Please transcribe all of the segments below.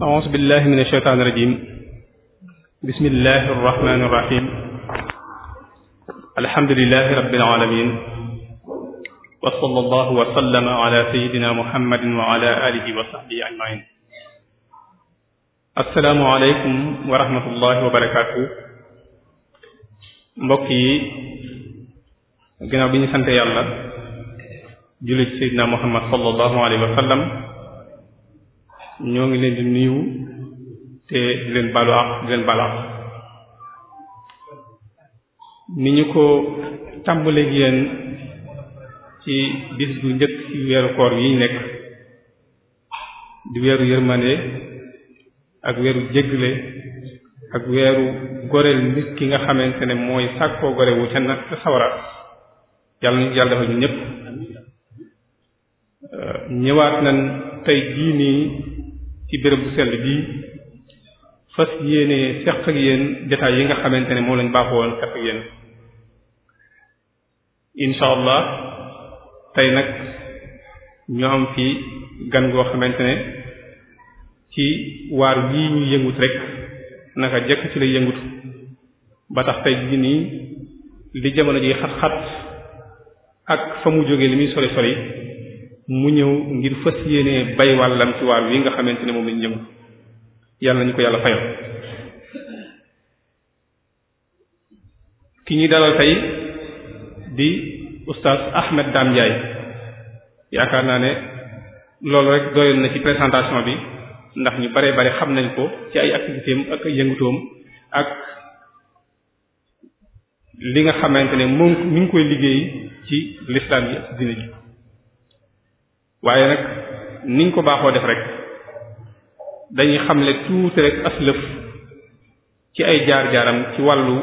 أعوذ بالله من الشيطان الرجيم بسم الله الرحمن الرحيم الحمد لله رب العالمين وصلى الله وسلم على سيدنا محمد وعلى آله وصحبه أجمعين assalaamu aleykum wa rahmatullahi wa barakaatu mbokk yi ginnaaw bi ñu sant yàlla julli ci seydina muhammad sallallahu alayhi wa sallam ñoo ngi leen di nuyu te di leen balu àq di leen balu ni ñu ko tàmbaleeg yéen ci bis bu njëkk ci weeru koor yi nekk di weeru yërmande ak weeru jégle ak weeru goreel nit ki nga xamante ne mooy sàkkoo gore wu ca na ca sawara yàlla ñu yàlla dafa ñu ñëpp ñëwaat nañ tey jii nii ci béréb bu sell bii fas yéene seq ak yéen détails yi nga xamante ne moom lañu baaxoo woon seq ak yéen tey nag ñoo am fi gan goo xamante ne ci waar yii ñu yëngut rek naka jekk ci lay yëngutu ba tax tey jii nii li jamono ji xat-xat ak fa mu jógee li muy sori sori mu ñëw ngir fas yéenee bay wàllam ci wàll wi nga xamante ne moom lañu jëm yàlla nañu ko yàlla fayal ki ñuy dalal tey di oustaz Ahmed Dame Ndiaye yaakaar naa ne loolu rek na ci présentation bi ndax ñu bare bare xam nañ ko ci ay activités ak li nga xamante ne moom mi ngi koy liggéey ci l'islam bi ak diine ji waaye nag niñ ko baaxoo def rek dañuy xamle tuuti rek aslëf ci ay jaar-jaaram ci wàllu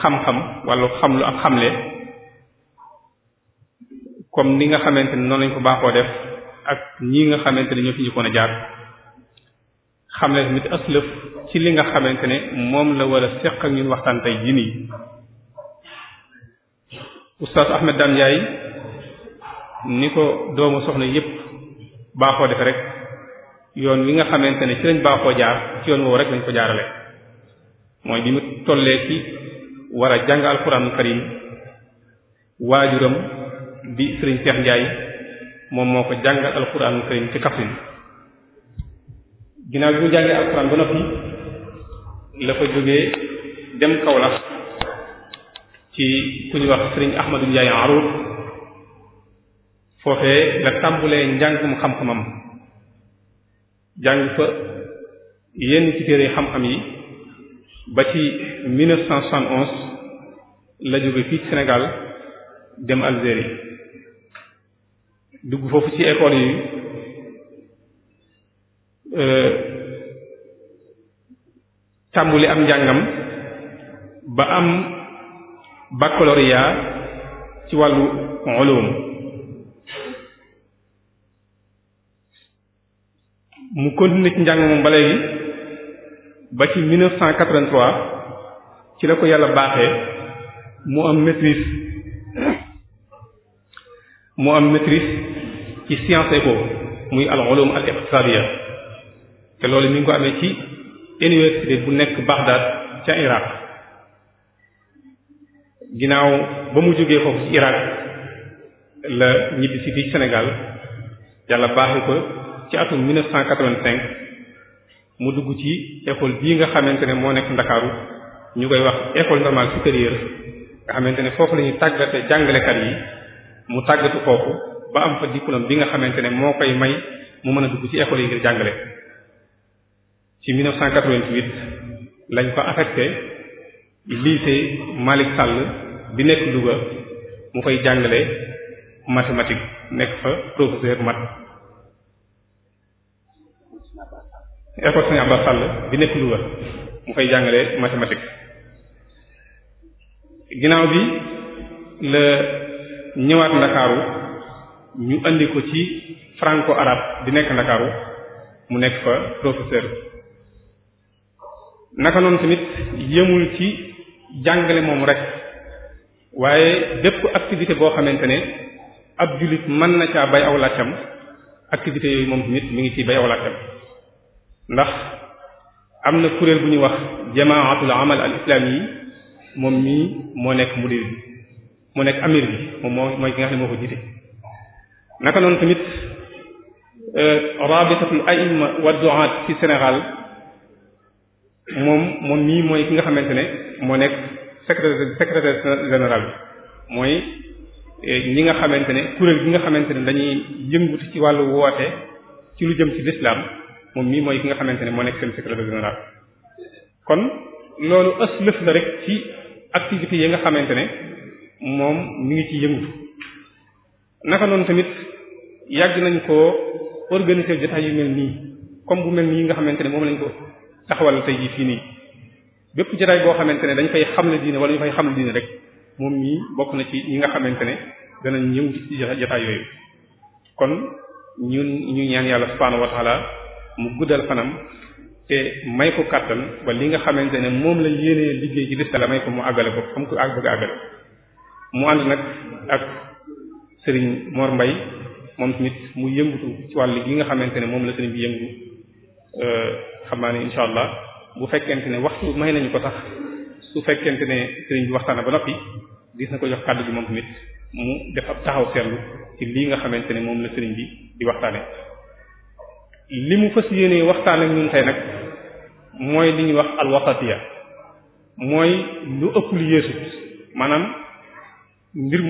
xam-xam wàllu lu ak xamle comme ni nga xamante ne noonu lañ ko baaxoo def ak ñi nga xamante ne ñoo fi njëkkoon a jaar xamle tamit aslëf ci li nga xamante ne moom la war a seq ak ñun waxtaan tey jii nii oustaz Ahmed Dame ni ko doomu soxna yépp baaxoo defe rek yoon wi nga xamante ne ci lañ baaxoo jaar ci yoon woowu rek lañ ko jaarale mooy bi mu tollee ci war a jàng alxuraanul karim waajuram di sëriñ Cheikh Ndiaye moom moo ko jàngal alxuraanul karim ci Kaffrine ginnaaw bi mu jàngee alxuraan ba noppi la fa jógee dem Kaolack ci ku ñu wax sëriñ Ahmadou Ndiaye Arour foofee la tàmbulee njàngum xam am jàng fa yenn ci téere xam-xam yi ba ci 1971 la jóge fii Sénégal dem Algérie dugg foofu ci école yi euh, tàmbuli am njàngam ba am baccalauréat ci wàllu ulum mu continuer ci njàng moom ba léegi ba ci 1983 ci la ko yàlla baaxe mu am maîtrise mu am maîtrise ci science éco muy al ulum te loolu mi ngi ko amee ci université bu nekk Baghdad ca Irak ginnaaw ba mu jógee foofu ci Irak la ñibbi ci fii Sénégal yàlla baaxee ko ci atum 1985 mu dugg ci école bii nga xamante ne moo nekk Ndakaaru ñu koy wax école normale supérieure nga xamante ne foofu lañuy ñuy tàggate jàngalekat yi mu tàggatu foofu ba am fa diplôme bi nga xamante ne moo koy may mu mën a dugg ci école yi ngir jàngale ci 1988 lañ fa affecté lycée Malick sàll bi nekk Louga mu fay jàngale mathématique nekk fa professeur math école Sëriñ Abba Sall bi nekk Louga mu fay jàngale mathématique ginnaaw bi la ñëwaat Ndakaaru ñu andi ko ci franco arabe di nekk Ndakaaru mu nekk fa professeur naka noonu tamit yëmul ci jàngale moom rek waaye bépp activité boo xamante ne ab jullit mën na caa bay aw laajtam activité yooyu moom tamit mi ngi ci bay aw laajtam ndax am na kuréel bu ñuy wax jamaatul amal al islami yi moom mii moo nekk mudir bi moo nekk amir bi moom moo mooy ki nga naka noonu tamit euh, rabitatul aima ci Sénégal moom moom mii mooy ki nga xamante ne moo nekk secrétaire secrétaire général bi mooy euh, ñi nga xamante ne kuréel gi nga xamante ne dañuy yëngutu ci wàllu woote ci lu jëm ci lislaam moom mii mooy ki nga xamante ne moo nekk seen secrétaire général kon loolu aslëf la rek ci activités yi nga xamante ne moom ñu ngi ci yëngutu naka noonu tamit yàgg nañ koo organiser jotaay yu mel nii comme bu mel nga xamante ne moom lañ ko taxawal tey jii fii nii bépp jotaay boo xamante ne dañ fay xamle diine wala ñu fay xamle diine rek moom mii bokk na ci ñi nga xamante ne danañ yëngu ci jotaay yooyu kon ñun ñu ñaan yàlla subhaanahu wa mu guddal fanam te may ko kàttan ba li nga xamante ne moom la yéenee liggéey ci lislaam may ko mu àggale ko xam ko ak bëgg àggale mu ànd nag ak sëriñ Mor Mbay moom tamit mu yëngutu ci wàll gi nga xamante ne moom la sëriñ bi yëngu euh, xam naa ne insha bu fekkente ne waxtu may nañu ko sax su fekkente ne sëriñ bi waxtaana ba noppi gis na ko jox kàddu gi tamit mu def ab taxaw seetlu ci lii nga xamante ne moom la sëriñ bi di waxtaane li mu fas yéenee waxtaan ak ñun tey nag mooy li ñuy wax alwasatiya mooy lu ëpp lu yeesut maanaam mbir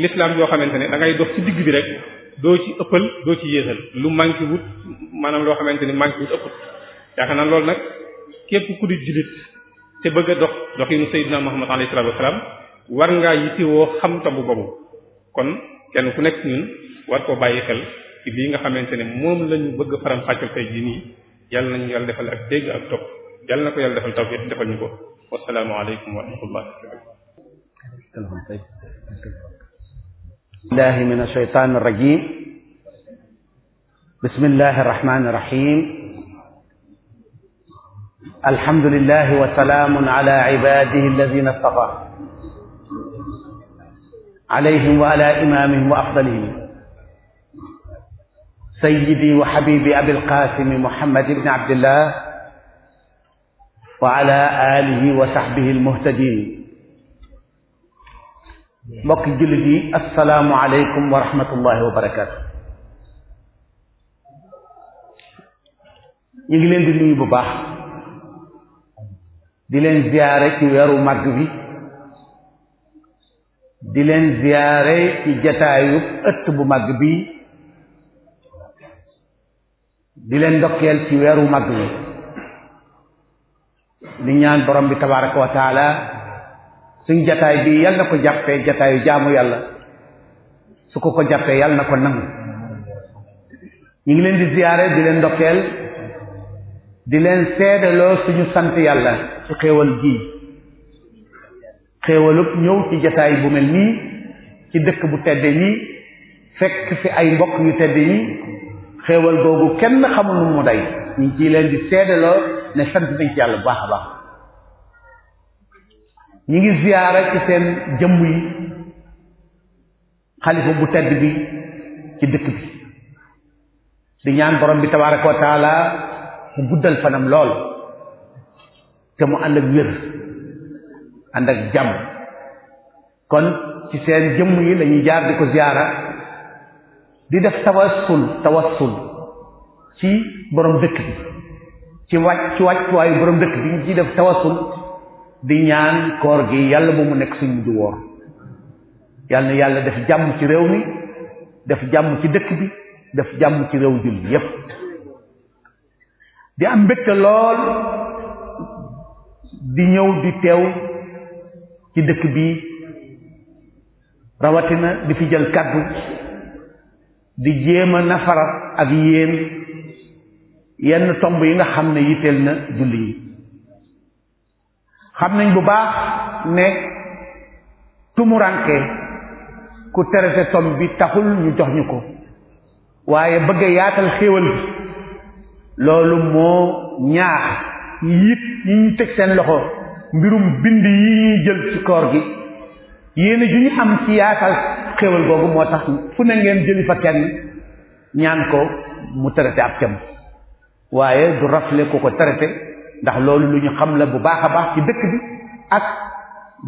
l'islam yoo xamante ne da ngay dox ci digg bi rek doo ci ëppal doo ci yéesal lu manqué wut maanaam loo xamante ni manqué wut ëpput yaakaar naa loolu nag képp ku di jullit te bëgg a dox doxinu sayyidina Muhammad alayhi salaatu wasalaam war ngaa yittewoo xam tabu boobu kon kenn ku nekk ñun war koo bàyyi xel ci lii nga xamante ne moom lañu bëgg faram fàccal tey jii nii yàlla nañu yàlla defal ak dégg ak topp yàlla na ko yàlla defal tawfiq defal ñu ko wasalaamu aleykum wa rahmatullah billahi min ashaytan irrajim bismillahi arrahmani irrahim alhamdulillahi wa salaamun ala ibadihi alladina istafa alayhim wa ala imamihim wa afdalihim sayyidi wa habibi abil qaasimi muhammad ibn abdillah wa ala alihi wa sahbihi almuhtadin mbokki jullit yi assalaamu aleykum wa rahmatullahi wa barakaatu ñu ngi leen di nuyu bu baax di leen ziyaare ci weeru màgg bi di leen ziyaare ci jataayu ëtt bu màgg bi di leen ndokkeel ci weeru mag wi di ñaan borom bi tabaraka wa suñ jataay bii yal na ko jàppee jataayu jaamu yàlla su ko ko jàppee yal na ko nangu ñu ngi leen di ziyaare di leen ndokkeel di leen seedaloo suñu sant yàlla ci xéewal gi xéewalub ñëw ci jataay bu mel nii ci dëkk bu tedd nii fekk fi ay mbokk yu tedd nii xéewal googu kenn xamul nu mu day ñu ngi leen di seedaloo ne sant nañ ci yàlla baax baax ñu ngi ziyaara ci seen jëmm yi xalifa bu tedd bi ci dëkk bi di ñaan borom bi tabaraka wa taala guddal fanam lool te mu ànd ak wér ànd ak jàmm kon ci seen jëmm yi lañuy jaar di ko ziyaara di def tawassul tawassul ci borom dëkk bi ci wàcc ci borom dëkk bi ñu ci def tawassul di ñaan koor gi yàlla bu mu nekk suñ mujj woor yàlla yàlla def jàmm ci réew mi def jàmm ci dëkk bi def jàmm ci réew julli yépp di am mbégte lool di ñëw di teew ci dëkk bi rawatina di fi jël kàddu di jéem a nafarat ak yéem yenn tomb yi nga xam ne yitteel na julli yi xam nañ bu baax ne tumuranke ku traité tomb bi taxul ñu jox ñu ko waaye bëgg yaatal xéewal loolu moo ñaax ñi it ñi ñu teg seen loxo mbirum bind yi ñuy jël ci koor gi yéen ju ñu am ci yaatal xéwal googu moo tax fu ne ngeen jëli fa kenn ñaan ko mu traité ab tem waaye du rafle ku ko traité ndax loolu lu ñu xam la bu baax a baax ci dëkk bi ak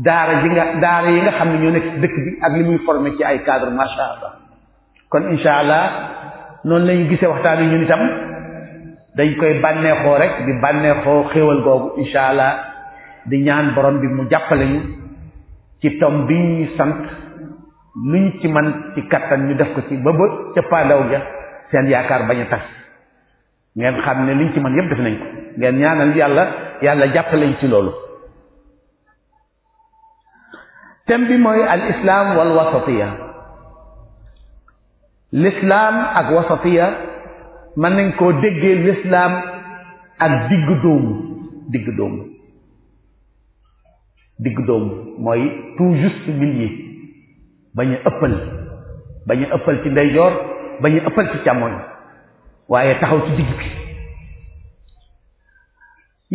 daara ji nga daara yi nga xam ne ñoo nekk ci dëkk bi ak li muy formé ci ay cadre macha allah kon incha allah noonu la ñu gisee waxtaan wi ñun itam dañ koy bànneexoo rek di bànneexoo xéwal googu incha allah di ñaan borom bi mu jàppale lañu ci tom bi ñuy sant luñ ci man ci kattan ñu def ko ci ba ba cëppaandaw ja seen yaakaar bañ a tas ngeen xam ne liñ ci man yépp def nañ ko ngeen ñaanal yàlla yàlla jàppalañ ci loolu tem bi mooy al islam wal wasatiya l'islam ak wasatiya mën nañ koo déggee l'islam ak digg dóomu digg dóomu digg doom mooy tout juste milieu bañ a ëppal bañ a ëppal ci ndeyjoor bañ a ëppal ci càmmoñ waaye taxaw ci digg bi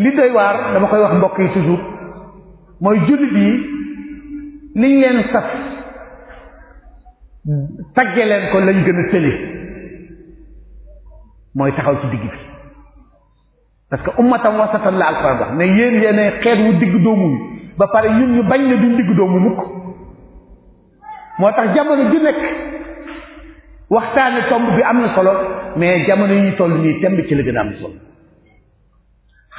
li doy waar dama koy wax mbokk yi toujours mooy jullit yi liñ leen saf tagge leen ko lañ gën a tële mooy taxaw ci digg bi parce que ummatan wasatan la alxuraan wax ne yéen yéenay xeet wu digg doomu ba pare ñun ñu bañ ne duñ digg doomu mukk moo tax jamono ju nekk waxtaane tomb bi am na solo mais jamono yi ñu toll nii temb ci la gën a am solo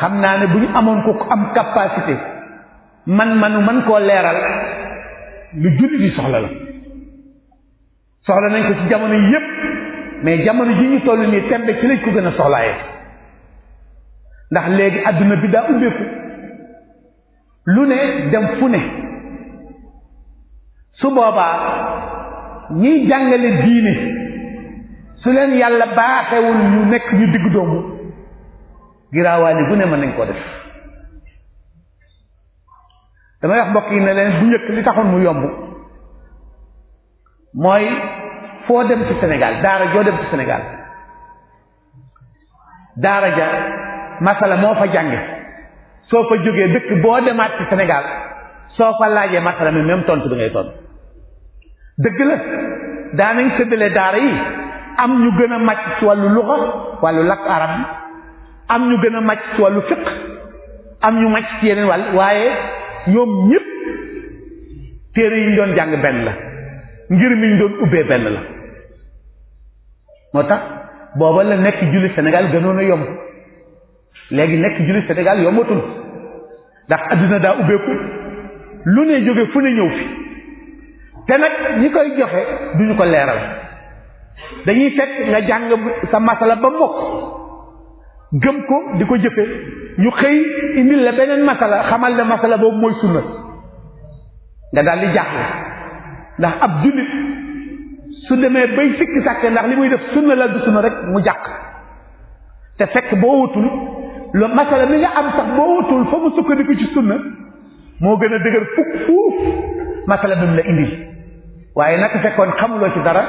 xam naa ne bu ñu amoon ko am capacité man manu man koo leeral lu jullit yi soxla la soxla nañ ko ci jamono yi yépp mais jamono ji ñu toll nii tembe ci lañ ko gën a soxlaaye ndax léegi àdduna bi daa ubbeeku lu ne dem fu ne su boobaa ñiy jàngale diine su leen yàlla baaxewul ñu nekk ñu digg doomu giraawaali gu ne mën nañ koo def damay wax mbokk yi ne leen bu njëkk li taxoon mu yomb mooy foo dem ci Sénégal daara joo dem ci Sénégal daara ja masala moo fa jànge soo fa jógee dëkk boo demaat ci Sénégal soo fa laajee masala mi même tontu bi ngay tontu dëgg la daanañ séddale daara yi am ñu gën a màcc ci wàllu luxa wàllu làkk arab bi am ñu gën a màcc ci wàllu fiq am ñu màcc ci yeneen wàll waaye ñoom ñëpp téere yi ñu doon jàng benn la ngir mi ñu doon ubbee benn la moo tax booba la nekk julli Sénégal gënoon a léegi nekk jullit Sénégal yombatul ndax adduna daa ubbeeku lu ne jóge fu ne ñëw fi te nag ñi koy joxe duñu ko leeral dañuy fekk nga jàng sa masala ba mokk gëm ko di ko jëfe ñu xëy indil la beneen masala xamal ne masala boobu mooy sunna nga daal di jaaxle ndax ab jullit su demee bay sikki sàkke ndax li muy def sunna la du rek mu jàq te fekk boo wutul la masala mi nga am sax boo wutul fa mu sukkandiku ci sunna moo gën a dëgër fukk fuuf masala bi mu la indil waaye nag fekkoon xamuloo ci dara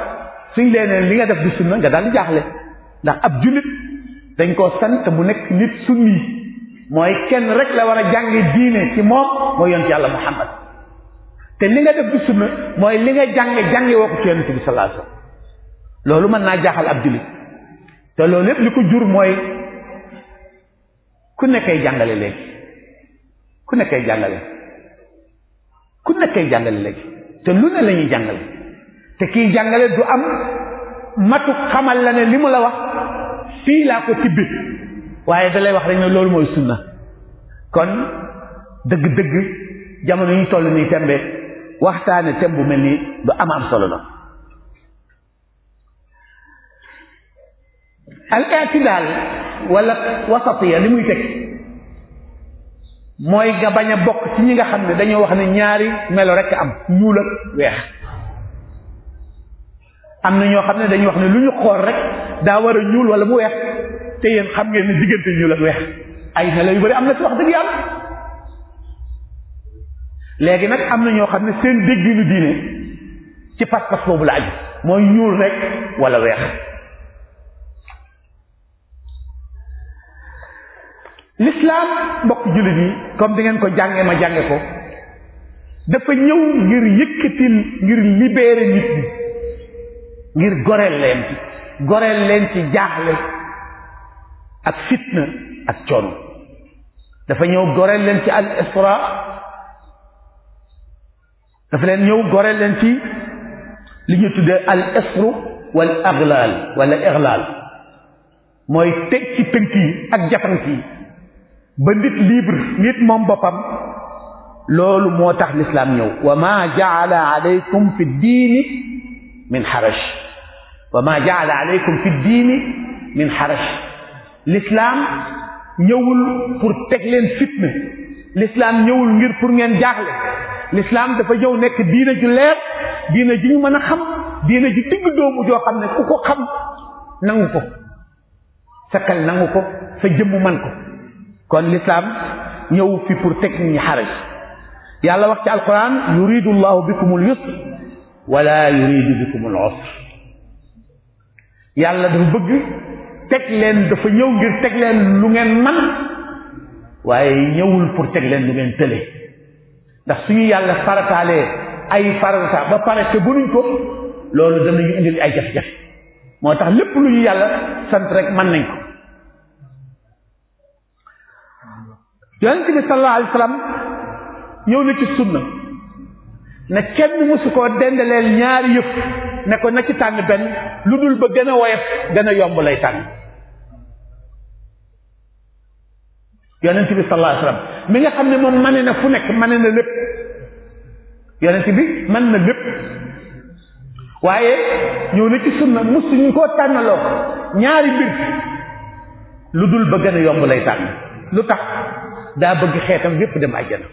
suñ leeneen li nga def di sunna nga daal di jaaxle ndax ab jullit dañ koo sant mu nekk nit sunni mooy kenn rek la war a jànge diine ci moom mooy yonent yàlla muhammad te li nga def di sunna mooy li nga jànge jànge woo ko ci yonent bi sallallahu alayhi wasallam loolu mën naa jaaxal ab jullit te loolu yépp li ko jur mooy ku nekkay jàngale léegi ku nekkay jàngale ku nekkay jàngale léegi te lu ne la jàngale te kiy jàngale du am matu xamal la ne li mu la wax fii laa ko tibbi waaye da wax rek loolu mooy na kon dëgg-dëgg jamono yi toll nii tembe waxtaane tem bu mel nii du am am solo la al itidaal wala wasatiya li muy teg mooy nga bañ a bokk ci ñi nga xam ne dañoo wax ne ñaari melo rekk am ñuul ak weex am na ñoo xam ne dañuy wax ne lu ñu xool rek daa war a ñuul wala mu weex te yéen xam ngeen ne diggante ñuul ak weex ay melo yu bëri am na ci wax dëgg am léegi nag am na ñoo xam ne seen dégginu diine ci pas-pas boobu la aju mooy ñuul rek walla weex l'islam mbokk jullit yi comme di ngeen ko jànge ma jànge ko dafa ñëw ngir yëkkatil ngir libérer nit ngir goreel leen ci goreel leen ci jaaxle ak fitna ak coono dafa ñëw goreel leen ci al isra dafa leen ñëw goreel leen ci li ñu tuddee al isru wal aglaal wala iglaal mooy teg ci pënt yi ak jatan ki ba nit libre nit moom boppam loolu moo tax lislaam ñëw wa ma jaala alaykum fi diini min xaraj wa ma jaala alaykum fi diini min xaraj lislaam ñëwul pour teg leen fitna lislaam ñëwul ngir pour ngeen jaaxle lislaam dafa ñëw nekk diina ju leer diina ju ñu mën a xam diina ju digg doomu joo xam ne ku ko xam nangu ko sa kal nangu ko sa jëmm man ko kon l'islam ñëw fi pour teg nit ñi xaraj yàlla wax ci alquran yuridu llahu bikumul yusr wala yuridu bikumul usr yàlla dafa bëgg teg leen dafa ñëw ngir teg leen lu ngeen man waaye ñëwul pour teg leen lu ngeen tële ndax suñu yàlla farataalee ay farata ba pare te bunuñ ko loolu danañu indil ay jafe-jafe moo tax lépp lu ñu yàlla sant rek mën nañ ko yonent bi ci sunna ne kenn mësu koo dendeleel ñaari yëf ne ko na ci tànn benn lu dul ba gën a woyof gën a yomb lay tànn yonent bi sallallahu alayhi wa mi nga xam ne moom mane na fu nekk mane na lépp bi mën na lépp waaye ñëw na ci sunna mësuñu koo tànnaloo ñaari mbir lu dul ba gën a yomb lay tànn lu tax daa bëgg xeetam yépp dem àjjana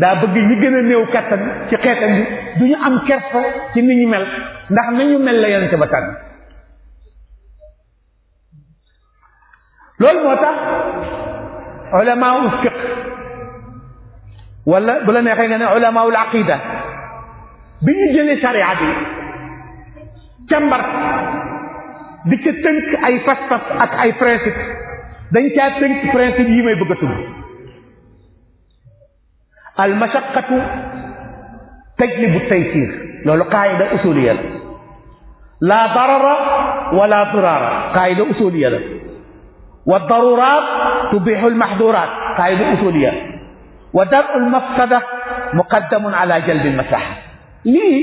daa bëgg ñi gën a néew kattan ci xeetam bi du ñu am kersa ci ni ñu mel ndax nañu mel la yonente ba tànn loolu moo tax ulama ul fiq wala bu la neexee nga ne ulama ul aqida bi ñu jëlee sariya bi càmbar di ca tënk ay pas-pas ak ay principe dañ caa tënk principe yi may bëgg a tudd al mashaqqatu tajlibu taysir loolu qaayida usuliya la laa darara wala dirara qaayida usuliya la wa darurat tubixu almaxdurat qaayida usuliya wa daru almafsada muqaddamun ala jalbi almaslaha lii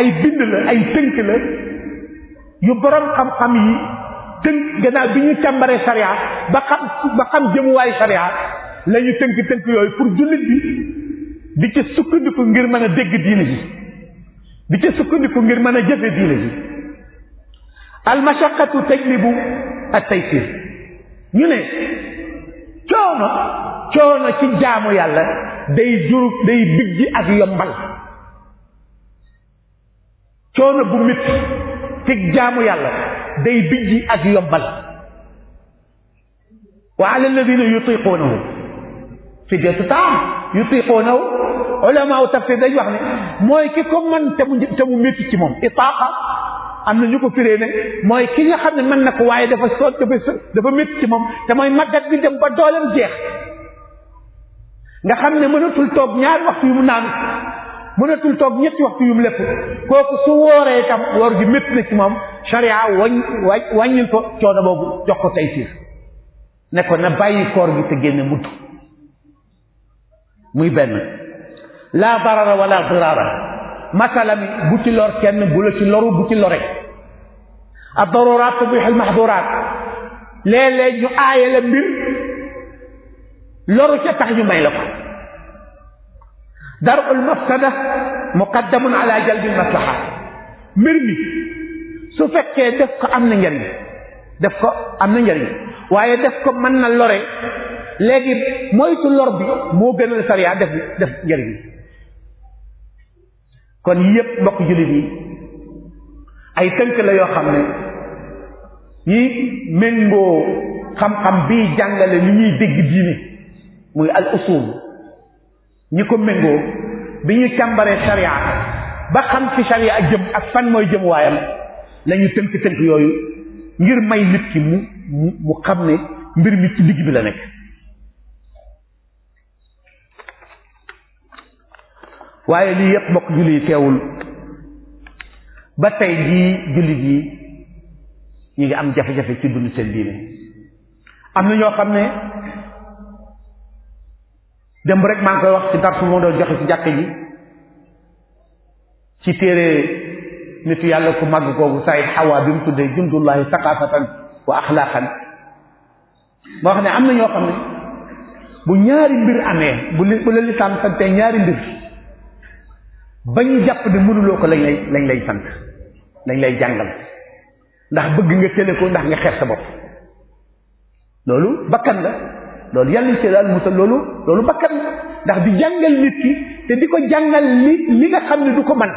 ay bind la ay tënk la yu borom xam-xam yi tënk gannaaw bi ñu càmbaree sariya ba xam ba xam jëmuwaay sariya la tënk tënk yooyu pour jullit bi di ca sukkandiku ngir mën a dégg diine ji di ca sukkandiku ngir mën a jëfe diine ji almashaqatu tajlibu at-taysir ñu ne coono coono ci jaamu yàlla day juru day bijji ak yombal coono bu métti ci jaamu yàlla day bijji ak yombal wa ala alladina yutiquunahu fidyatu taam yutiquunahu ulamaaw tafsir dañ wax ne mooy ki ko mën te mu te ci moom itaaqa am na ñu ko firee ne mooy ki nga xam ne mën na ko waaye dafa soot dafa dafa ci moom te mooy màggat bi dem ba dooleem jeex nga xam ne mënatul toog ñaari waxtu yu mu naan mënatul toog ñetti waxtu yum lépp kooku su wooree itam woor gi métti na ci moom sharia wañ wàññil ko coono boobu jox ko taysiir ne ko na bàyyi koor gi te génne mudd muy benn la barara wala dirara masala mi bu ci lor kenn bu la ci loru bu ci lore ad daruraat tubiix al mahduuraat léeg-léeg ñu aaye mbir loru ca tax ñu may la ko darul mafsada muqaddamun ala jalbil maslaha mbir mi su fekkee def ko am na njariñ def ko am na njariñ waaye def ko mën na lore léegi moytu lor bi moo gënal sariya def def njariñ kon yépp mbokk jullit yi ay tënk yoo xam ne yi méngoo xam-xam bii jàngale li ñuy dégg diine muy al usul ñi ko méngoo bi ñuy càmbaree sharia ba xam ci sharia jëm ak fan mooy jëm waayam lañuy ñu tënk tënk yooyu ngir may nit ki mu mu xam ne mbir mi ci digg bi la nekk waaye lii yépp mbokk julli yi teewul ba tey jii jullit yi ñu ngi am jafe-jafe ci dund seen diine am na ñoo xam ne démb rek maa ngi koy wax ci dars moo doon joxe ci jàkk ji ci téere nitu yàlla ku màgg koobu Saïd Hawa bi mu tuddee jundullahi saqafatan wa axlaaqan moo wax ne am na ñoo xam ne bu ñaari mbir amee bu li bu la lislaam santee ñaari mbir ba jàpp ne mënuloo ko lañ lay lañ lay sant lañ lay jàngal ndax bëgg nga tële ko ndax nga xeeb sa bopp loolu bakkan la loolu yàlla nañ ci daal musal loolu loolu bakkan ndax di jàngal nit ki te di ko jàngal li li nga xam ne du ko man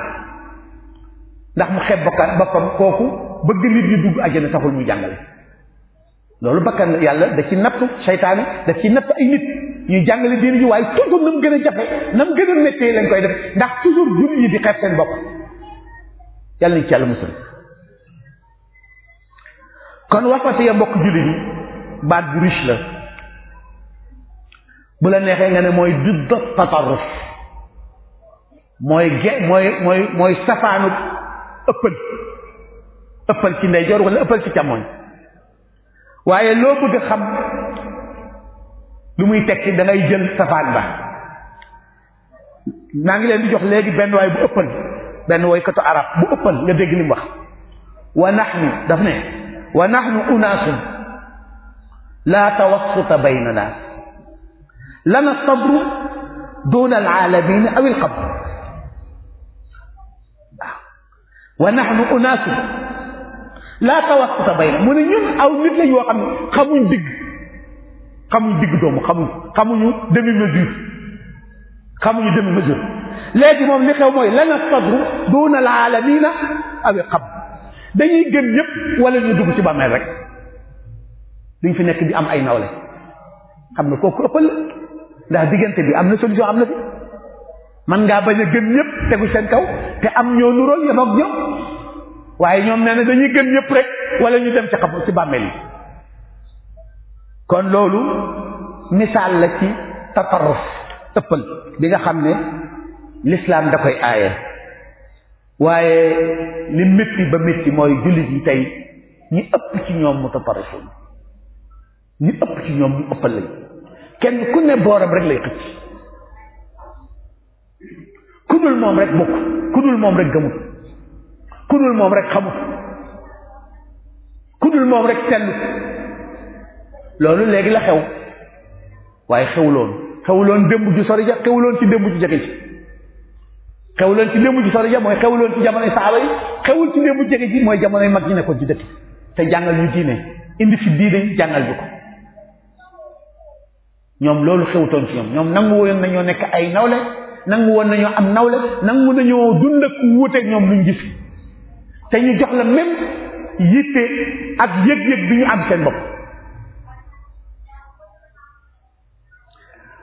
ndax mu xeeb bakkan boppam kooku bëgg nit ñi dugg àjjana taxul mu jàngale loolu bakkan yàlla da ci natt seytaane daf ci natt ay nit ñuy jàngale diine ji waaye toujours na mu gën a jafe na mu gën a méttee lañ koy def ndax toujours jullit yi di xeeb seen bopp yàlla nañ ci yàlla kon wax fa si ya mbokk jullit yi baat bu riche la bu la neexee nga ne mooy dudd tatarruf mooy ge mooy mooy mooy safaanu ëppal ëppal ci ndeyjoor wala ëppal ci càmmoñ waaye loo bëgg xam lu muy tekki da ngay jël safaan ba naa ngi leen di jox léegi benn waay bu ëppal benn woykatu arab bu ëppal nga dégg li wax wa nahnu daf ne wa nahnu unaasun laa tawassuta baynana lana sabru duna alaalamin aw alqabr waaw wa nahnu unaasu laa tawassuta bayna mu ne ñun aw nit la yoo xam ne xamuñ digg xamuñ digg doomu xamuñ xamuñu demi mesure xamuñu demi mesure léegi moom li xew mooy lana sabru duna alaalamin aw alqabr dañuy gëm ñëpp wala ñu dugg ci bàmmeel rek duñ fi nekk di am ay nawle xam ne kooku ëppal ndax diggante bi am na solution am na fi man ngaa bañ a gën ñëpp tegu seen kaw te am ñoo nuróol yem ak ñoom waaye ñoom nee na dañuy gëm ñëpp rek wala ñu dem ci xab ci bàmmeel yi kon loolu misaal la ci tatarruf ëppal bi nga xam ne l'islam da koy aaye waaye li métti ba métti mooy jullit yi tey ñu ëpp ci ñoom mu ëpp ci ñoom ëppal lañ kenn ku ne booram rek lay xëcc ku dul moom rek bokk ku dul moom rek gëmut ku dul moom rek xamut ku dul moom rek sellut loolu léegi la xew waaye xewuloon xewuloon démb ju sori ja ci démb ju jege ji xewuloon ci démb ju sori ja mooy xewuloon ci jamonoy saaba yi xewul ci démb ju jege ji mooy jamonoy mag ñi nekkoon ci dëkk te jàngal ñu diine indi fi diine jàngal bi ko ñoom loolu xewtoon ci ñoom ñoom nangu woon nañoo nekk ay nawle nangu woon nañoo am nawle nangu nañoo dund ak wuuteeg ñoom luñ gis te ñu jox la même yitte ak yëg-yëg bi ñu am seen bopp.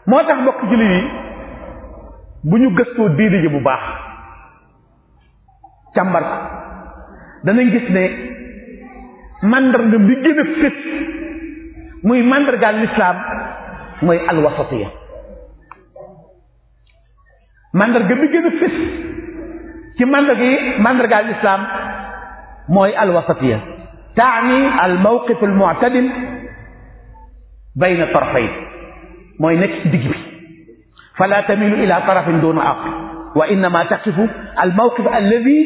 moo tax mbokk jullit yi bu ñu gëstoo diine ji bu baax càmbar ko danañ gis ne mandarga bi muy mandargaal lislaam mooy alwasatiya mandarga bi gën a fés ci mandarga yi mandarga al islam mooy alwasatiya taani al mawqif al mu'tadil bayna tarafayn mooy nekk ci digg bi fala tamilu ila tarafin duna aql wa innama taqifu al mawqif alladi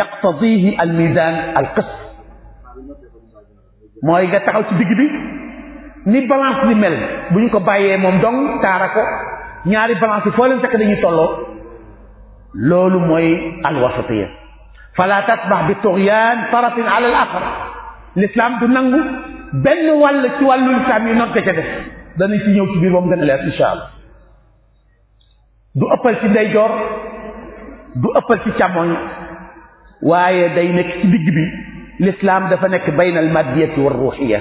yaqtadihi al mizan al qist mooy nga taxaw ci digg bi ni balance bi mel bu ñu ko bàyyee moom dong taara ko ñaari balance yi foo leen fekk dañuy tolloo loolu mooy alwasatiya fala tasbax bi turyaan tarafin ala al axar l'islam du nangu benn wàll ci wàllu lislaam yi not ga ca def danañ ci ñëw ci biir ba mu gën a leer insha allah du ëppal ci ndeyjoor du ëppal ci càmmoñ waaye day nekk ci digg bi l'islam dafa nekk bayna al maddiyati wa ruuxiya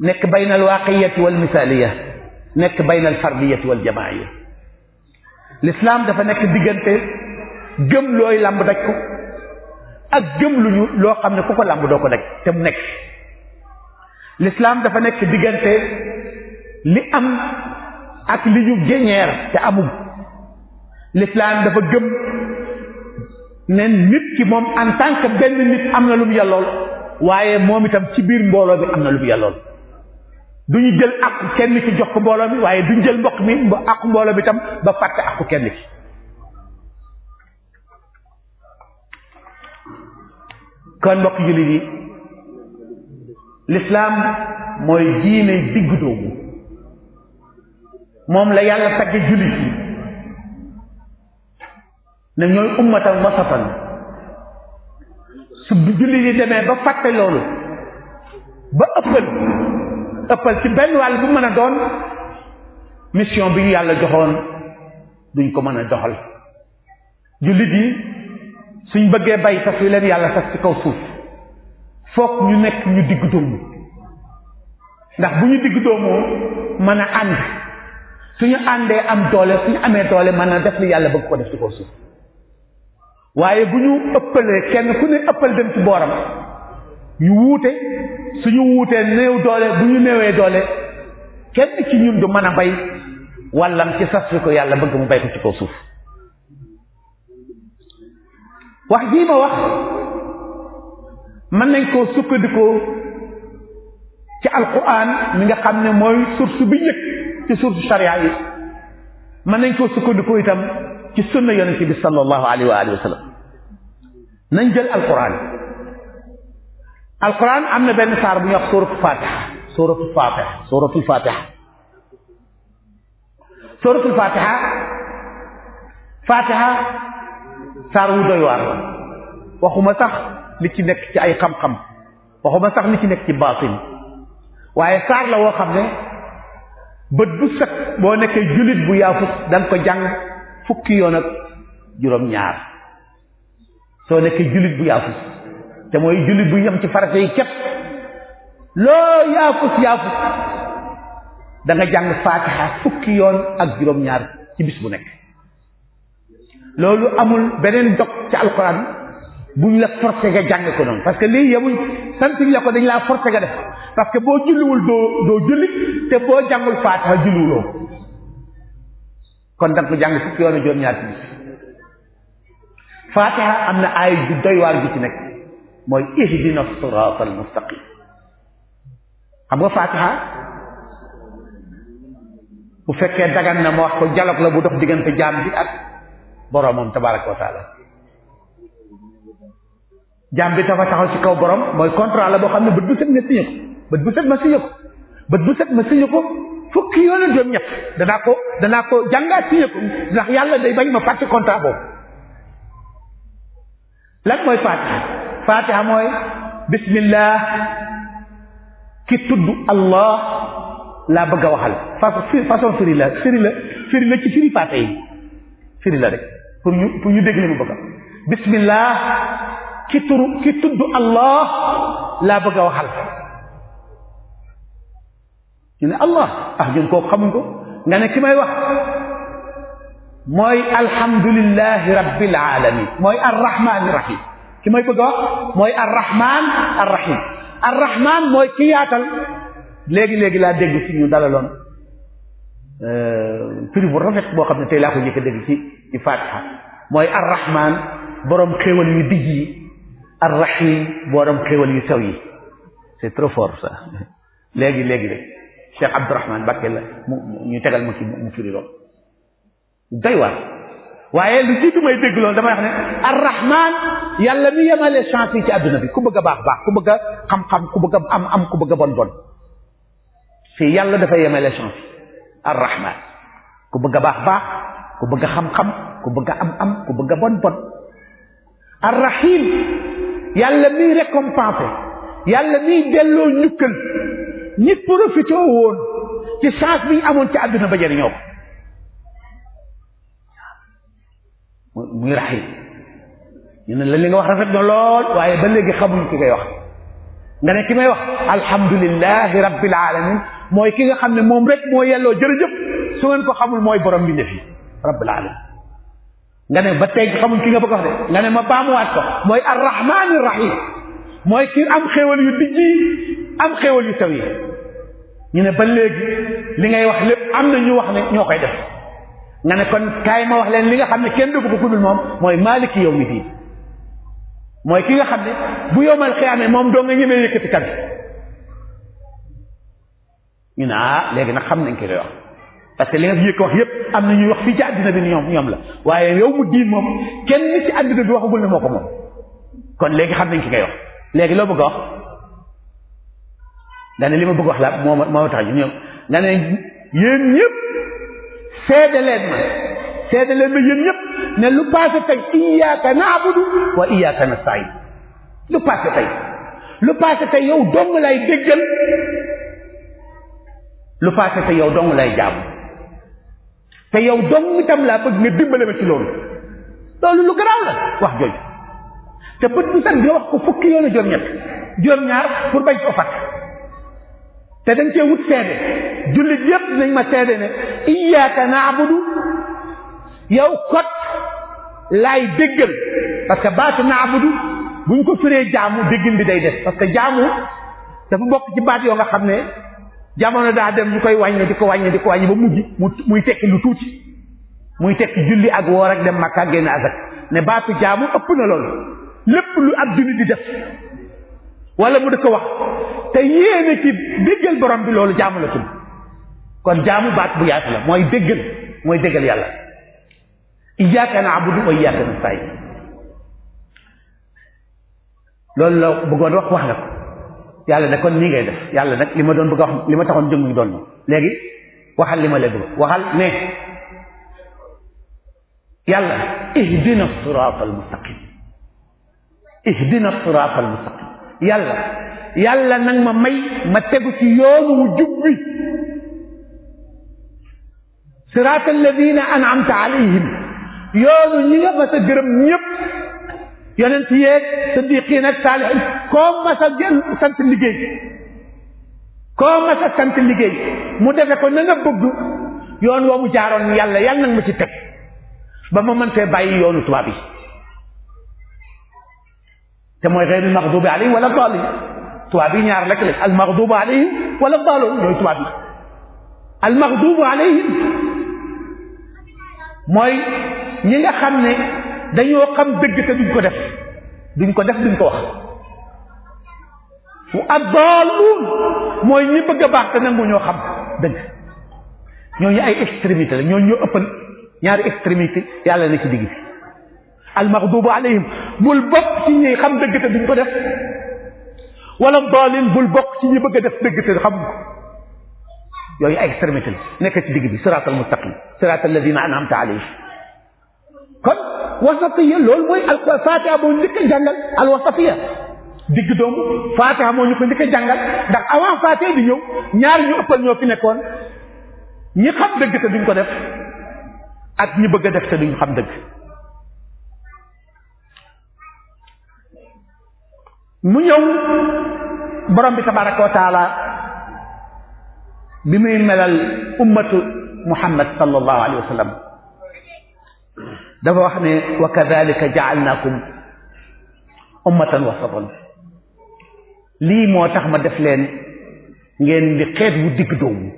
nekk bayna al waaqiyati wal misaaliya nekk bayna al fardiyati wal jamaaya l'islam dafa nekk diggante gëm looy làmb daj ko ak gëm lu ñu loo xam ne ku ko làmb doo ko daj te mu nekk l'islam dafa nekk diggante li am ak li ñu géñeer te amul l'islam dafa gëm ne nit ki moom en tant que benn nit am na lu mu yàllool waaye moom itam ci biir mbooloo bi am na lu mu yàllool duñu jël àqu kenn ci jox ko mbooloo mi waaye duñ jël mbokk mi ba àqu mbooloo bi tam ba fàtte àqu kenn ci kon mbokk jullit yi lislaam mooy diine diggu doomu moom la yàlla tagge jullit yi ne ñooy ummatan wasatan su jullit yi demee ba fàtte loolu ba ëppal ëppal ci benn wàll bu mën a doon mission bi ñu yàlla joxoon duñ ko mën a doxal jullit yi suñ bëggee bay sas wi leen yàlla sas ci kaw suuf foog ñu nekk ñu diggu doomu ndax bu ñu diggu doomoo mën a ànd ñu àndee am doole suñu amee doole mën a def li yàlla bëgg ko def ci kaw suuf waaye bu ñu ëppalee kenn ku ne ëppal dem ci booram ñu wuute suñu wuutee néew doole bu ñu néewee doole kenn ci ñun du mën a bay wàllam ci sas fi ko yàlla bëgg mu bay ko ci kaw suuf wax jii ma wax mën nañ koo sukkandikoo ci alquran mi nga xam ne mooy source bi njëkk ci source charia yi mën nañ koo sukkandikoo itam ci sunna yonente bi sallallahu alayhi wa alihi nañ jël alquran alquran am na benn saar bu ñuy wax sóoratu fatiha sóoratu fatiha sóoratu fatiha sóoratu fatiha fatiha saar wu doy waxuma sax li ci nekk ci ay xam-xam waxuma sax li ci nekk ci baatin waaye saar la woo xam ne bët bu set boo nekkee jullit bu yaafus danga ko jàng fukki yoon ak juróom-ñaar soo nekkee jullit bu yaafus te mooy jullit bu yem ci farata yi képp loo yaafus yaafus da jàng faatiha fukki yoon ak juróom-ñaar ci bis bu nekk loolu amul beneen dog ci alquran buñ la forcé nga jàng ko noonu parce que lii yemuñ santuñ la ko dañ laa forcé nga def parce que boo julliwul doo julli te boo jàngul faatiha julliwuloo kon da nga ko jàng fukki yoon ak juróom-ñaar ci bis faatiha am na ay ju doy waar ci nekk mooy ihdina siraat al mustaqim xam nga fatiha bu fekkee dagan na ma wax ko dialogue la bu dox diggante jaam bi ak boroomam tabaraka wa taala jaam bi dafa taxaw ci kaw borom mooy contrat la boo xam ne bët bu set nga signé ko bët bu set ma signé ko bu set ma signé ko fukki yoonu juróom ñett danaa ko danaa ko jàngaat signé ko ndax yàlla day bañ ma fàtte contrat boobu lan mooy fàtte fatiha mooy bismillah ki tudd allah laa bëgg a waxal façon firi la firi la firi la ci firi fatiha bismillah ki allah laa bëgg waxal ñu allah ah ñun kooku xamuñ ko nga ne ki may wax mooy alhamdulillahi rabbil alamin mooy arrahmanir rahim ki may bëgg a wax mooy arrahman arrahim mooy ki yaatal léegi léegi laa dégg ci ñu dalaloon euh, prix bu rafet boo xam ne tey laa ko njëkk dégg ci ci mooy arrahman borom xéewal yu digg yi arrahim borom xéewal yu sew yi c'est trop fort ça léegi léegi rek Cheikh Abdourahman Bakke mu ñu tegal mu ci doy waar waaye lu jiitu may dégg loolu damay wax ne arrahman yàlla mi yemale chance yi ci àdduna bi ku bëgg baax baax ku bëgg a xam-xam ku bëgg am am ku bëgg a bon bon fii yàlla dafa yemale bëgg a baax baax bëgg a xam ku bëgg a am am ku bëgg a bon bon arrahim yàlla miy récompensé yàlla miy delloo ñukkal ñi profité woon ci chance bi ñu amoon ci àdduna ba jëriñoo ko muy raxiim ñu ne la li nga wax rafet na lool waaye ba léegi xamuñ ki ngay wax nga ne ki may wax alhamdulilahi rabbil alamin mooy ki nga xam ne moom rek moo yelloo jërëjëf su ngeen ko xamul mooy borom bi ndefi rabbil alamin nga ne ba tey xamuñ ki nga bëgg wax de nga ne ma baamuwaat ko mooy arrahmani rahim mooy ki am xéewal yu dijj yi am xéewal yu sew ñu ne ba léegi li ngay wax lépp am na ñu wax ne ñoo koy def nga ne kon kaay ma wax leen li nga xam ne kenn dugg bu kudul moom mooy ki yow mi diin mooy ki nga xam ne bu yowmal xiyaamee moom doo nga ñemee yëkkati kan ñu ne ah léegi nag xam nañ ki lay wax parce que li nga yëkk am na ñuy wax fii ci àddina bi ni ñoom ñoom la waaye yow mu diin moom kenn ci àddina bi waxagul ne moo ko moom kon léegi xam nañ ki ngay wax léegi loo bëgg a wax nga ne li ma bëgg wax la moo ma tax ñu ñoom nga ne yéen ñëpp seede leen ma seede leen ma yéen ñëpp ne lu passé tey iyaaka naabudu wa iyaaka nastain lu passé tey lu passé tey yow dong lay déggal lu passé tey yow dong lay jaam te yow dong itam laa bëgg nga dimbale ma ci loolu loolu lu garaaw la wax jooju te bët bu sax nga wax ko fukki yoonu juróom-ñett juróom-ñaar pour bañ ko fàtt te dañ cee wut seede jullit yépp nañ ma seede ne iyyaka na'budu yow kot laay déggal parce que baatu na'budu buñ ko firee jaamu déggin bi day def parce que jaamu dafa bokk ci baat yoo nga xam ne jamono daa dem ñu koy wàññi di ko wàññi di ko wàññi ba mujj mu muy tekki lu tuuti muy tekki julli ak woor ak dem Makka génn azak ne baatu jaamu ëpp na loolu lépp lu ab jullit di def wala mu di ko wax te yéene ci déggal borom bi loolu jaamu la tudd kon jaamu baat bu yaatu la mooy déggal mooy déggal yàlla iyyaka na'budu wa iyyaka nasta'in loolu la bëggoon wax wax na ko yàlla ne kon nii ngay def yàlla nag li ma doon bëgg a wax li ma taxoon jënguñ doon ma léegi waxal li ma léegi waxal ne yàlla ihdina siraat al mustaqim ihdina siraat al mustaqim yàlla yàlla nag ma may ma tegu ci yoonu wu jub bi siraat alladina an'amta alayhim yoonu ñi nga mas a gërëm ñëpp yonent yeeg siddiqiin ak saalihin koo mas a gën sant liggéey koo mas a sant liggéey mu defe ko na nga bëgg yoon woo mu jaaroon yàlla yàlla nag ma ci teg ba ma mën fee bàyyi yoonu tubaab yi te mooy xeyril maxdubi alayhim wala daalin tubaab yi ñaar lekk lekk al maxdubu alayhim wala daalin loolu tubaab yi al maxdubu alayhim mooy ñi nga xam ne dañoo xam dëgg te duñ ko def duñ ko def duñ ko wax fu ab daaluun mooy ñi bëgg a baax te nangu ñoo xam dëgg ñooñu ay extrémité la ñooñu ñoo ëppal ñaari extrémité yàlla na ci digg bi al maxdubu alayhim bul bokk ci ñi xam dëgg te duñ ko def wala daalin bul bokk ci ñi bëgg a def dëgg te xam yooyu ay extrémité nekk ci digg bi siraatal mustaqim siraatal ladina an'amta alayhim kon wasatiya loolu mooy al fatiha moo ñu njëkk a al wasatiya digg doomu fatiha moo ñu ko njëkk a jàngal ndax avant fatiha di ñëw ñaar ñu ëppal ñoo fi nekkoon ñi xam dëgg te duñ ko def ak ñi bëgg a def te xam dëgg mu ñëw borom bi tabaraka wa taala bi muy melal ummatu muhammad sallallahu alayhi wa sallam dafa wax ne wa kadalika jaalnaakum ummatan wasatan lii moo tax ma def leen ngeen di xeet wu digg doomu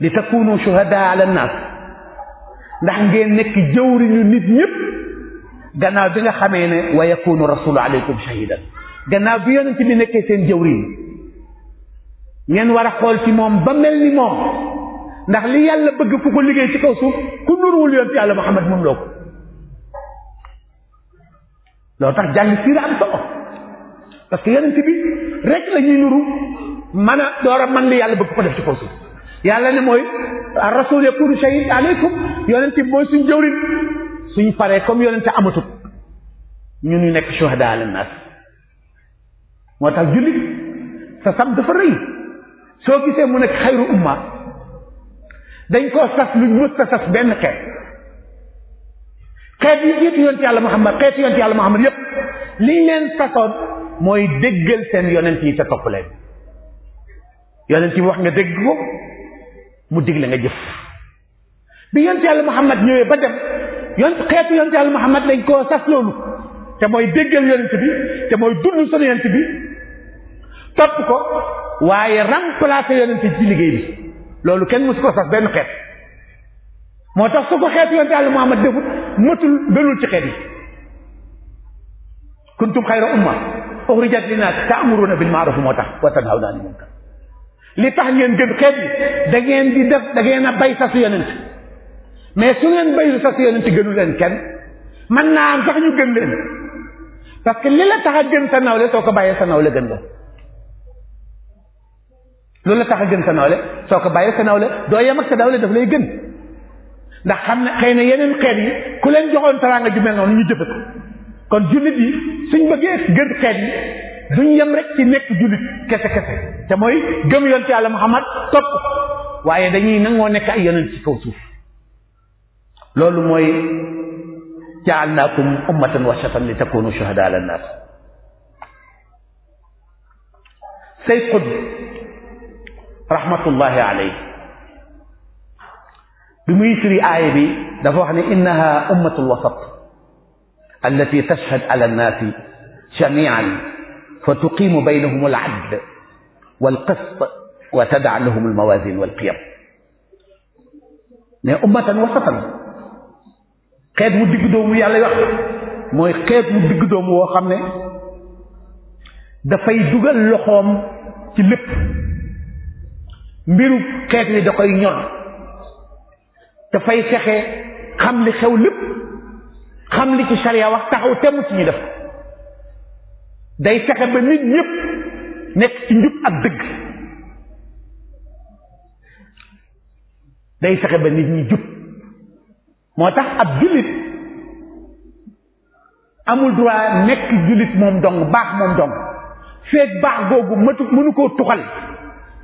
li takunu shuhadaa ala nnaas ndax ngeen nekk jëwriñu nit ñëpp gannaaw bi nga xamee ne wa yakunu rasulu aleykum shahidan gannaaw bi yonent bi nekkee seen jëwriñ ngeen war a xool ci moom ba mel ni moom ndax li yàlla bëgg ku ko liggéey ci kaw suuf ku nuruwul yonent yàlla Muhammad mun loo ko tax jàng siira am que yonent bi rek la ñuy man a door man li yàlla bëgg ko def ci kaw suuf yàlla ne mooy rasul yakunu shahid aleykum suñ paree comme yonente amatut ñu ñu nekk shuhada ala nas moo tax jullit sa sab dafa rëy soo gisee mu nekk xayru umma dañ koo sas luñ mës a sas benn xeet xeet yi jiitu yonent yàlla Muhammad xeetu yonent yàlla Muhammad leen sasoon mooy déggal seen yonent yi te topp leen yonent yi wax nga dégg ko mu digle nga jëf bi yonent yàlla Muhammad ñëwee ba dem yon xeetu yonte yàlla Muhammad dañ koo sas loolu te mooy déggal yonent bi te mooy dund sunu bi topp ko waaye remplacer yonent bi ci liggéey bi loolu kenn mësu ko sas benn xeet moo tax su ko xeetu yonte yàlla Muhammad defut mëtul gënul ci xeet yi kuntum xayra umma uxrijat linnaas ta'muruna bil ma'ruf moo tax wa tanhawna anil munkar li tax ngeen gën xeet yi da ngeen di def da ngeen a bay sasu yonent mais su leen bay sax si yonent ci leen kenn mën naa am sax ñu gën leen parce que li la tax a gën sa nawle soo ko bàyyee sa nawle gën tax gën sa nawle soo ko bàyyee sa nawle doo yem ak sa nawle daf lay gën ndax xam ne xëy na yeneen xeet yi ku leen joxoon teraanga ju mel noonu ñu jëfe ko kon jullit yi suñ bëggee gën xeet yi duñ yem rek ci nekk jullit kese kese te mooy gëm yoon ci yàlla Muhammad topp waaye dañuy nangoo nekk ay yonent ci kaw suuf loolu mooy ja'alnaakum ummatan wasatan li takunu shuhadaa ala nnaas Sayyid Qutb rahmatullahi alayhi bi muy firi aaya bi dafa wax ne innaha ummatul wasat allati tashhad ala nnaasi jamian fa tuqimu baynahum al adl wal qist wa tadaa lahum al mawazin wal qiyam ne ummatan wasatan xeet wu digg doomu yàlla wax mooy xeet wu digg doomu woo xam ne dafay dugal loxoom ci lépp mbiru xeet wi da koy ñor dafay fexe xam li xew lépp xam li ci sariya wax taxaw temm ci ñu def day fexe ba nit ñépp nekk ci njub ak dëgg day fexe ba nit ñi jub moo tax ab jullit amul droit nekk jullit moom dong baax moom dong feeg baax googu matu mënu koo tuxal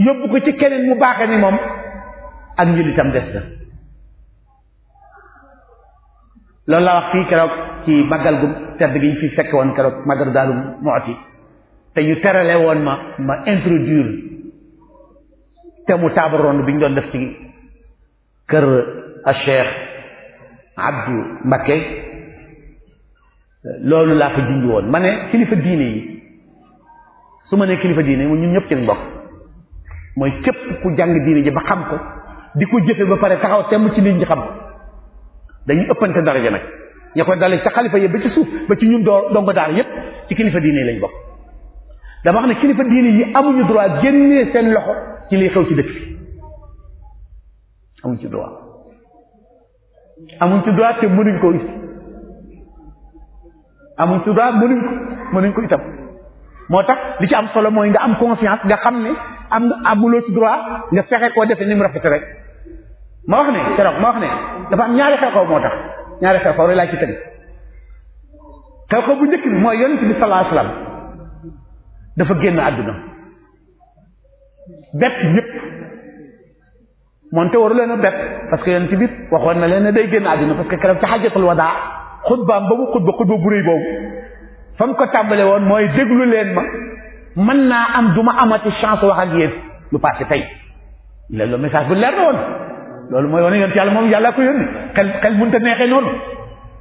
yóbbu ko ci keneen mu baaxe ni moom ak njullitam des na loolu la wax fii keroog ci màggal gu tedd gi ñu fi fekk woon keroog màggal Daaru Muxti te ñu terale woon ma ma introduire te mu table ronde bi ñu doon def ci kër a Cheikh abdu mbakke loolu laa fa junj woon ma ne kilifa diine yi su ma ne kilifa diine yi mu ñun ñëpp ci mbokk mooy képp ku jàng diine ji ba xam ko di ko jëfe ba pare taxaw temm ci liñ ji xam ko dañuy ëppante daraja nag ña koy dale ca xalifa yi ba ci suuf ba ci ñun doo dongo yépp ci kilifa diine yi lañ bokk dama wax ne kilifa diine yi amuñu droit génnee seen loxo ci liy xew ci dëkk bi amuñu ci droit amuñ ci droit te mënuñ ko it amuñ ci droit mënuñ ko mënuñ itam moo tax li ci am solo mooy nga am conscience nga xam ne am amuloo ci droit nga fexe koo defe ni mu rafet rek ma wax ne keroog ma wax ne dafa am ñaari xew-xew moo tax ñaari xew-xew rek laa ci tënk xew-xew bu njëkk bi mooy yonent bi sallallahu alayhi wasallam dafa génn àdduna bett ñëpp moonte waru leen a bett parce que yonent bi waxoon na leen ne day génn àddina parce que keroog ci xajatul wadaa xutbaam ba mu xutba xutba bu rëy boobu fa ko tàmbale woon mooy déglu leen ma man naa am du ma amati chance wax ak yéen lu passé tey loolu message bu leer na loolu mooy wane yonent yàlla moom yàlla ko yónni xel xel mënut a neexee noon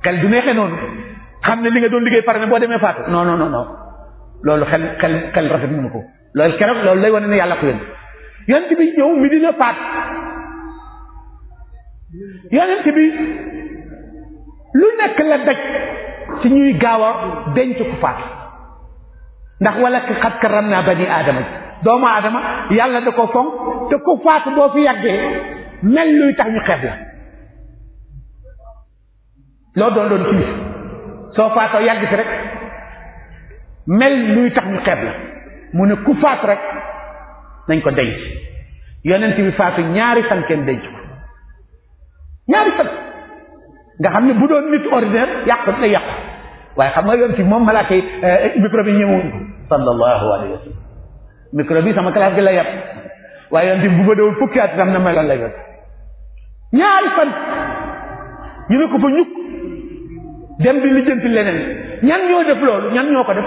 xel du neexee noonu xam ne li nga doon liggéey pare na boo demee faatu non non non non loolu xel xel xel rafet mënu ko loolu keroog loolu lay wane ne yàlla ko yonent bi lu nekk la daj ci ñuy gaaw a denc ku faatu ndax wala xat karam naa bani aadama ji doomu aadama yàlla da ko fonk te ku faatu boo fi yàggee mel luy tax ñu xeeb la loo doon doon kilifa soo faatoo yàgg si rek mel luy tax ñu xeeb la mu ne ku faatu rek nañ ko denc yonent bi faatu ñaari fan kenn denc ko ñaari fan nga xam ne bu doon nit ordinaire yàqu dina yàqu waaye xam nga yoon ci moom malaaka yi eh, eh, microbe yi ñëwuñ ko sallallahu alayhi wa sallam microbe yi sama classe gi la yàpp waaye yoon bu ba dawul fukki at tam na meloon la yoon ñaari fan ñu ne ko fa ñukk dem bi lijjanti leneen ñan ñoo def loolu ñan ñoo ko def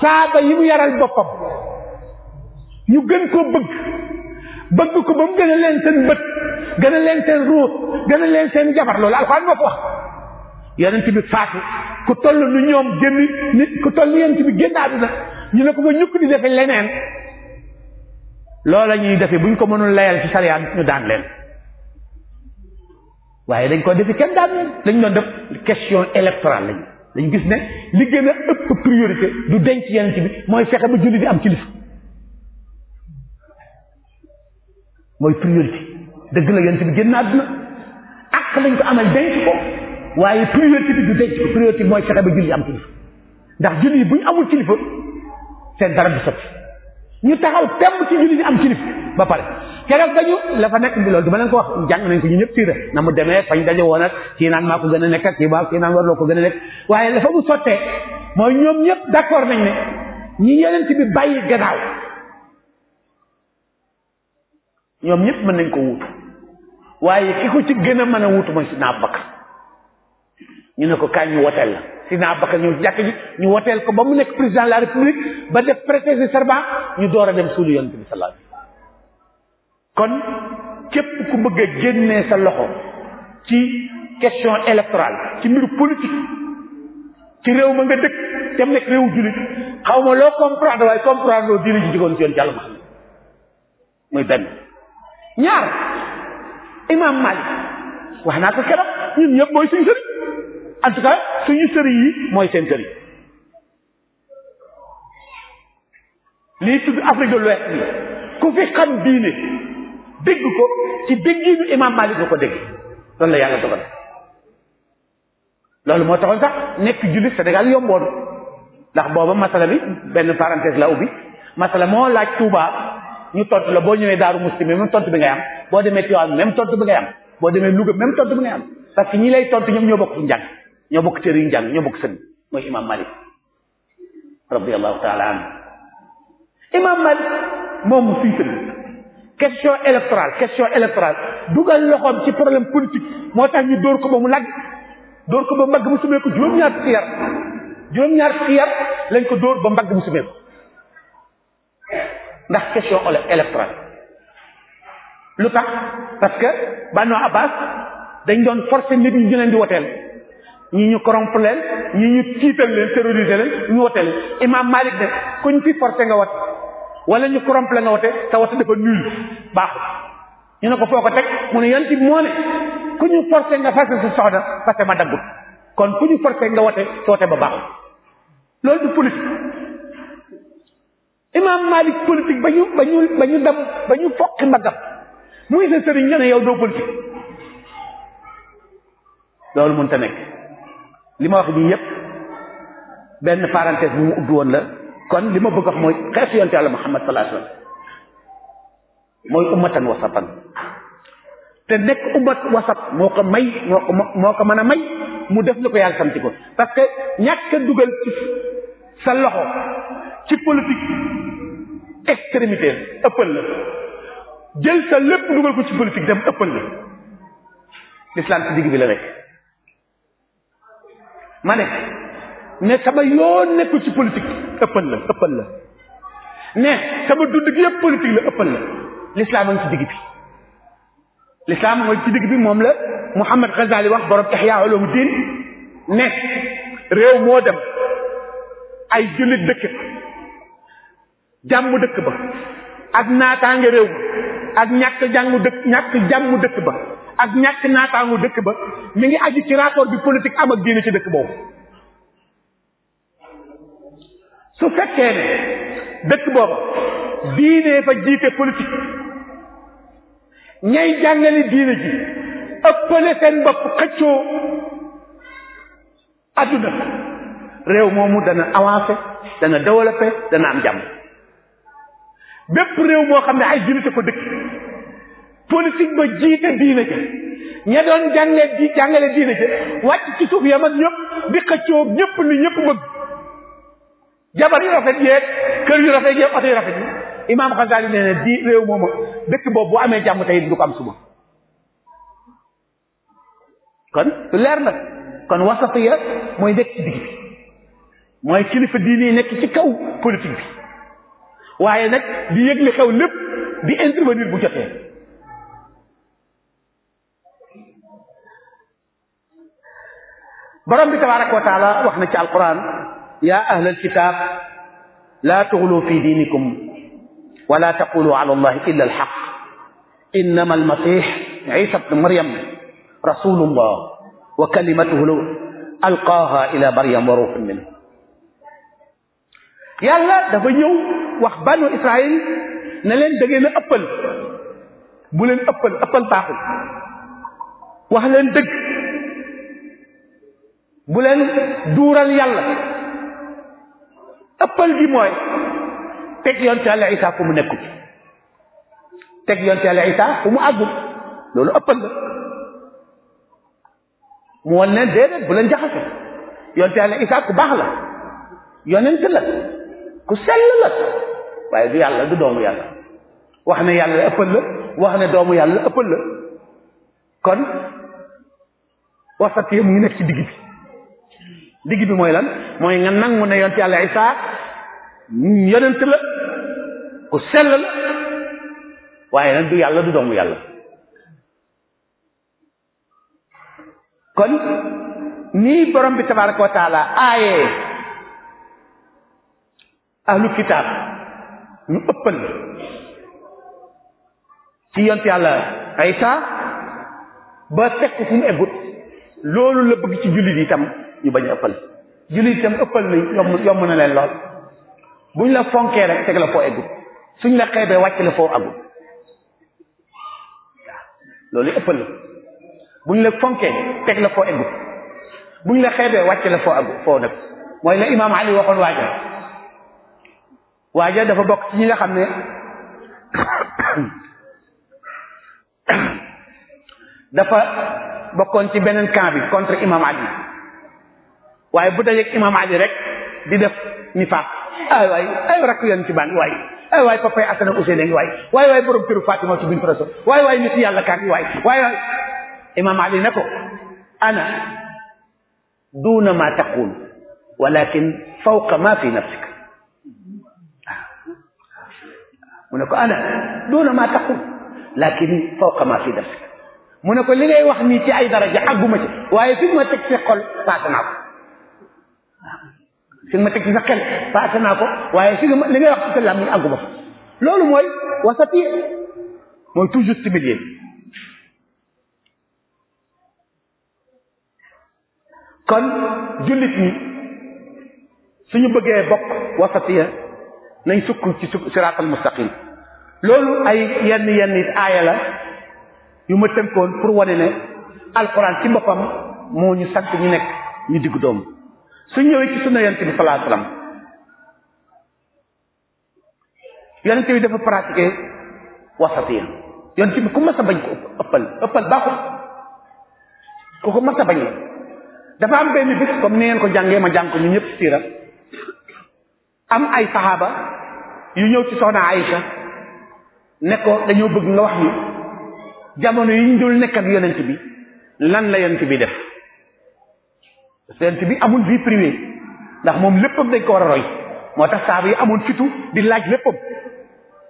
saaba yi mu yaral boppam ñu gën bëgg bëgg ko ba mu gën a leen seen bët gën a leen seen ruut gën a leen seen jabar loolu alxuraan moo ko wax yonent bi faatu ku toll nu ñoom génn nit ku toll yonent bi génn àdduna ñu ne ko nga ñukk di defe leneen loola ñuy defe bu ñu ko mënul layal ci sariya ñu daan leen waaye dañ ko defi kenn daan leen dañ doon def question électorale lañu dañu gis ne li gën ëpp priorité du denc yonent bi mooy fexe ba julli di am kilifa mooy priorité dëgg la yonent bi génn àdduna ak lañ ko amal denc ko waaye priorité bi du denc ko priorité mooy fexe ba julli am kilifa ndax julli yi bu ñu amul kilifa seen dara du ñu taxaw temb ci julli yi am kilifa ba pare keroog dañu la fa nekk bi loolu du ma leen ko wax jàng ko ñu ñëpp tiira na mu demee fañ daje woon ak kii naan maa ko gën a nekk ak kii maa kii naan ko gën a nekk waaye la fa mu sottee mooy ñoom ñëpp d'accord nañ ne ñi yeneen bi bàyyi gannaaw ñoom ñëpp mën nañ ko wuutu waaye ki ko ci gën a man a wuutu mooy Sidna Abubakar ñu ne ko kaay ñu woteel la Sidna Abubakar ñëw ci jàkk ñu woteel ko ba mu nekk président de la république ba def prêter de ñu door a dem suulu yonent bi sallallahu alayhi wasallam kon képp ku bëgg a génnee sa loxo ci question électorale ci mbiru politique ci réew ma nga dëkk te mu nekk réewu jullit xaw ma loo comprendre waaye comprendre loo diine ji jigoon ci yoon jàll ma xam muy benn ñaar imam Malik wax naa ko keroog ñun ñëpp mooy suñu sëriñ en tout suñu sëriñ yi mooy seen sëriñ lii tudd Afrique de l'Ouest bi ku fi xam diine dégg ko ci déggiinu imam Malik nga ko dégg loolu la yàlla dogal loolu moo taxoon sax nekk jullit Sénégal yomboon ndax booba masala benn parenthèse la ubbi masala moo laaj Touba ñu tontu la boo ñëwee daaru muslim même tontu bi ngay am boo demee Tiwaawan même tontu bi ngay am boo demee Louga même tontu bi ngay am parce ñi lay tontu ñoom ñoo bokk ci njàng ñoo bokk téere yu njàng ñoo bokk sëñ mooy imam Malik radiyallahu taala anhu imam Malik moom fii sëñ question électorale question électorale dugal loxoom ci problème politique moo tax ñu dóor ko ba mu lagg dóor ko ba mbagg mu sumee ko juróom-ñaar siyar juróom-ñaar siyar lañ ko dóor ba mbagg mu sumee ko ndax question électorale lu tax parce que Banu Abbas dañ doon forcer nit ñi ñu leen di woteel ñi ñu corrompre leen ñi ñu tiital leen terroriser leen ñu woteel Imam Malik ne kuñ fi forcer nga wat wala ñu corrompre nga wote te wote dafa nul baaxul ñu ne ko foo ko teg mu ne yan ci moo ne ku ñu forcer nga fase sa soxna fase ma daggul kon ku ñu forcer nga wote te wote ba baaxul loolu du politique imam Malik politique ba ñu ba ñu ba ñu dam ba ñu foqi mbaggam muy sa sëriñ nga ne yow doo politique loolu mënta nekk li ma wax nii yépp benn parenthèse bu mu ubbi woon la kon li ma bëgg wax mooy xeetu yonte yàlla Muhammad sallallahu alayhi mooy ummatan wasatan te nekk ummat wasat moo ko may moo ko moo mën a may mu def na ko yàlla santi ko parce que ñàkk a dugal ci sa loxo ci politique extrémité ëppal la jël sa lépp dugal ko ci politique dem ëppal la l'islam ci digg bi la nekk ma ne sama yoon nekku ci politique ëppal la ëppal la ne sama dund gi yëpp politique la ëppal la l'islam a ci digg bi l'islam mooy ci digg bi moom la Muhammad Ghazali wax borom Ihya Ulumuddin ne réew moo dem ay jullit dëkk jàmm dëkk ba ak naataange réew ma ak ñàkk jàngu dëkk ñàkk jàmm dëkk ba ak ñàkk naataangu dëkk ba mu ngi aju ci rapport bi politik am ak diine ci dëkk boobu su fekkee ne dëkk booba diine fa jiite politique ñay jàngale diine ji ëppale seen bopp xëccoo adduna réew moomu dana avancé dana développé dana am jàmm bépp réew moo xam ne ay julite ko dëkk politique ba jiite diine ja ña doon jàngale di jàngale diine ja wàcc ci suuf yam ak ñëpp di xëccoo ñëpp li ñëpp bëgg jabar yu rafet yeeg kër yu rafet yeeg oto yu rafet yi imaam Xasaali nee di réew mooma dëkk boobu boo amee jàmm tey du ko am suba kon leer na kon wasatiya mooy nekk ci digg bi mooy kilifa diine yi nekk ci kaw politique bi waaye nag di yëg li xew lépp di intervenir bu jotee borom bi tabaraka wa taala wax na ci alquran yaa ahlal kitaab laa tuxlu fi diinikum wala taqulu ala allahi illa alxaq innama almasix isa bnu maryam rasulullah wa kalimatuhu alqaaha ila maryam wa ruuxun minhu yàlla dafa ñëw wax banu Israël na leen da ngeen ëppal bu leen ëppal ëppal baaxul wax leen dëgg bu leen duural yàlla ëppal gi mooy teg yoon ci yàlla Isa fu mu nekkul teg yoon ci yàlla Isa fu mu àggul loolu ëppal la mu wan leen déedéet bu leen jaxase yoon ci yàlla Isa ku baax la yonent la ku sell la waaye du yàlla du doomu yàlla wax na yàlla ëppal la wax ne doomu yàlla ëppal la kon wasat yëpp ñu nekk ci digg bi digg bi mooy lan mooy nga nangu ne yonent yàlla Isaa yonent la ku sell la waaye nag du yàlla du doomu yàlla kon nii borom bi tabaraka wa taala ahlu kitaab ñu ëppal ci yont yàlla Aysa ba teg ko fu eggut loolu la bëgg ci jullit yi tam ñu bañ a ëppal jullit yi tam ëppal na yomb yomb na leen lool bu ñu la fonkee rek teg la foo eggut suñ la xeebee wàcc la foo aggut loolu ëppal la bu ñu la teg la foo eggut la xeebee wàcc la foo aggut foo nag mooy la imaam Ali waxoon waaja waa waaja dafa bokk ci ñi nga xam ne dafa bokkoon ci beneen camp bi contre imam ali waaye bu dajeeg imam ali rek di def nifaaq ay waay ay rakk yoon waay waay papay asana useyne ngi waay waay waay borom këru fatima tu bintu waay waay nit yàlla kaan waay waay waay imam ali ne ko ana duuna ma taqul walakin fawqa ma fi nafsik mu ne ko ana duuna maa taqul lakin fawqa maa fi nafsik mu ne ko li ngay wax nii ci ay daraja àgguma ci waaye fi ma teg ci xol paase naa ko fi ma teg ci sa xel naa ko waaye fi li ngay wax ci sa làmmiñ àgguma ko loolu mooy wasati mooy toujours ci milieu kon jullit ñi suñu bëggee bokk wasatiya nañ sukk ci siraatal mustaqim loolu ay yenn yenn it aaya la yu ma tënkoon pour wane ne alxuraan ci boppam moo ñu sant ñu nekk ñu diggu doom su ñëwee ci sunna yonent bi sallallahu alayhi wasallam yonent bi dafa pratiquer wasatiya yonent bi ku mas bañ ko ëppal ëppal ku ko mas a bañ la dafa am benn bés comme ni ngeen ko jàngee ma jàng ko ñu ñëpp siira am ay saxaaba yu ñëw ci soxna Aïcha ne ko dañoo bëgg nga wax ni jamono yi ñu dul nekk ak yonent bi lan la yonent bi def yonent bi amul vie privée ndax moom léppam dañ ko war a roy moo tax saxaaba yi amul fitu di laaj léppam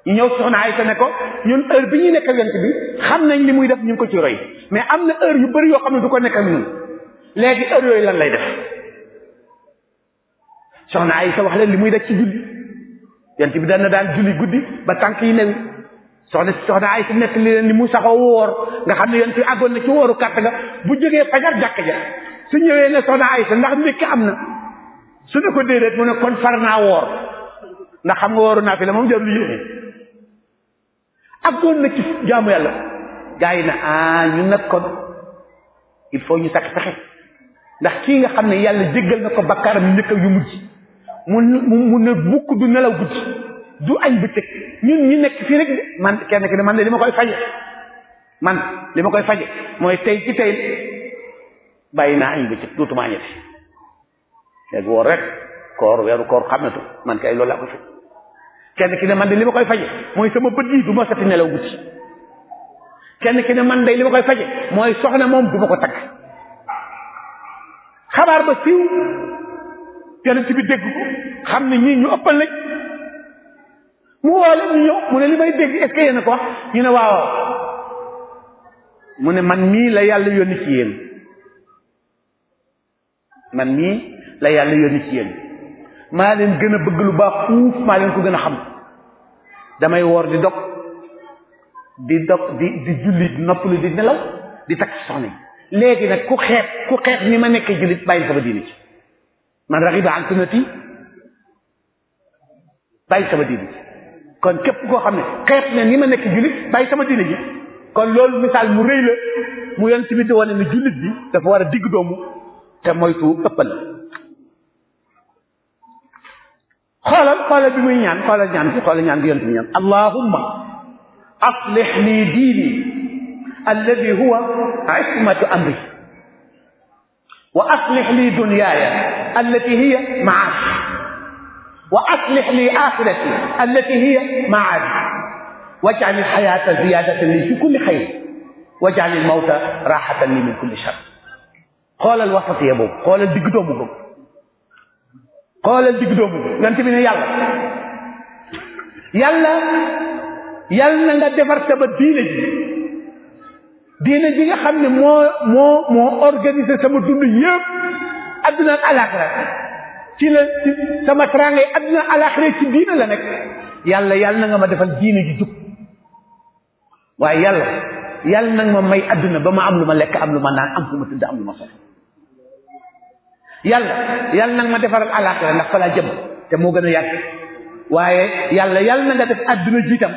ñu ñëw soxna Aïcha ne ko ñun heure bi ñu nekk ak yonent bi xam nañ li muy def ñu ngi ko ci roy mais am na heure yu bari yoo xam ne du ko nekk ak ñun léegi heure yooyu lan lay def soxna Aysa wax leen li muy daj ci julli yonent bi daan na daan julli guddi ba tànk yi new soxna soxna Aysa nekk li leen li mu saxoo woor nga xam ne yonent bi àggoon na ci wooru bu jógee fajar jàkk ja su ñëwee ne soxna Aysa ndax am na su ne ko naa woor xam nga wooru naa fi la moom jarul yéene àggoon jaamu yàlla gaa yi na ah ñu nag il faut ñu sakk pexe ndax kii nga xam ne yàlla jéggal na ko bakkaaram njëkk yu mujj mu mu ne bukk du nelaw guddi du añ bëccëg ñun ñu nekk fii rek man kenn ki ne man de li ma koy faje li ma koy faje mooy tey tey bàyyi naa añ bëccëg dootuma añati léegi woor weeru koor xamnatu man kay loolu laa ne man de li ma koy bët yi du ma sati nelaw ki ne man de li ma mooy soxna moom du ma ko takk xabaar ba siiw yonent bi dégg ko xam ne ñii ñu ëppal lañ mu woo leen ñëw mu ne li may dégg est ce ko wax ñu ne waaw mu ne man mii la yàlla yónni ci yéen man mii la yàlla yónni ci yéen maa leen gën a bëgg lu baax fuuf maa leen ko gën a xam damay woor di dog di dog di di julli di noppalu di nelaw di takk soxna léegi nag ku xeet ku xeet ni ma nekk jullit bàyyi sama diini ci man raxiba an sunnati bàyyi sama diine ji kon képp koo xam ne xeet na ni ma nekk jullit bàyyi sama diine ji kon loolu misaal mu rëy la mu yoon tamit di wane ne jullit bi dafa war a digg doomu te moytu ëppal xoolal xoolal bi muy ñaan xoolal ñaan bi xoolal ñaan bi yoon bi ñaan allahumma aslih li diini alladi huwa ismatu amri wa aslih li dunyaaya التي هي معاش وأصلح لي آخرتي التي هي معاش واجعل الحياة زيادة لي في كل خير واجعل الموت راحة لي من كل شر xoolal wasatiya boobu xoolal digg doomu boobu xoolal digg doomu boobu yonent bi ne yàlla yàlla yàlla na nga defar sama diine ji diine ji nga xam ne moo moo moo organiser sama dund yépp adduna ak alaxira ci la ci sama teraangay adduna ak ci diina la nekk yàlla yàlla na nga ma defal diina ji jub waaye yàlla yàlla na nga ma may adduna ba ma am lu ma lekk am lu ma naan am fu am lu ma sol yàlla na ma defaral alaxira ndax fa jëm te moo gën a yàgg waaye yàlla yàlla na nga def adduna jiitam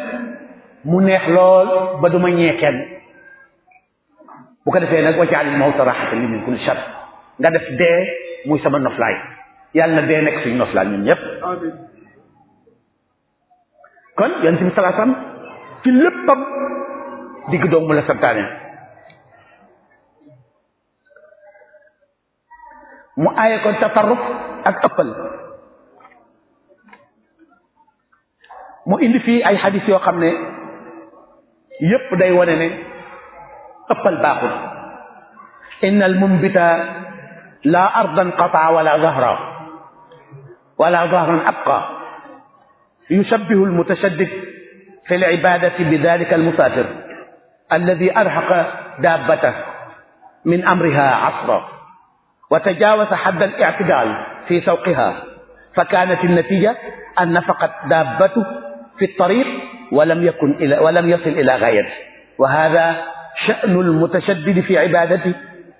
mu neex lool ba du ma ñee bu ko defee nag waccaal mawta raxatan li min kulli shar nga def dee muy sama noflaay yàlla na dee nekk suñu noflaay ñun ñëpp kon yonent bi salaasam ci léppam digg doomu la santaane mu aaye ko tatarruf ak ëppal mu indi fii ay xadis yoo xam ne yépp day wone ne ëppal baaxul innal mumbita laa ardan qata wala zahra wala zahran abqa yusabbihu almutasaddid fi alibadati bi dalika almusafir alladi arhaqa daabata min amriha asra wa tajawasa xadd alictidal fi sawqiha fa kanat alnatija an nafaqat daabatu fi ltariq walam yakun walam yasil ila gaayati wa hada sha'nu almutasaddidi fi ibadati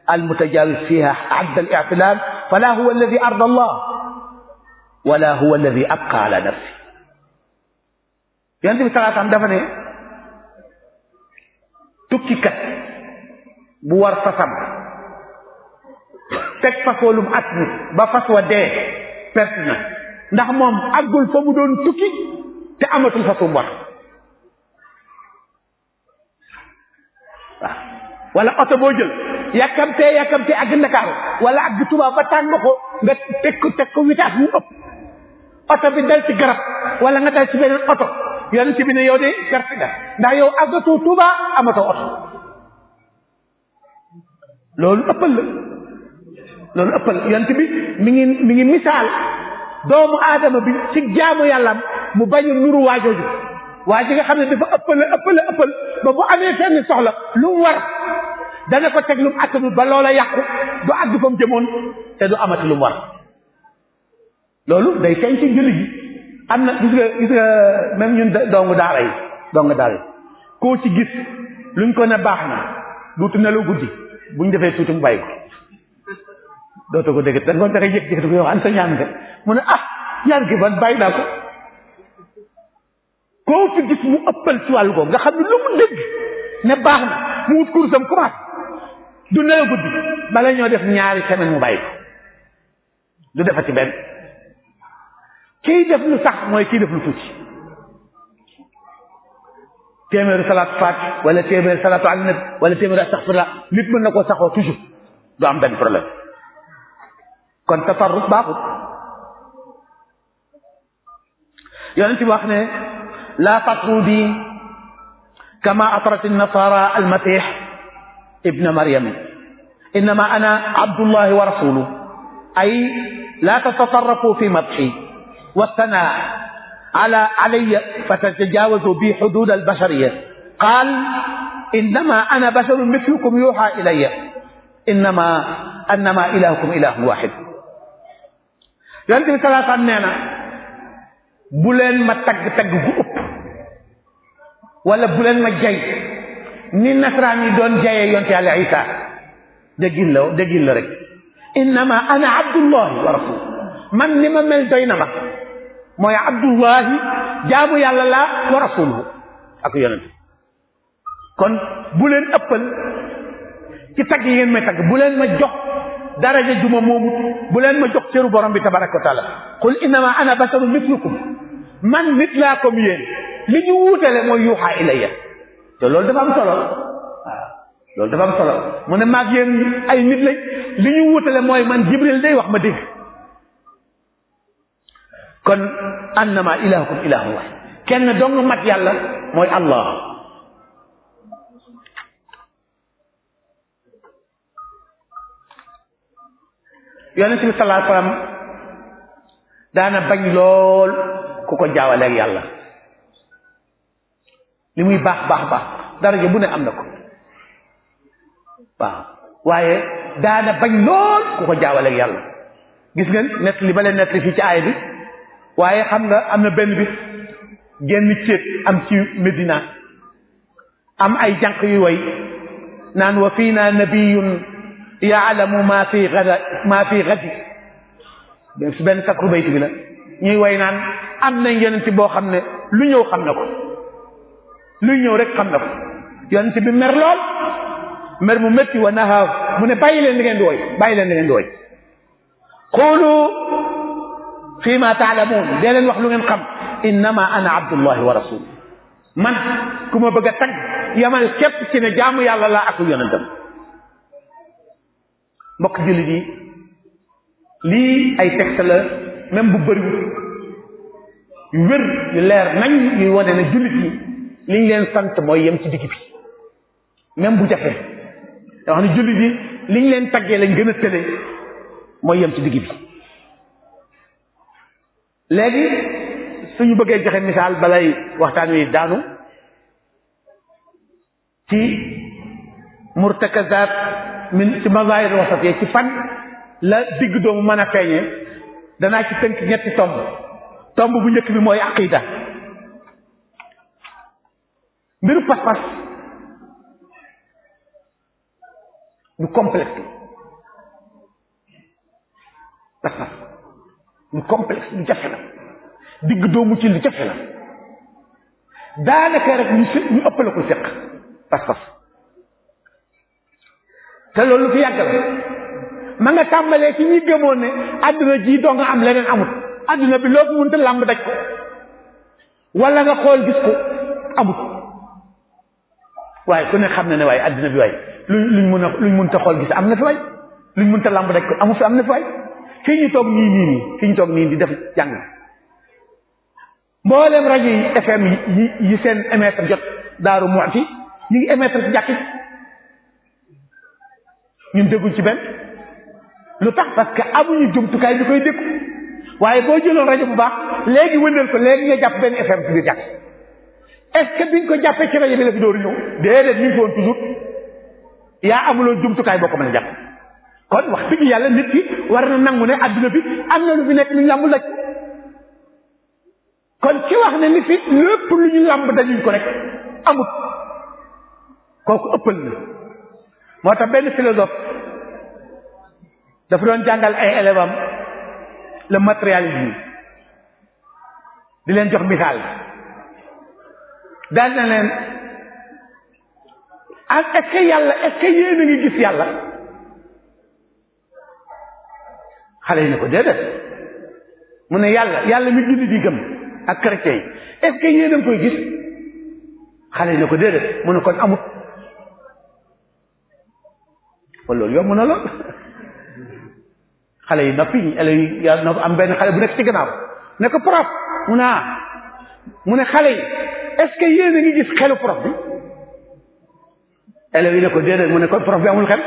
المتجاوز فيها حد الاعتلال فلا هو الذي أرضى الله ولا هو الذي أبقى على نفسه yonent bi salaat am dafa ne tukkikat bu war fasam teg fasoolum at mi ba fas wa dee perte na ndax moom àggul fa mu doon tukki te amatul fasum war waaw wala oto boo jël yàkkamtee yàkkamtee àgg Ndakaaru wala àgg Tuubaa ba tàng ko nga teg ko teg mu ëpp oto bi dal ci garab wala nga dal ci beneen oto yonent bi ne yow de perte nga ndax yow àggatoo Tuubaa amatoo oto mi ngi mi ngi misaal bi ci jaamu yàllaam mu bañ a waa ji nga xam ne dafa ëppal ëppal ëppal ba bu amee fenn soxla lu mu war dana ko teg lu mu attanul ba loola yàqu du àgg fa mu jëmoon te du amati lu war loolu day feeñ ci njëli gi am na gis nga gis même ñun dongu daara yi dongu daara yi koo ci gis luñ ko ne baax na duutu lu guddi buñ defee tuuti mu bàyyi ko dootoo ko dégg da nga da nga jékki-jékki ko yow sa ñaan nga mu ne ah ñaan gi ba bàyyi naa ko koo fi gis mu ëppal ci wàllu googu nga xam ne lu mu dégg ne baax na mu wut kursam commencé du nelaw guddi bala ñoo def ñaari semaine mu bàyyi ko du defati benn kiy def lu sax mooy kiy def lu tuuti téeméeru salaatu faat wala téeméeru salaatu wala téeméeru astaxfirullah nit mën na ko saxoo toujours du am benn problème kon tatarruf baaxut yonent bi wax ne la tatrubi kama atrat an-nasara al ibna maryam innama ana abdullahi wa rasuluhu ay la tatatarrafu fi madhi wa thanaa ala alayya fatajaawazu bi hudud al-bashariyya qaal innama ana basharun mithlukum yuuhaa ilayya innama annama ilahukum ilahu wahid yonent bi sallallahu alayhi wa sallam nee na bu leen ma tagg tagg gu ëpp wala bu leen ma jay ni nasaraan yi doon jayee yonte yàlla isa déggin la déggin la rek innama ana abdullahi wa rasul man ni ma mel doy na ma mooy abdullahi jaamu yàlla laa wa rasuluhu ak yonente kon bu leen ëppal ci tagg yi ngeen may tagg bu leen ma jox daraja juma moomu bu leen ma jox cëru borom bi tabaraka wa taala qul innama ana basarun mislukum man nit laa comme yéen li ñu wuutale mooy yuuxaa ilayya loolu dafa am solo loolu dafa am solo mu ne maag yéen ay nit lañ li ñu wutale mooy man jibril day wax ma dégg kon annama ilahukum ilahu wax kenn dong mat yàlla mooy allah yonent bi salaa salaam daana bañ lool ku ko jaawaleeg yàlla li muy baax baax baax daraja bu ne am na ko waaw waaye daana bañ lool ku ko jaawale yàlla gis nga nett li ba leen nett li ci ay bi waaye xam nga am na benn bis genn céet am ci Medina am ay janq yu way naan wa fii na nabiyun yaalamu maa fi gada maa fi gadi benn sakru bayti bi la ñuy way naan am nañ yonent boo xam ne lu ñëw xam na ko luy ñëw rek xam na ko yonent bi mer lool mer mu métti wa naha mu ne bàyyi leen li ngeen di woy bàyyi leen li ngeen qulu fii ma taalamuun dee leen wax lu ngeen xam innama ana abdullahi wa rasul man ku ma bëgg a tag yamal képp ci ne jaamu yàlla laa ak yonentam mbokk jullit yi lii ay texte la même bu bëriwul yu wér yu leer nañ yuy wane ne jullit yi liñ leen sant mooy yem ci digg bi même bu jafee yoo xam ne jullit yi liñ leen taggee lañ gën a tële mooy yem ci digg bi léegi suñu bëggee joxe misaal balay waxtaan wi daanu ci murtakazaat min ci mazahir wasatiyya ci fan la digg doomu mën a feeñee danaa ci tënk ñetti tomb tomb bu njëkk bi mooy aqida mbiru pas-pas lu complexe la digg doomu ci lu jafe la daanaka rek ñu si ñu ëppale ko fekk pas-pas loolu fi yàgg la ma nga tàmbalee ci ñi gëmoon ne àdduna ji doo am leneen amut àdduna bi loo fi mënta làmb daj ko wala nga xool gis ko amut waaye ku ne xam na ne waaye àddina bi waay luñ luñ mun a luñ mënta xool gis am na fi waay luñ mënta làmb daj ko amu am na fi waay fii ñu toog nii nii nii fii ñu toog nii di def jàng mboolem rajo yi FM yi yi seen émettre jot Daaru Muxti ñu ngi émettre ci jàkk ñun dégguñ ci benn lu tax parce que amuñu jumtukaay bi koy dégg waaye boo jëloon rajo bu baax léegi wëndal ko léegi nga jàpp benn FM ci biir jàkk est biñ ko jàppee ci rajo bi la fi dóoru ñëw déedéet ñu ngi woon toujours yaa amuloon jumtukaay boo ko mën jàpp kon wax dëgg yàlla nit ki war na nangu ne àdduna bi am na lu fi nekk lu ñu làmb laj kon ci wax ne li fi ko rek amut kooku ëppal na moo tax benn philosophe dafa doon jàngal ay élèves am le matérialisme di leen jox misaal daal na leen ak est yàlla est-ce que gis yàlla xale yi ne ko déedéet mu ne yàlla yàlla mi julli di gëm ak chrétien yi est-ce que koy gis xale yi ne ko déedéet mu ne kon amut wala loolu yomb na lool xale yi noppi ñu élèves yi yàlla na am benn xale bu nekk ci gannaaw ne ko prof mu ne ah, mu ne xale yi. est-ce que a ngi gis xelu prof bi élèves yi ne ko déedéet mu ne ko prof bi amul xel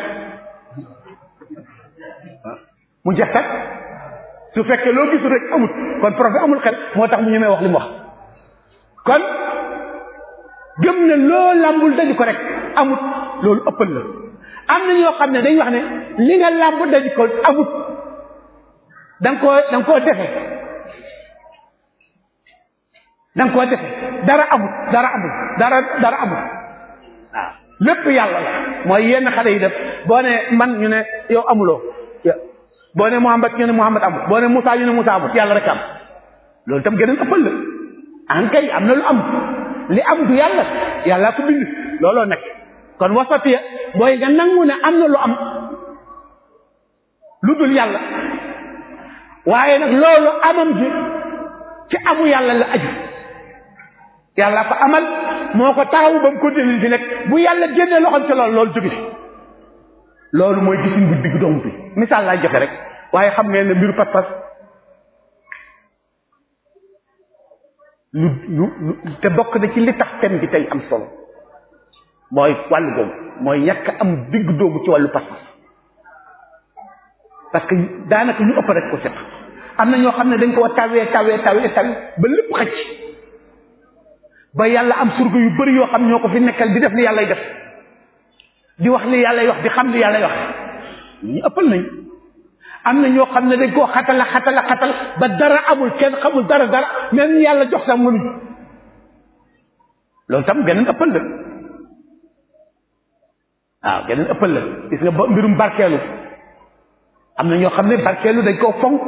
mu jeex tak su fekkee loo gisul rek amut kon prof bi amul xel moo tax mu ñemee wax li mu wax kon gëm ne loo làmbul daju ko rek amut loolu ëppal la am na ñoo xam ne dañ wax ne li nga làmb daju ko amut da koo da koo defe da koo defe dara amut dara amut dara dara amut waaw ah. lépp yàlla la mooy yenn xale yi def boo man ñu ne yow amuloo boo ne Muhammad ñu ne Muhammad amut boo ne Moussa ñu ne Moussa yàlla rek am loolu tam gën a ëppal la am na lu am li am du yàlla yàlla ko bind looloo nekk kon wasatiya mooy nga nangu ne am na lu am lu dul yàlla waaye nag loolu amam ji ci amu yàlla la aju yàlla ko amal moo ko taxawu ba mu continuer fi nekk bu yàlla génnee loxoom ci loolu loolu mooy gisin bu digg doomu bi misaal laay joxe rek waaye xam ngeen ne mbiru pas-pas lu lu lu te bokk na ci li tax thème bi tey am solo mooy wàllu boobu mooy ñàkk am digg doomu ci wàllu pas-pas parce que daanaka ñu ëpp rek ko set am na ñoo xam ne dañ ko war tawee tawee tawee tawee ba lépp xëcc ba yàlla am surga yu bari yoo xam ñoo ko fi nekkal di def li yàllay def di wax li yàllay wax di xam li yàllay wax ñu ëppal nañ am na ñoo xam ne dañ koo xatala xatala xatal ba dara amul kenn xamul dara dara même yàlla jox sax mënuñ loolu tam geneen ëppal la waaw geneen ëppal gis nga ba mbirum barkeelu am na ñoo xam ne barkeelu dañ koo fonk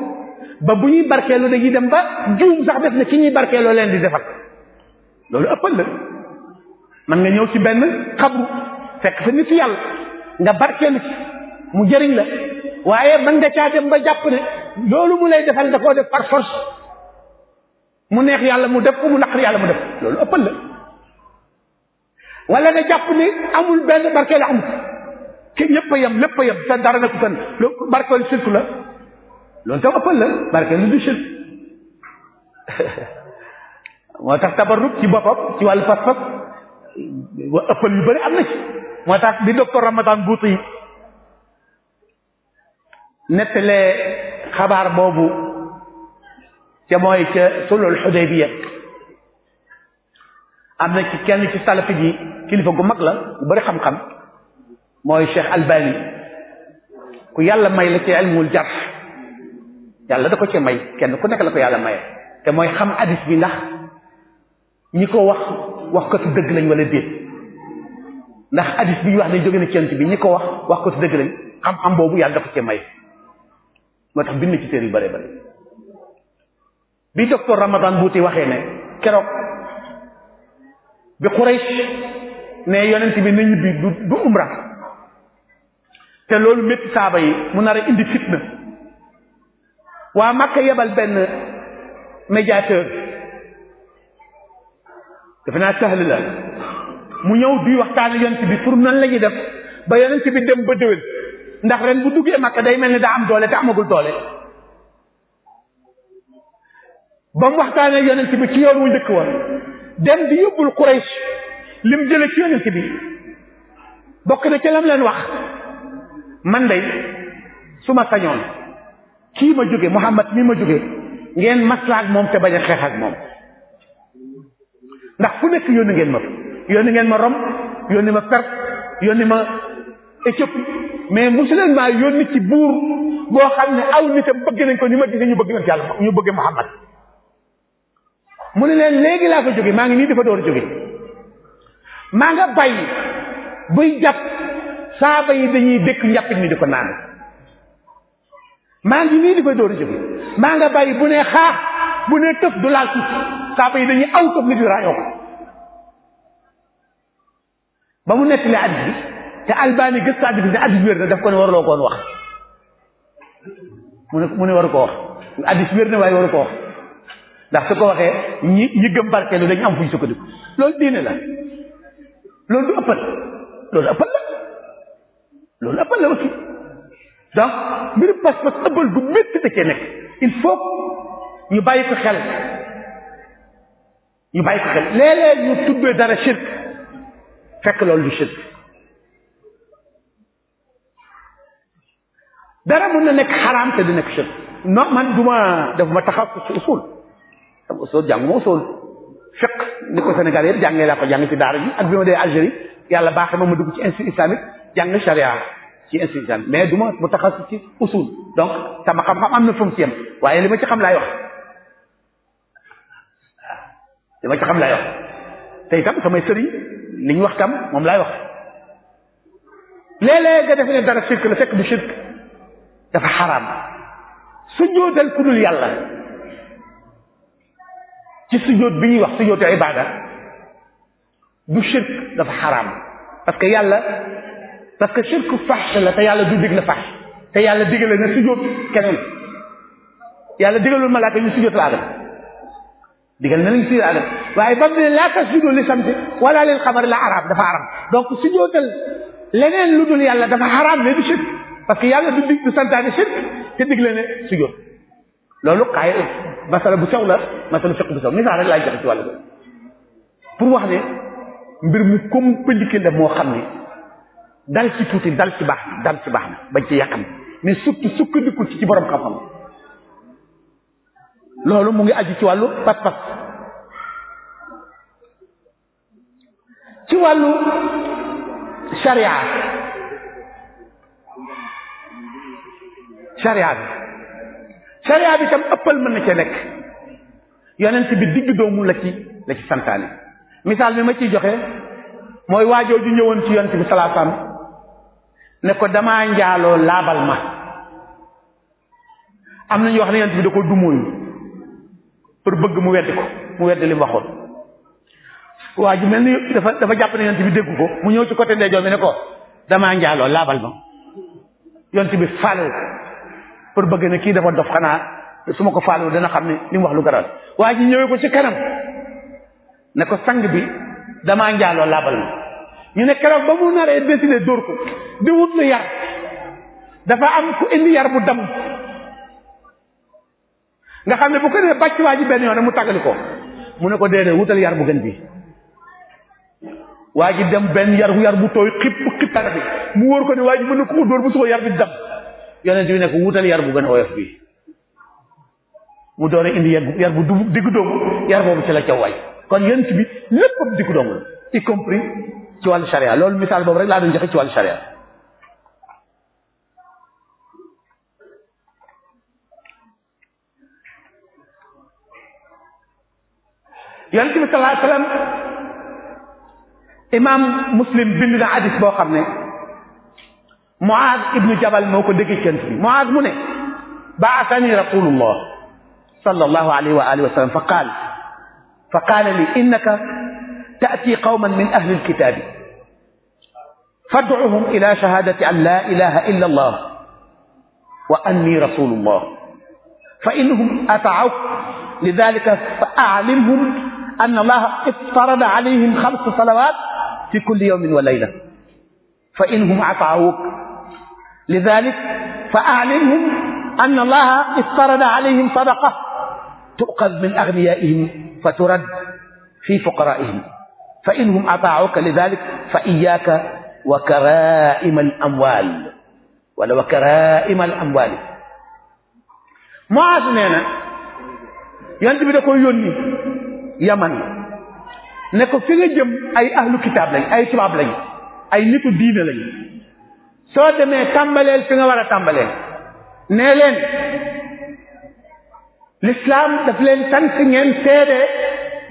ba bu ñuy barkeelu dañuy dem ba juum sax def ne ki ñuy barkeeloo leen di defal loolu ëppal la man nga ñëw ci benn xabru fekk fa nitu yàlla nga barkeelu mu jëriñ la waaye man nga caa dem ba jàpp ne loolu mu lay defal da koo def par mu neex yàlla mu def ko mu naqar yàlla mu def loolu ëppal la wala nga jàpp ne amul benn barkeelu amul ki ñëpp a yem lépp a yem dara nekku tan loolu barkeelu shirku la loolu tam ëppal la barkeelu du shirku moo tax tabarruk ci boppam ci wàllu pas wa ëppal yu bëri am na ci moo tax di docteur Ramadan Buuti nettalee xabaar boobu ca mooy ca sulul Xudaybiya am na ci kenn ci salafit yi kilifa gu mag la bu xam-xam mooy Cheikh Albani ku yàlla may la ci ilmul jarh yàlla da ko ci may kenn ku nekk la ko yàlla maye te mooy xam hadis bi ndax ñi ko wax wax ko ci dëgg lañ wala déet ndax hadis bi wax ne jóge na cent bi ñi ko wax wax ko ci dëgg lañ xam-xam boobu yàlla dafa cee may moo tax bind ci téere yu bare bare bi docteur Ramadan Buuti waxee ne keroog bi Quraysh ne yonent bi na ñibbi du du te loolu métti saaba yi mu nar a indi fitna waa Makka yebal benn médiateur dafa naa sahl la mu ñëw bii waxtaan yonent bi pour nan lañuy ñuy def ba yonent bi dem ba déwén ndax ren bu duggee Makka day mel ni daa am doole te amagul doole ba mu waxtaanee yonent bi ci yoon wu njëkk wa dem di yóbbul Quraysh lim jële ci yonent bi bokk na ca lam leen wax man dey su ma sañoon kii ma jóge Muhammad mi ma jóge ngeen maslaak moom te bañ a xeex ak moom ndax fu nekk yónni ngeen ma fa yónni ngeen ma Rome yónni ma Perse yónni ma Éthiopie mais mosu leen maa yónni ci buur boo xam ne aw nitam bëgg nañ ko ni ma gisee ñu bëgg nañ yàlla ñu bëgg Muhammad mu ne leen léegi laa ko jóge maa ngi nii dafa door a jóge maa buy jàpp saaba yi dañuy dékk njàppit ni di ko naan maa ngi nii dafa door a jóge maa nga bàyyi bu ne xaax bu ne tëf du laal suuf saaba yi dañuy aw toog nit yu raayoo ko ba mu nettali addis bi te albani gëstu addis bi ne addis wér na daf ko ne warloo kon wax mu ne mu ne waru ko wax addis wér na waaye waru ko wax ndax su ko waxee ñi ñi gëm barkeelu dañu am fu ñu sukkandiku loolu diine la loolu du ëppal loolu ëppal la loolu ëppal la aussi donc mbiru pas-pas ëppal bu métti da nekk il faut ñu bàyyi ko xel ñu bàyyi ko xel léeg-léeg ñu tuddee dara shirk fekk loolu du shirk dara mën na nekk xaraam te du nekk shirk non man duma def ma taxaw ci usul am usul jànguma usul fiq ni ko Sénégal yëpp jàngee laa ko jàng ci daara ji ak bi ma dee Algérie yàlla baaxe ma ma dugg ci institut islamique jàng charia ci institut mais duma mu taxaw ci usul donc sama xam-xam am na fu mu ci waaye li ma ci xam laay wax li ma ci xam laay wax te itam samay sëriñ li wax tam moom laay wax léeg-léeg nga def ne dara shirk la fekk du shirk dafa xaraam sujjóotal ku dul yàlla ci sujjóot bi ñuy wax sujjóotu ibaada du shirk dafa xaraam parce que yàlla parce que shirk faxsh la te yàlla du digle faxsh te yàlla digale na sujjóot keneen yàlla digalul malaaka ñu sujjóotal aadama digal na lañ si adam waaye ba la ne laa tasjudu li samti wala lil xamari la araam dafa araam donc sujootal leneen lu dul yàlla dafa araam ne du shirk parce que yàlla du dig du santaane shirk te digle ne sujoot loolu xaay masala bu sew la masala fiq bu sew misaal rek laay joxe ci wàllu boobu pour wax ne mbir mu compliqué la moo xam ne dal ci tuuti dal ci baax na dal ci baax na bañ ci yàqam mais surtout sukkandiku ci ci borom xam-xam loolu mu ngi aju ci wàllu pas-pas ci wàllu sharia sharia bi sharia bi tam ëppal mën na ci nekk yonent bi digg doomu la ci la ci santaane misaal bi ma ciy joxe mooy waajoo ju ñëwoon ci yonent bi salaasam ne ko dama njaaloo laabal ma am nañu wax ne yonent bi da ko dumóoyu pour bëgg mu weddi ko mu weddi li mu waxoon waa ji mel ni dafa dafa jàpp ne yonent bi déggu ko mu ñëw ci côté ndeyjoor bi ne ko damaa njaaloo laabal ma yonent bi faalewu pour bëgg ne kii dafa dof xanaa su ma ko faalewu dana xam ne li wax lu garal waa ji ñëwee ko ci kanam ne ko sang bi damaa njaaloo laabal ma ñu ne keroog ba mu naree décidé dóor ko di wut lu yar dafa am ku indi yar bu dam nga xam ne bu ko nee bàcc waa ji benn yoon rek mu tàggali ko mu ne ko de wutal yar bu gën bi waa dem benn yar yar bu tooy xip xip tàggat mu wóor ko ne waa ji mën na ko dóor bu suko yar bi dam yonent bi ne ko wutal yar bu gën oyof bi mu doon indi yar bu du diggu doomu yar boobu ci la ca waay kon yonent bi lépp diggu doomu y compris ci wàllu charia loolu misaal boobu rek laa doon joxe ci wàllu charia yonent bi sallallahu alayhi wasallam imaam muslim bind na hadis boo xam ne Muaaz ibnu Jabal moo ko dégg cant bi Muaaz mu ne baasani rasulullah sallallahu alayhi wa alihi wa sallam fa qaal fa qaala li innaka taati qawman min ahli alkitaabi fadcuhum ila shahaadati an laa ilaha illa allah wa anni rasulullah fa innahum ataawk lidalika fa aclimhum an allaha iftarada alayhim xamsa salawat fi kulli yawmin wa layla fa inhum ataawuk lidalik fa alimhum an allaha iftarada alayhim sadaqa tuqad min agniyaihim fa turad fi fuqaraihim fa inhum ataawuka lidalik fa iyaka wa karaima al amwal wala wa karaima al amwali Muaaz nee na yonent bi da koy yónni yaman ne ko fi nga jëm ay ahlu kitaab lañ ay tubaab lañ ay nitu diine lañ soo demee tàmbaleel fi nga war a tàmbaleel nee leen l'islam daf leen sant ngeen seede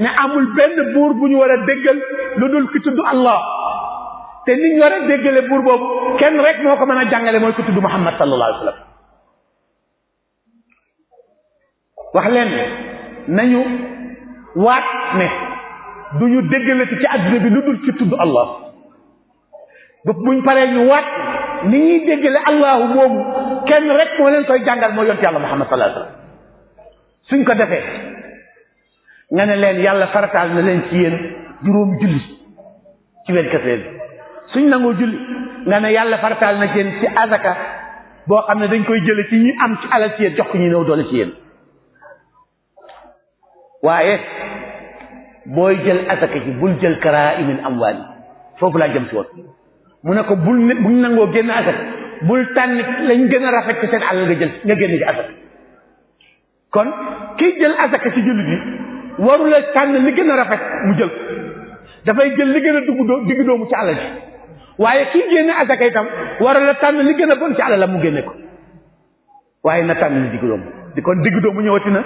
ne amul benn buur bu ñu war a déggal lu dul ki tudd Allah te nit war a déggale buur boobu kenn rek moo ko mën a jàngale mooy ki tudd Muhammad sallallahu alayhi wa sallam wax leen nañu waat ne du ñu déggalati ci àdduna bi lu dul ci tudd allah bu buñ paree ñu waat ni ñuy déggale allahu boobu kenn rek moo leen koy jàngal moo yont yàlla muhammad sallallahu alayhi suñ ko defee nga ne leen yàlla farataal na leen ci yéen juróom julli ci weer kese bi suñ nangoo julli nga ne yàlla farataal na ci yéen ci azaka boo xam ne dañ koy jële ci ñi am ci alal ci yéen jox ko ñu néew doole ci yéen waaye booy jël asaka ji bul jël karaa'imin amwaal yi foofu laa jëm si woon mu ne ko bul ne buñ nangoo génn asaka bul tànn lañ gën a rafet ci seen alal nga jël nga génn ci asaka kon kiy jël asaka ci jullit yi waru tànn li gën a rafet mu jël dafay jël li gën a dugg doo doomu ci alal ji waaye kiy génne asaka itam waru la tànn li gën a bon ci alal la mu génne ko waaye na tànn li digg doomu di kon digg doomu ñëwati na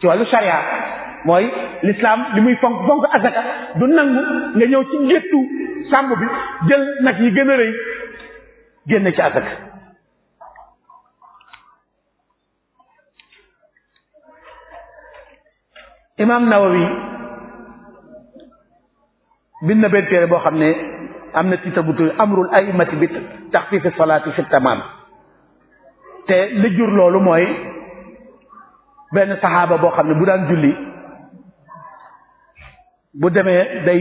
ci wàllu sharia mooy l'islam li muy fonk fonk asaka du nangu nga ñëw ci géttu sàmm bi jël nag yi gën a rëy génn ci asaka imaam Nawawi bind benn téere boo xam ne am na titre bu tudd amrul aimati bi taxfiif salaati fi tamaam te li jur loolu mooy benn saxaaba boo xam ne bu daan julli bu demee day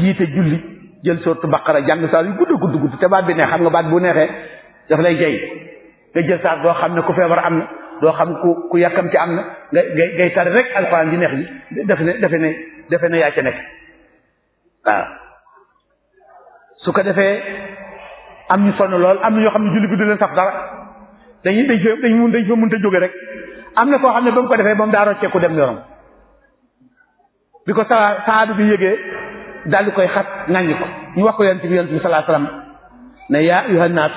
jiite julli jël sootu baqara jàng saar yu gudd gudd gudd te baat bi neex xam nga baat bu neexee daf lay jey nga jël saar doo xam ne ku feebar am na doo xam ku ku yàkkam ci am na nga ngay rek alxuraan ji neex ji defe ne defe ne defe ne yaa ca nekk waaw ko defee am ñu sonn lool am na ñoo xam ne julli bi du leen saf dara dañuy dañ fa dañ mun dañ fa mënta jóge rek am na koo xam ne ba mu ko defee ba mu daa rocceeku dem yorom bi ko saa saadu bi yëgee daal koy xat ŋàññi ko ñu wax ko yonent bi yonent bi sallallahu alayhi wasallam ne yaa ayyuhan naas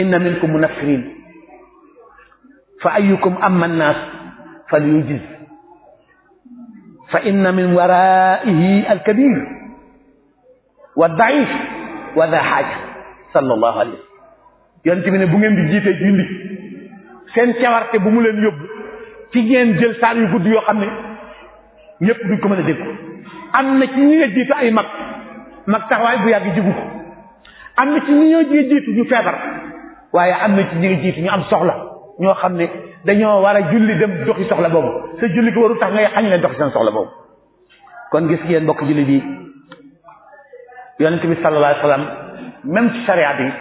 inna minkum munaffirin fa ayyukum amma naas falyujiz fa inna min waraihi alkabir wa daif wa da xaaja sallallahu alayhi wa ne bu ngeen di jiite julli seen cawarte bu mu leen yóbbu ci ngeen jël saar yu gudd yoo xam ne ñëpp duñ ko mën a dégg am na ci ñi nga jiitu ay mag mag taxawaay bu yàgg jigu ko am na ci ñi ñoo jiitu ñu feebar waaye am na ci ñu ngi jiitu ñu am soxla ñoo xam ne dañoo war a julli dem doxi soxla boobu te julli ko waru tax ngay xañ leen doxi seen soxla boobu kon gis ngeen mbokk julli bi yonent bi sallallahu alayhi wa sallam même bi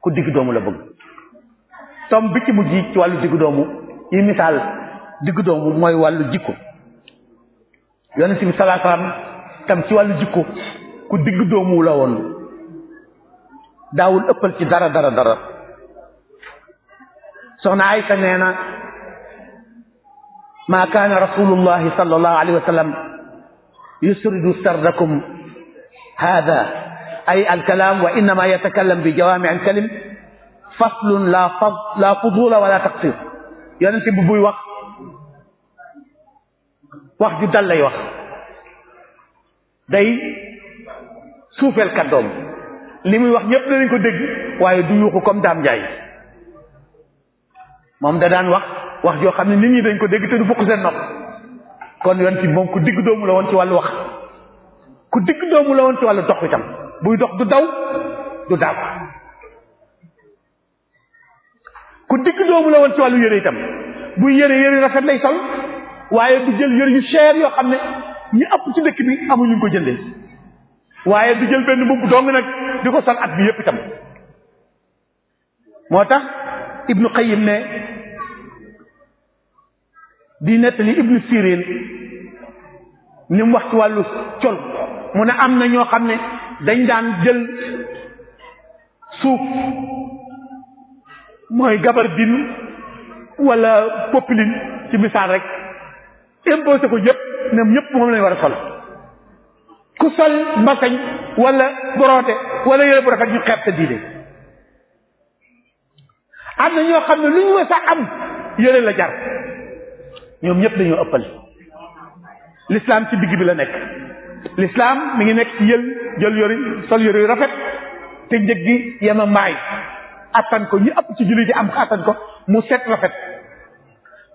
ku digg doomu la bëgg tom bi ci mujj ci wàllu digg doomu yi misaal diggu doomu mooy wàllu jikko yonent bi sallallahu alayhi wasallam tam ci wàllu jikko ku diggu doomu la woon daawul ëppal ci dara dara dara soxna Aysa nee na maa kaana rasulullahi sallallahu alayhi wa sallam yusridu sardakum hada ay alkalaam wa innama yatakallam bi jawaami alkalim faslun la fadula wala taqsir yonent bi buy wax wax ju dal lay wax day suufeel kàddoom li muy wax ñépp dañ ko dégg waaye du yuuxu comme daam njaay moom da daan wax wax joo xam ne nit ñi dañ ko dégg te du fukk seen nopp kon yonent bi moom ku digg doomu la woon ci wàllu wax ku digg doomu la woon ci wàllu dox itam buy dox du daw du daab ku digg doomu la woon ci wàllu yére tam buy yére yére rafet lay sol waaye du jël yére yu cher yoo xam ne ñi ëpp ci dëkk bi amuñu ñu ko jëndee waaye du jël benn mbubb dong nag di ko sol at bi yépp itam moo tax ibnu Qayyim ne di nettali ibnu Sirin ni mu wax ci wàllu col mu ne am na ñoo xam ne dañ daan jël suuf mooy gabardine wala popeline ci misaal rek imposé ko ñëpp ne ñëpp moom lañu war a sol ku sol mbasañ wala boroote wala yére bu rafet ñu xeeb sa diine am na ñoo xam ne lu ñu mës a am yére la jar ñoom ñëpp dañoo ëppal l'islam ci bigg bi la nekk lislaam mi ngi nekk ci yël jël yori sol yori rafet te njëg gi yema mbaay attan ko ñu ëpp ci jullit yi am attan ko mu set rafet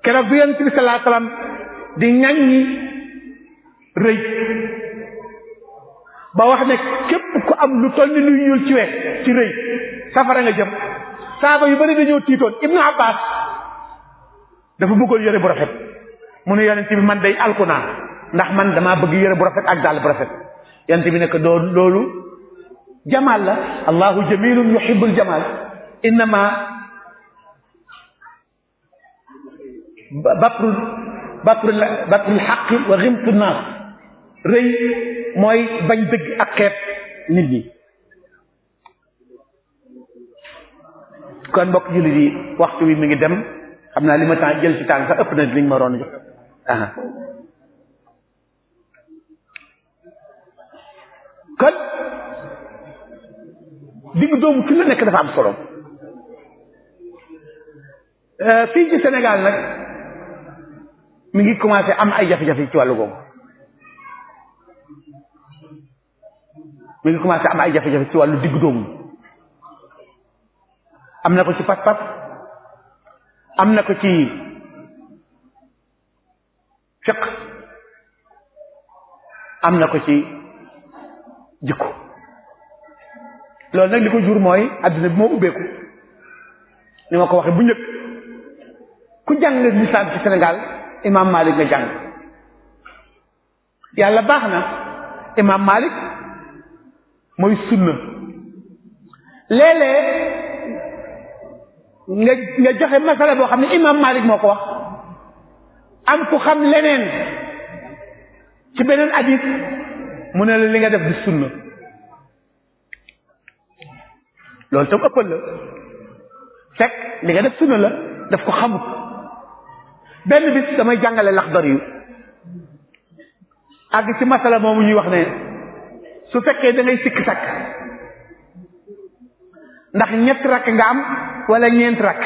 keroog bi yonent bi sallallahu di ñaññi rëy ba wax ne képp ko am lu toll ni luy ñuul ci we ci rëy safara nga jëm saaba yu bari dañoo tiitoon ibnu abbas dafa bëggoon yére bu rafet mu ne yonent bi man day alku ndax man damaa bëgg yére bu rafet ak dàll bu rafet yonent bi ne ko loolu jamaal la allahu jamilun yuhibbul jamaal innama baprul baprul baprul xaqi wa ximtu naas rëy mooy bañ dëgg ak xeet nit ñi kon mbokk jullit yi waxtu wi mi ngi dem xam naa li ma temps jël sax ëpp na liñ ma roon jox aha kon diggu doomu ci nekk dafa am solo Euh, fii ci Sénégal nag mi ngi commencé am ay jafe-jafe ci wàllu googu mi ngi commencé am ay jafe-jafe ci wàllu diggu doomu am na ko ci pas-pas am na ko ci fiq am na ko ci jikko loolu nag li ko jur mooy àddina bi moo ubbeeku ni ma ko waxee bu njëkk ku jàng lislaam ci Sénégal imaam Malik nga jàng yàlla baax na imaam Malik mooy sunna léeg-léeg nga nga joxe masala boo xam ne imaam Malik moo ko wax am ku xam leneen ci beneen hadith mu ne la li nga def di sunna loolu tam ëppal la fekk li nga def sunna la daf ko xamut benn bis damay jàngale laxdar yu àgg ci masala moom ñuy wax ne su fekkee da sikk sakk ndax ñetti rakk nga am wala ñeent rakk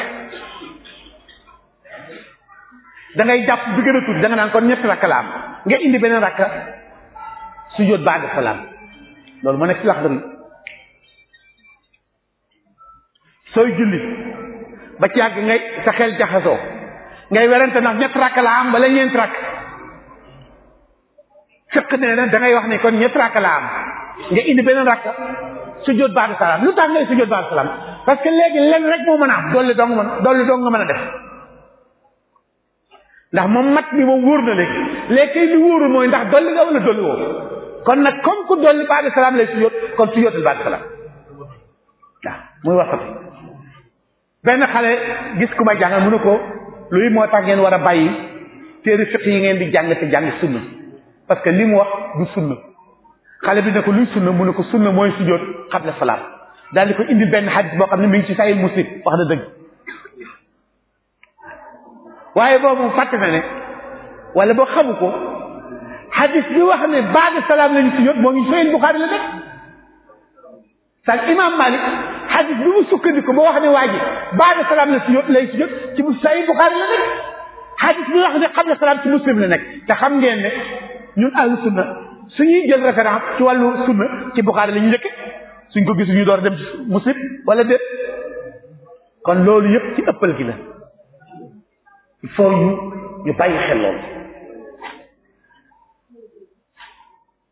dangay jàpp bi gën a tuuti da nga naan kon ñetti rakk la am nga indi beneen rakk su jot baag salaam loolu moo nekk ci laxdar yu sooy julli ba ci yàgg nga sa xel jaxasoo ngay werante ndax ñett rakk laa am wala ñeent rakk fekk nee na wax ne kon ñett rakk la am nga indi beneen rakk sujjóot baadu salaam lu tax ngay sujjóot baadu salaam parce que léegi lenn rek moo mën a am dolli dong mën dolli dong nga mën a def ndax moom mat bi moom wóor na léegi léegi kay li mooy ndax dolli nga wala dolli woo kon nag comme ku dolli baadu salaam lay sujjóot kon sujjóotal baadu salaam waaw muy waxati benn xale gis ku may jàngal mënu luy moo tax ngeen war a bàyyi téere fiq yi ngeen di jàng te jàng sunna parce que li mu wax du sunna xale bi ne ko luy sunna mu ne ko sunna mooy sujjóot xabla salaam daal di ko indi benn xadis boo xam ne mi ngi ci sahih muslim wax na dëgg boobu fàtte na xamu ko xadis bi wax ne baada salaam lañu sujjóot moo ngi sahih buxaari la nekk sax imam malik xadis bi mu sukkandiku ba wax ne waa ji baada salaam la si yót lay si jot ci bu say buxaari la nekk xadis bi wax ne salaam ci muslim la nekk te xam ngeen ne ñun ahlu sunna suñuy jël référence ci wàllu sunna ci buxaari la ñu suñ ko gis ñu door dem ci muslim wala dé kon loolu yëpp ci ëppal gi la il faut ñu bàyyi xel loolu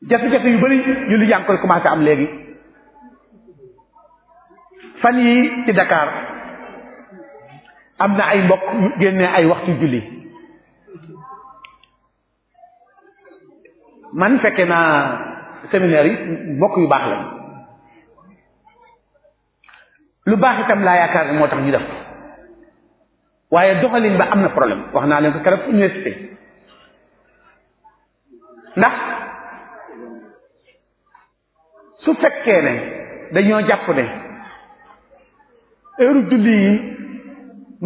jafe-jafe yu bëri yu li yaa ngi koy commencé am léegi fan yi ci dakaar am na ay mbokk génne ay waxtu julli man fekke naa séminaire yi mbokk yu baax la lu baax itam laa yaakaar ne moo tax ñu def waaye doxalin ba am na problème wax naa leen ko keroog université ndax su fekkee ne dañoo jàpp ne heure julli yi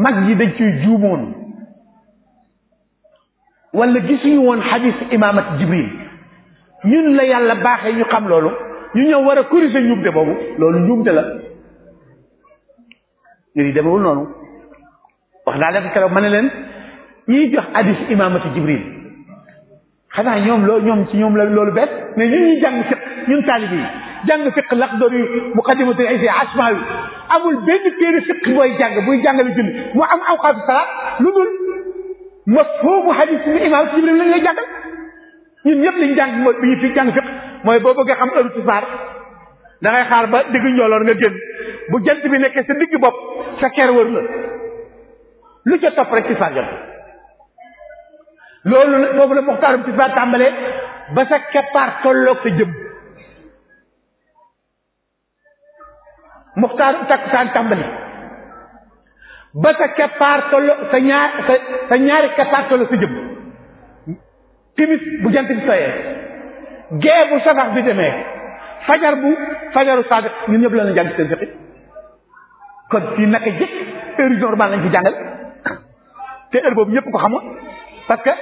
mag yi dañ ciy juumoon wala yi woon xadis imaamat jibril ñun la yàlla baaxee ñu xam loolu ñu ñëw war a corriger njuumte boobu loolu njuumte la ñu di demewul noonu wax naa leen keroog ma ne leen ñiy jox hadis imaamati jibril xanaa ñoom loo ñoom ci ñoom la loolu bett mais ñun ñuy jàng fiq ñun taalibe jàng fiq Laqdari yu muqaddimatul izzi asmaawi amul benn téere fiq booy jàng buy jàngale julli mu am awqaafi salaat lu dul mafhumu hadiis bi imaam Jibril lañ lay jàngal ñun ñëpp liñ jàng mooy bi mooy boo bëggee xam heure tisbaar da ngay ba diggu njooloor nga génn bu jant bi nekkee sa digg bopp sa ker wër la lu ca topp rek tisbaar jot loolu boobu la muxtaarum tisbaar tàmbalee ba sa keppaar tolloog sa jëm muxtaar takkusaan tàmbali ba sa keppaar tollo sa ñaar sa sa ñaari keppaar tollo sa jëm timis bu jant bi soyee gee bu safax bi demee fajar bu fajaru sadiq ñun ñëpp la ñu jàng seen fiqi kon fii naka jëkk heure normal lañ ci jàngal te heure boobu ñëpp ko xamoon parce que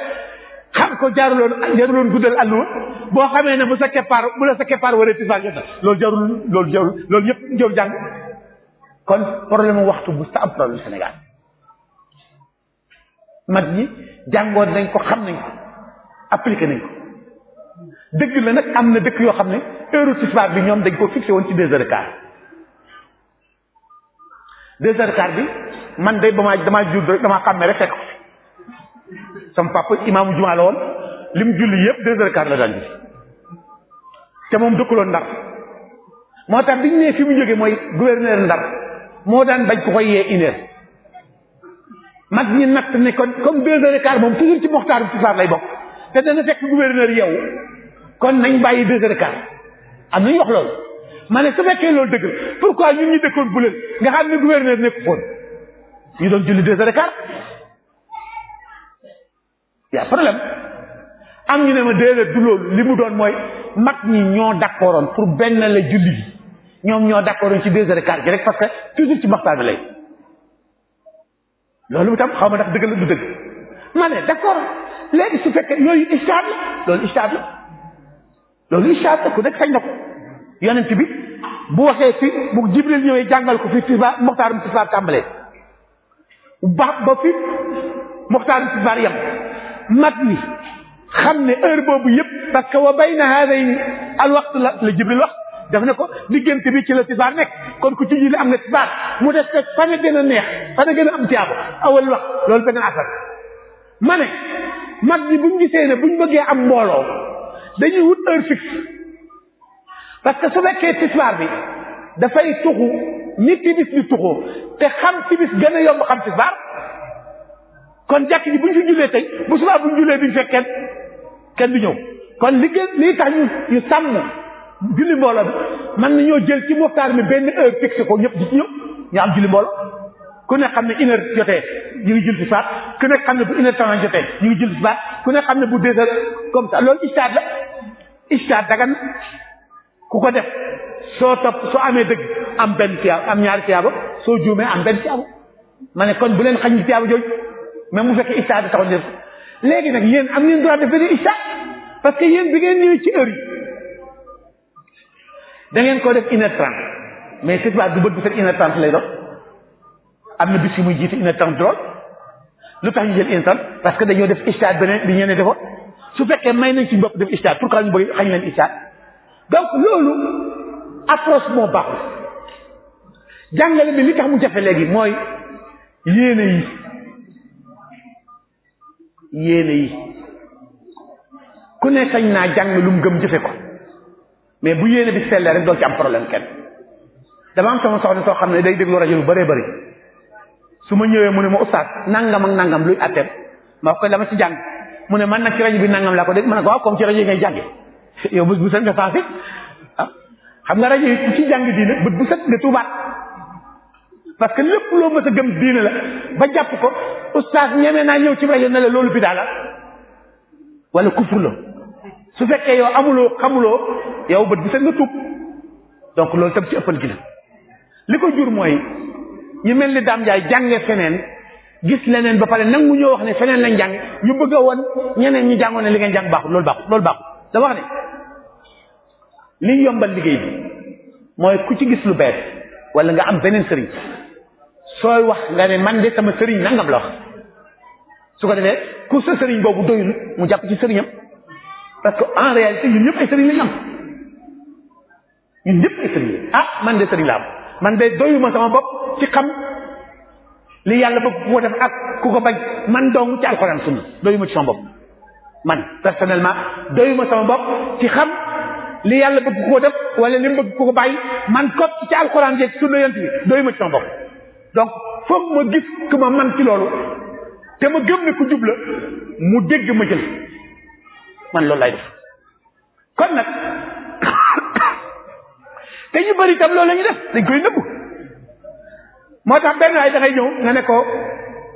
xam ko jaaruloon jaaruloon guddal àlluwa boo xamee ne bu sa keppaar bu la sa keppaar waree tisbaar jot na loolu jarul loolu jarul loolu yëpp jarul jàng kon problème waxtu bu sa am problème Sénégal mat ñi jàngoon nañ ko xam nañ ko appliqué nañ ko dëgg la nag am na dëkk yoo xam ne heure tisbaar bi ñoom dañ ko fixé woon ci deux heures et deux heures et bi man day damaa damaa judd rek damaa xam ne rek fekk ko fi papa imaamu jumaa la woon li mu julli yëpp deux heures et la daan julli te moom dëkkuloon ndar moo tax biñ ne fi mu jóge mooy gouverneur ndar moo daan bañ ko koy yee une heure mag ñi natt ne kon comme deux heures et quart moom toujours ci moxtaar bi tusaar lay bokk te dana fekk gouverneur yow kon nañ bàyyi deux heures et quart am nañu wax loolu ma ne su fekkee loolu dëgg pourquoi ñun ñu dëkkoon bu leen nga xam ne gouverneur nekk foon ñu doon julli deux heures et quart problème am ñu ne ma déedéet du loolu li mu doon mooy mat ñi ñoo d'accordoon pour benn la julli gi ñoom ñoo d'accordoon ci deux heures quart gi rek parce que toujours ci maxtaan bi lay loolu itam xaw ma ndax dëgg la du dëgg ma ne d'accord léegi su fekkee yooyu istaab la loolu istaab la ku nekk sañ na ko yonent bi bu waxee fi bu jibril ñëwee jàngal ko fi tisbaar moxtaarum tisbaar tàmbalee ba ba fi moxtaarum tisbaar yem mag ñi xam ne heure boobu yëpp parce que wa bayna haadayn al waqt la la jibril wax daf ne ko diggante bi ci la tisbaar nekk kon ku ci julli am na tisbaar mu def ko fan a gën a neex fan a gën a am tiyaabo awal wax loolu beneen affaire ma ne mag bi ñu gisee ne buñ bëggee am mbooloo dañuy wut heure fixe parce que su fekkee tisbaar bi dafay tuxu nit tibis di tuxoo te xam tibis gën a yomb xam tisbaar kon jàkk ji buñ fi jullee tey bu subaa buñ jullee duñ fekkeen kenn du ñëw kon li gën lii tax ñu ñu sàmm julli mbooloo bi man nañoo jël ci moxtaar mi benn heure ko ñëpp di ci ñëw ñu am julli mbooloo ku ne xam ne une heure jotee ñu ngi julli si baat ku ne xam ne bu une heure ñu ngi julli ku ne xam ne bu deux heures comme ça loolu istaat la istaat dagan ku ko def soo topp soo amee dëgg am benn tiyaaba am ñaari tiyaaba soo juumee am benn tiyaaba ma ne kon bu leen xañ tiyaaba jooju même mu fekkee istaat taxoon def léegi nag yéen am ngeen droit de venir isha parce que yéen bi ngeen ñëwee ci heure yi da ngeen ko def une mais c'est pas du bët bu set une heure trente lay doon am na bis yu muy jiite une heure trente lu tax ñu jël une parce que dañoo def isha beneen bi ñeneen defoon su fekkee may nañ ci bopp def isha pourquoi ñu bëgg xam leen isha donc loolu approche moo baaxul jàngale bi li tax mu jafe léegi mooy yéene yi yéene yi ku ne sañ naa jàng lu mu gëm jëfe ko mais bu yéene bi sellee rek doo ci am problème kenn dama am sama soxna soo xam ne day déglu rajo bu bëree bëri su ma ñëwee mu ne ma oustaz nangam ak nangam luy atteem ma ko la ma ci jàng mu ne man nag ci rajo bi nangam laa ko dégg ma ne ko waaw comme ci rajo ngay jànge yow bés bu set nga faase ah xam nga rajo yi ku ci jàng diine bët bu set nga tuubaat parce que lépp loo mës a gëm diine la ba jàpp ko oustaz ñeme naa ñëw ci rajo na la loolu bi daala wala kufur la su fekkee yow amuloo xamuloo yow bët bi sax nga tuub donc loolu tam ci ëppal gi li ko jur mooy ñu mel ni Dame Ndiaye jànge feneen gis leneen ba pare nangu ñëw wax ne feneen lañ jàng ñu bëgg a won ñeneen ñi jàngoon ne li ngeen jàng baaxul loolu baaxul loolu baaxul da ne liy yombal liggéey bi mooy ku ci gis lu bees wala nga am beneen sëriñ sooy wax nga ne man de sama sëriñ nangam la wax su ko defee ku sa sëriñ boobu doy mu jàpp ci sëriñam parce que en réalité ñun ñëpp ay sëriñ lañ am ñëpp ay sëriñ lañ ah man de sëriñ la man de doyuma sama bopp ci xam li yàlla bëgg ko def ak ku ko bañ man dong ci alxuraan sunna doyuma ci sama bopp man personnellement doyuma sama bopp ci yàlla bëgg ko def wala li mu bëgg ku ko bàyyi man kot ci alxuraan jeeg sunna yent bi doyuma ci sama bopp donc foog ma gis ku ma man ci loolu te ma gëm ne ku jub mu dégg ma jël man loolu lay def kon nag te ñu bari itam loolu la ñu def dañ koy nëbbu moo tax benn waay dangay ñëw nga ne ko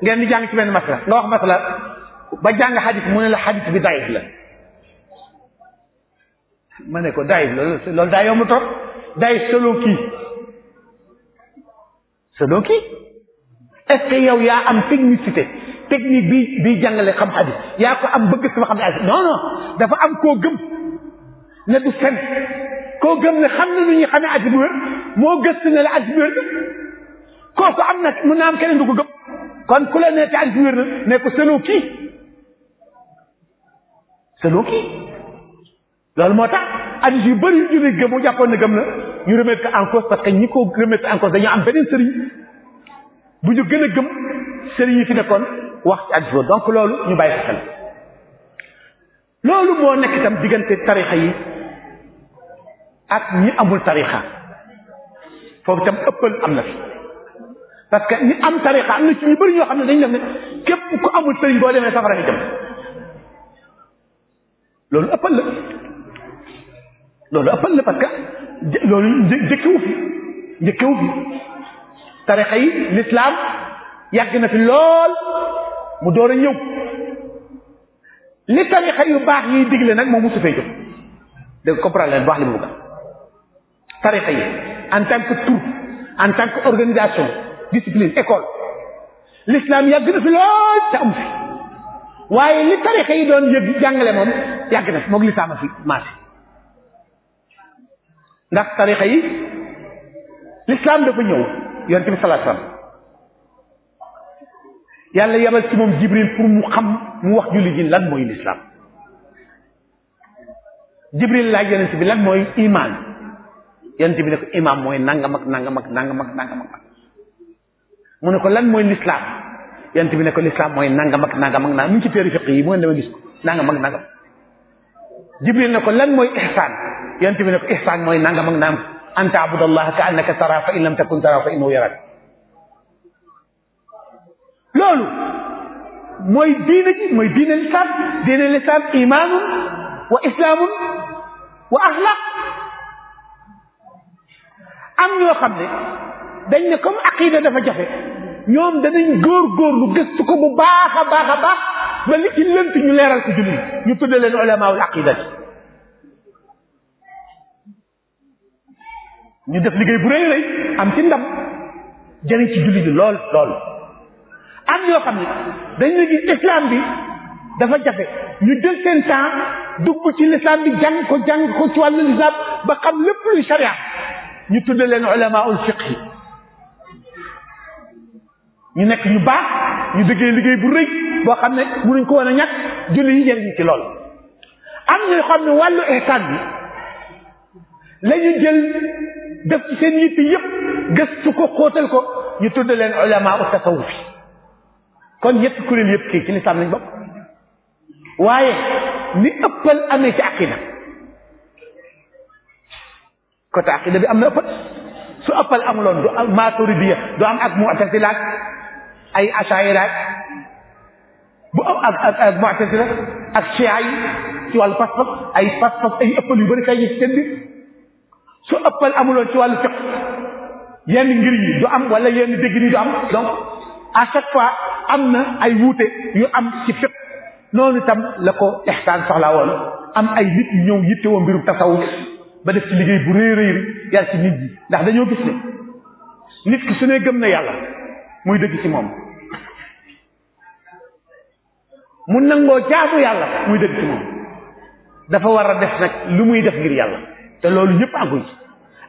ngeen di jàng ci benn masala nga wax masala ba jàng xadis mu ne la xadis bi dayif la ma ne ko dayif la loolu daa yomb trop dayif solo kii selon qui est-ce que yow yaa am technicité technique bi bi jàngale xam xadis yaa ko am bëgg sama xam ne non dafa am koo gëm ne du fen koo gëm ne xam na lu ñuy xamee addis bu wér moo gëstu ne la addis bu wér bi kooku am na mun naa keneen du ko gëm kon ku la nekk addis bu wér na ne ko selon qui loolu moo tax addis yu bëri yu ñu gëm mu jàppoon ne gëm na ñu remettre en cause parce que ñi ko remettre en cause dañoo am beneen sëriñ bu ñu gën a gëm sëriñ yi fi nekkoon wax ci ak jour donc loolu ñu bàyyi ko xel loolu moo nekk itam diggante tarixa yi ak ñi amul tarixa foofu itam ëppal am na fi parce que ñi am tarixa am na ci ñu bëri ñoo xam ne dañu def ne képp ko amul sëriñ boo demee safara nga jëm loolu ëppal la loolu ëppal la parce que loolu njëkkewu fi njëkkewu fi tarixa yi lislaam yàgg na fi lool mu door a ñëw li tarixa yu baax yiy digle nag moom mosu fee jóg dégg comprendre leen baax li mu bëgg tarixa yi en tant que tour en tant que organisation discipline école l'islam yàgg na fi lool te am fi waaye li tarixa yi doon yëg jàngale moom yàgg na fi moog lislaam a fi maase ndax tarixa yi l'islam dafa ñëw yant bi sallallahu alayhi yàlla yabal ci moom jibril pour mu xam mu wax julli ji lan mooy l'islam jibril laaj yonent bi lan mooy iman yonent bi ne ko iman mooy nangam ak nanga ak nangam ak mu ne ko lan mooy l'islam yonent bi ne ko l'islam mooy nangam ak nangam ak nangam mu ngi ci téere fiq yi mu ngeen dama gis ko nangam ak nangam jibril ne ko lan mooy ihsan yonent bi ne ko ihsaan mooy nangam ak naam an taabudallaha ka annaka tara fa in lam takun tara fa innahu yarak loolu mooy diine ji mooy diine lislaam diine lislaam imaanun wa islaamun wa axlaq am ñoo xam ne dañ ne comme aqida dafa jafe ñoom danañ góor góorlu gëstu ko bu baax a baax a baax ba li ci lënt ñu leeral ko julli ñu tudde leen ulamaul aqidati ñu def liggéey bu rëy rëy am ci ndam jëriñ ci julli bi lool lool am yoo xam ne dañ ne gis islam bi dafa jafe ñu jël seen temps dugg ci l'islam bi jàng ko jàng ko ci wàllu l'islam ba xam lépp luy sharia ñu tudd leen ulamaul fiqhi ñu nekk ñu baax ñu déggee liggéey bu rëy boo xam ne mënuñ ko woon a julli yi jëriñ ci lool am ñoo xam ne wàllu ihsaan bi lañu jël def ci seen yitte yépp gëstu ko xóotal ko ñu tudd leen ulama u tasawufi kon ñetti kuréel yépp kii ci lislaam lañ bokk waaye ni ëppal amee ci aqida côté aqida bi am na ëppal su ëppal amuloon du am maturidiya du am ak mu'tazila ak ay ashaira ak bu am ak ak ak mu'tazila ak shi'a yi ci wàllu pas-pas ay pas-pas ay ëppal yu bëri kay ñu ci seen biir su ëppal amuloon ci wàllu fiq yenn ngir yi du am wala yenn dégg ni du am donc à chaque fois am na ay wuute yu am ci fiq noonu tam la ko ihsaan soxlaa woon am ay nit yu ñëw yitte woo mbirum tasawuf ba def ci liggéey bu rëy rëy yar ci nit yi ndax dañoo gis nit ki su ne gëm na yàlla muy dëgg ci moom mu nangoo jaamu yàlla muy dëgg ci moom dafa war a def nag lu muy def ngir yàlla te loolu ñëpp àgguñ ci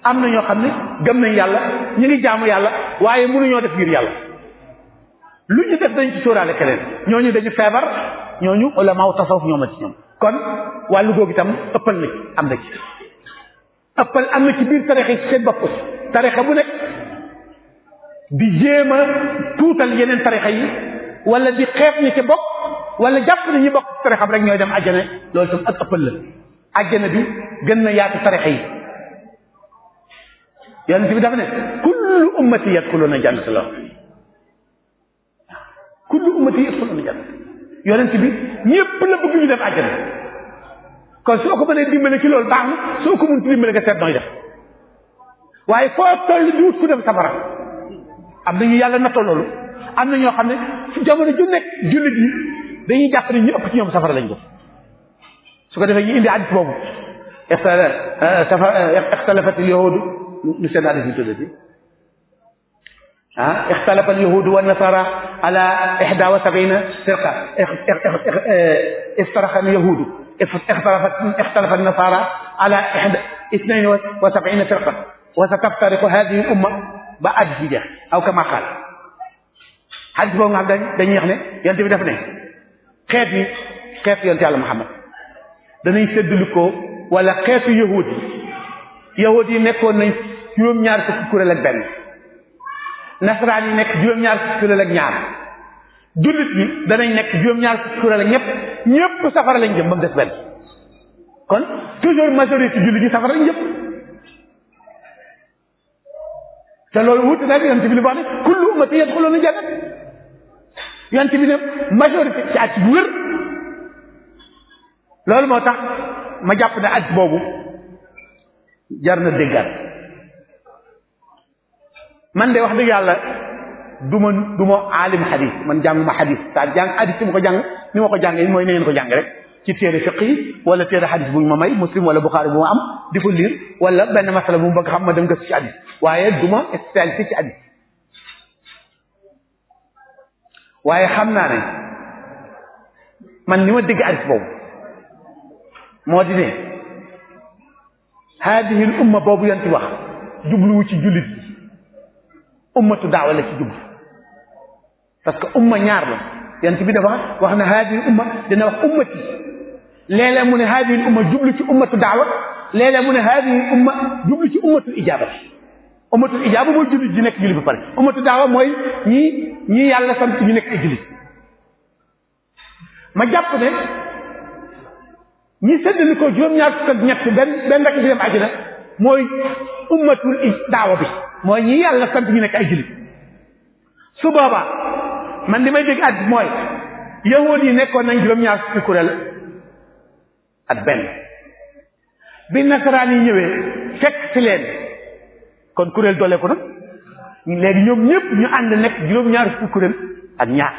am na ñoo xam ne gëm nañ yàlla ñu ngi jaamu yàlla waaye mënuñoo def ngir yàlla lu ñu def dañ ci sóoraale keneen ñooñu dañu feebar ñooñu ulamaaw tasawuf ñoom a ci ñoom kon wàllu googu itam ëppal na ci am na ci ëppal am na ci biir tarixa yi seen bopp tarixa bu nekk di jéem a tuutal yeneen tarixa yi wala di xeeb ñi ci bokk wala jàpp ne ñi bokk tarixam rek ñooy dem ajjana loolu itam ak ëppal la ajjana bi gën na yaatu tarixa yi yonent bi dafa ne kullu ummati yadxuluna jannata la kullu ummati yadxuluna jannata yonent bi ñépp la bëgg ñu def ajjana kon soo ko mënee dimbale ci loolu baax na soo ko mënut dimbale nga seet nooy def waaye foo toll di wut ku dem safara am nañu yàlla nattoo loolu am na ñoo xam ne jamono ju nekk jullit yi dañuy jàpp ne ñu ëpp ci ñoom safara lañ ko su ko defee ñu indi hadis boobu ah, ah, ixtalafat alyahudu ñu seen hadis ñu tuddati ah ixtalafa alyahudu wa nasara ala ihda wa sabina firqa iftaraqa eh, alyahudu ixtalafa nasara ala itnayn wa sabina firqa wa sataftariqu hadihi al umma ba àgg si jeex aw kama qaal hadis boobu nga xam dañuy wax ne yonent bi daf ne xeet yi xeet yonent yàlla Muhammad danañ séddlu ko wala xeetu yahud yi yahud yi nekkoon nañ juróom-ñaar fukki kuréel ak benn nasaraan yi nekk juróom-ñaar fukki kuréel ak danañ nekk juróom ak ñëpp ñëpp safara lañ jëm ba mu des benn kon toujours majorité jullit yi safara lañ jëm te loolu wuti nag yonent bi li wax ne kullu ummati yadxuluuna jannat yonent bi ne majorité ci at bu wér loolu moo tax ma jàpp ne aj boobu jar na déggaat man de wax dëgg yàlla du ma du ma aalim xadis man jànguma xadis saa jàng xadis si ma ko jàng ni ma ko jàngee mooy na ngeen ko jàng rek ci téere fiq yi wala téere xadis bu ma may muslim wala buxaari bu ma am di ko liir wala benn masala bu mu bëgg xam ma dem gëstu ci xadis waaye du ma spécialiste ci xadis waaye xam naa ne man ni ma dégg xadis boobu moo di ne haadihil umma boobu yonti wax jubluwu ci jullit bi ummatu daawa la ci jublu parce que umma ñaar la yonti bi dafa wax na haadihil umma dina wax ummati léeg-léeg mu ne haadihil umma jublu ci ummatu daawa léeg mu ne haadihil umma jublu ci ummatu ijaabati ummatul ijaaba mooy jullit ji nekk jullit ba daawa mooy ñii ñii yàlla sant ñu nekk ay jullit ma jàpp ne ñi séddali ko juróom-ñaar fukk ak ñett benn benn rek ñu dem àjjana mooy ummatul i daawa bi mooy ñi yàlla sant ñu nekk ay jullit su booba man li may dégg ak mooy yahuud yi nekkoon nañ juróom kuréel ak benn bi nasaraan yi ñëwee fekk kon kuréel doole ko nag léegi ñoom ñëpp ñu ànd nekk juróom-ñaar fukki kuréel ak ñaar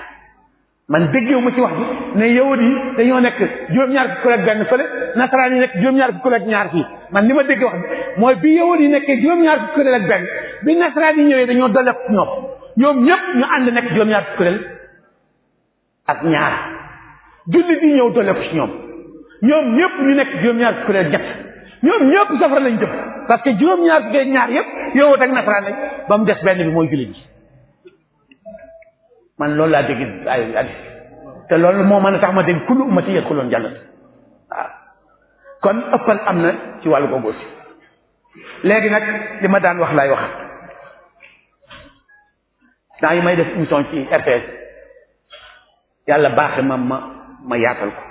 man déggewu ma ci wax ji ne yahud yi dañoo nekk juróom-ñaar fukk ak benn fële nasaraan yi nekk juróom-ñaar fukk ak ñaar fii man li ma dégg wax bi mooy bi yahud yi nekkee juróom-ñaar fukk ak benn nasaraan yi ñëwee dañoo dolleeku ci ñoom ñoom ñëpp ñu ànd nekk juróom-ñaar fukk ak ñaar jullit yi ñëw dolleeku ñoom ñoom ñëpp ñu nekk juróom-ñaar fukk ak ñett ñoom ñëpp safara lañ jëm parce que juróom-ñaar fukk ak ñaar yëpp yahud ak nasaraan lañ ba mu def benn bi mooy jullit yi man loolu laa dégg ay hadis te loolu moo man a tax ma dégg kullu ummati yadxuluun jannata ah. waaw kon ëppal am na ci wàllu googu aussi léegi nag li ma daan wax laay wax temps yi may def émission ci RTS yàlla baaxe ma ma ma yaatal ko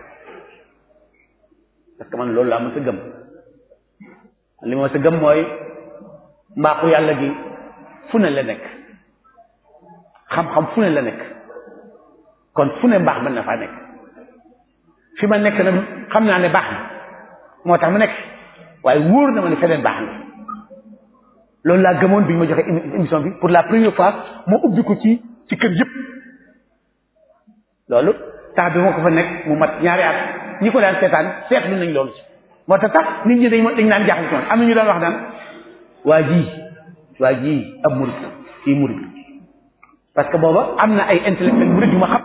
parce man loolu laa ma sa gëm li ma sa gëm mooy mbaaxu yàlla gi fu ne la nekk xam-xam fu ne la nekk kon fu ne mbaax mën na faa nekk fi ma nekk nag xam naa ne baax na moo tax mu nekk waaye wóor na ma ne feneen baax na loolu laa gëmoon bi ñu ma joxe émission bi pour la première fois moo ubbi ko ci ci kër yëpp loolu tax bi ma ko fa nekk mu mat ñaari at ñi ko daan seetaan seetlu nañ loolu moo tax tax nit ñi dañ dañ naan jaaxle am na ñu daan wax daan waa ji waa ji ab murid kii murid parce que booba am na ay intellectuel murit yu ma xam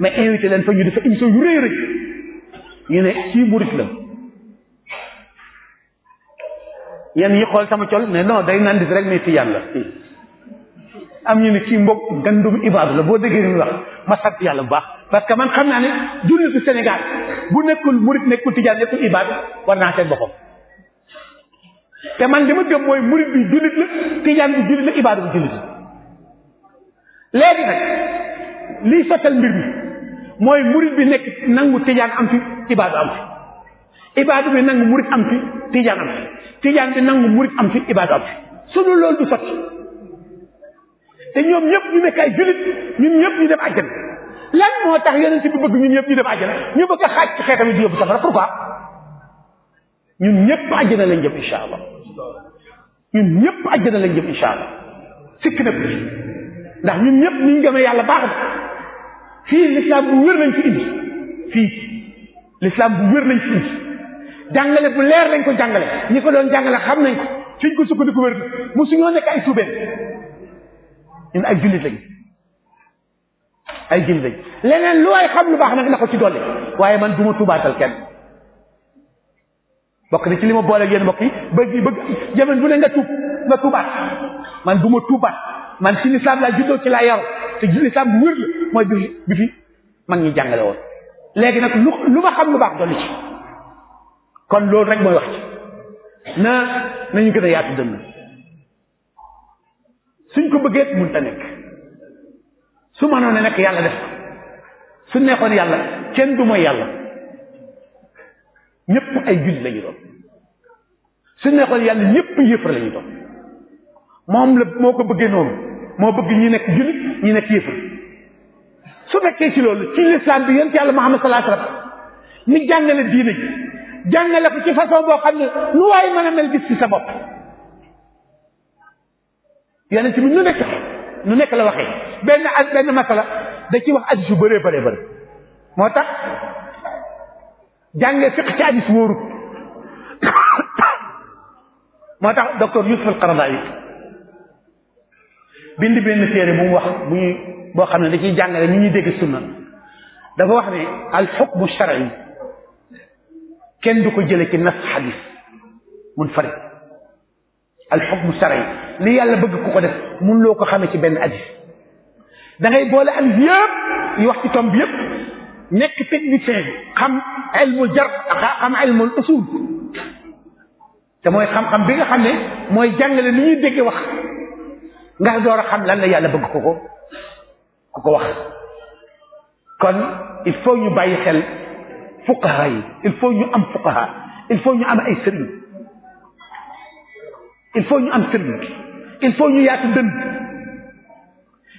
mais invité leen fa ñu def émission yu rëy rëy ñu ne kii murit la yenn yi xool sama col mais non day nandis rek mais tijaan la am ñu ne kii mbokk gandum ibaadu la boo déggee ñu wax ma sant yàlla bu baax parce que man xam naa ne jullitu Sénégal bu nekkul murit nekkul tijaan nekkul ibaadu war naa seet boppam te man li ibaadu bi jullit la léegi nag liy sottal mbir mi mooy murit bi nekk nangu tijaan am fi ibaadu am fi ibaadu bi nangu murit am fi tijaan am fi tijaan bi nangu murit am fi ibaadu am fi su dul loolu du sotti te ñoom ñëpp ñu nekk ay jullit ñun ñëpp ñu dem àjjana lan moo tax yonent bi bëgg ñun ñëpp ñu dem àjjana ñu bëgg a xaaj ci xeetam yi di ñëpp àjjana lañ jëm incha allah ñëpp àjjana lañ jëm ndax ñun ñëpp ñu gëmee yàlla baax na fii l'islam bu wér lañ fii l'islam bu wér lañ fi jàngale bu leer nañ ko jàngale ñi ko doon jàngale xam nañ ko fiñ ko sukkandiku wér mu su ñoo nekk ay suubeen ñun ay jullit lañ ay jullit leneen lu waay xam lu baax nag na ko ci dolli waaye man du ma tubaatal kenn bokk na ci li ma boole yéen mbokk yi bëgg bëgg jamono bu ne nga tuub nga tubaat man du ma tubaat man ci lislaam laa juddoo ci laa yaru te lislaam bu wér la mooy bi bi fi mag ñi jàngale woon léegi nag lu lu ma xam lu baax dolli ci kon loolu rek mooy wax ci na nañu gën a yaatu dënn suñ ko bëggee mun ta nekk su mënoon a nekk yàlla def ko su neexoon yàlla kenn du mooy yàlla ñëpp ay jullit la ñu doon su neexoon yàlla ñëpp yëfar la ñu doon moom la moo ko bëggee noonu moo bëgg ñi nekk jullit ñi nekk yéefar su nekkee ci loolu ci lislaam bi yonent yàlla Muhammad sallallahu alayhi wasallam jàngale diine ji ci façon boo xam ne lu waaye mën a mel gis ci sa bopp yonent bi nu nekk nu nekk la waxee benn ak benn masala da ci wax addis yu bëree bëree bëri moo tax jàngee fiq ci addis wóorut moo tax docteur Yusuf al bind benn téere bu mu wax bu ñuy boo xam ne da ciy jàngale ni ñuy dégg sunna dafa wax ne al xukmu kenn du ko jële ci nas xadis mun farit al xukmu shari li yàlla bëgg ku ko def mun loo ko xamee ci benn hadis da ngay boole am yëpp yu wax ci tomb yëpp nekk technicien bi xam ilmul jar xam ilmul usul te mooy xam-xam bi nga xam ne mooy jàngale ni ñuy dégg wax ndax door a xam lan la yàlla bëgg ko ko ko wax kon il faut ñu bàyyi xel fuqaha yi il faut ñu am fuqaha il faut ñu am ay sëriñ il faut ñu am sëriñ il faut ñu yaatu dënn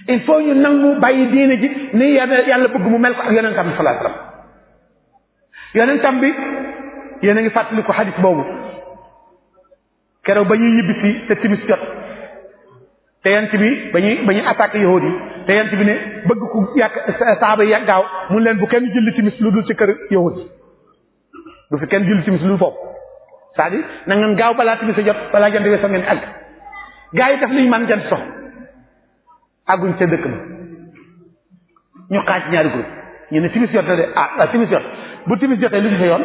il faut ñu nangu bàyyi diine ji ni yàlla yàlla bëgg mu mel ko ak yonentam bi sallallahu alayhi wasallam yonentam bi yéen a ngi ko xadis boobu keroog ba ñu ñibbisi te timis jot te yant bi ba ñuy ba ñuy attaqué yahudi yi te yant bi ne bëgg ku yàq saaba yi gaaw mun leen bu kenn julli timis lu dul ci kër yahudi du fi kenn julli timis lu dul foofu c'est-à-dire na ngeen gaaw balaa timis a jot balaa jant weesoo ngeen àgg gaa yi daf liñ man jant sox aguñ ca dëkk ba ñu xaaj ñaari groupe ñu ne timis jot na de ah, ah timis jot bu timis jotee lu ñu fa yoon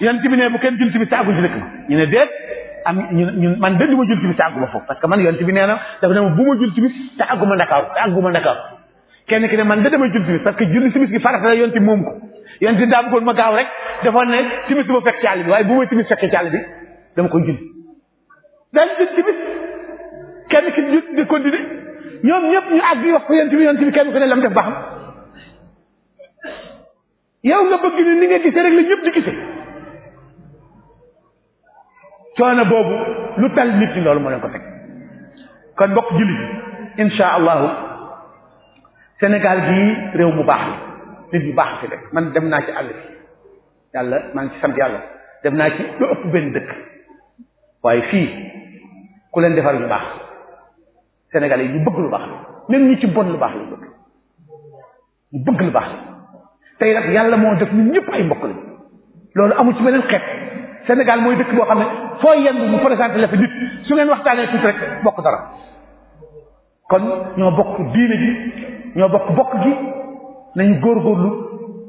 yant bi ne bu kenn julli timis te àgguñ ci dëkk ba ñu ne déet am ñu ñu man de du ma jul timis te àgguma foofu parce que man yonent bi nee na dafa ne ma jul timis te àgguma ndakaaru te àgguma ndakaaru kenn ki ne man de damay jul timis parce que julli timis gi farata la yonent moom ko yonent daa bëggoon ma gaaw rek dafa ne timis du ma fekk ci àll bi waaye bu bi dama koy jul timis kenn ki jul di continuer ñoom ñëpp ñu àgg wax ko yonent bi yonent bi kenn ku ne lam def baaxam yow nga bëgg ni ni nga gisee rek la ñëpp di gisee coono boobu lu tal nit ñi loolu moo leen ko teg kon mbokk jullit yi insha allahu Sénégal gii réew mu baax la nit ñu baax fi rek man dem naa yàlla maa ngi yàlla dem naa ci ëpp benn dëkk waaye ku leen defar lu baax Sénégal yi ñu bëgg lu baax la ci bon lu baax la bëgg ñu bëgg tey nag yàlla moo def ñun ñëpp ay mbokk lañu loolu amul ci beneen xeet Sénégal mooy dëkk boo xam ne foo yendu mu présenté la fi nit su ngeen waxtaanee tuuti rek bokk dara kon ñoo bokk diine ji ñoo bokk bokk gi nañu góorgóorlu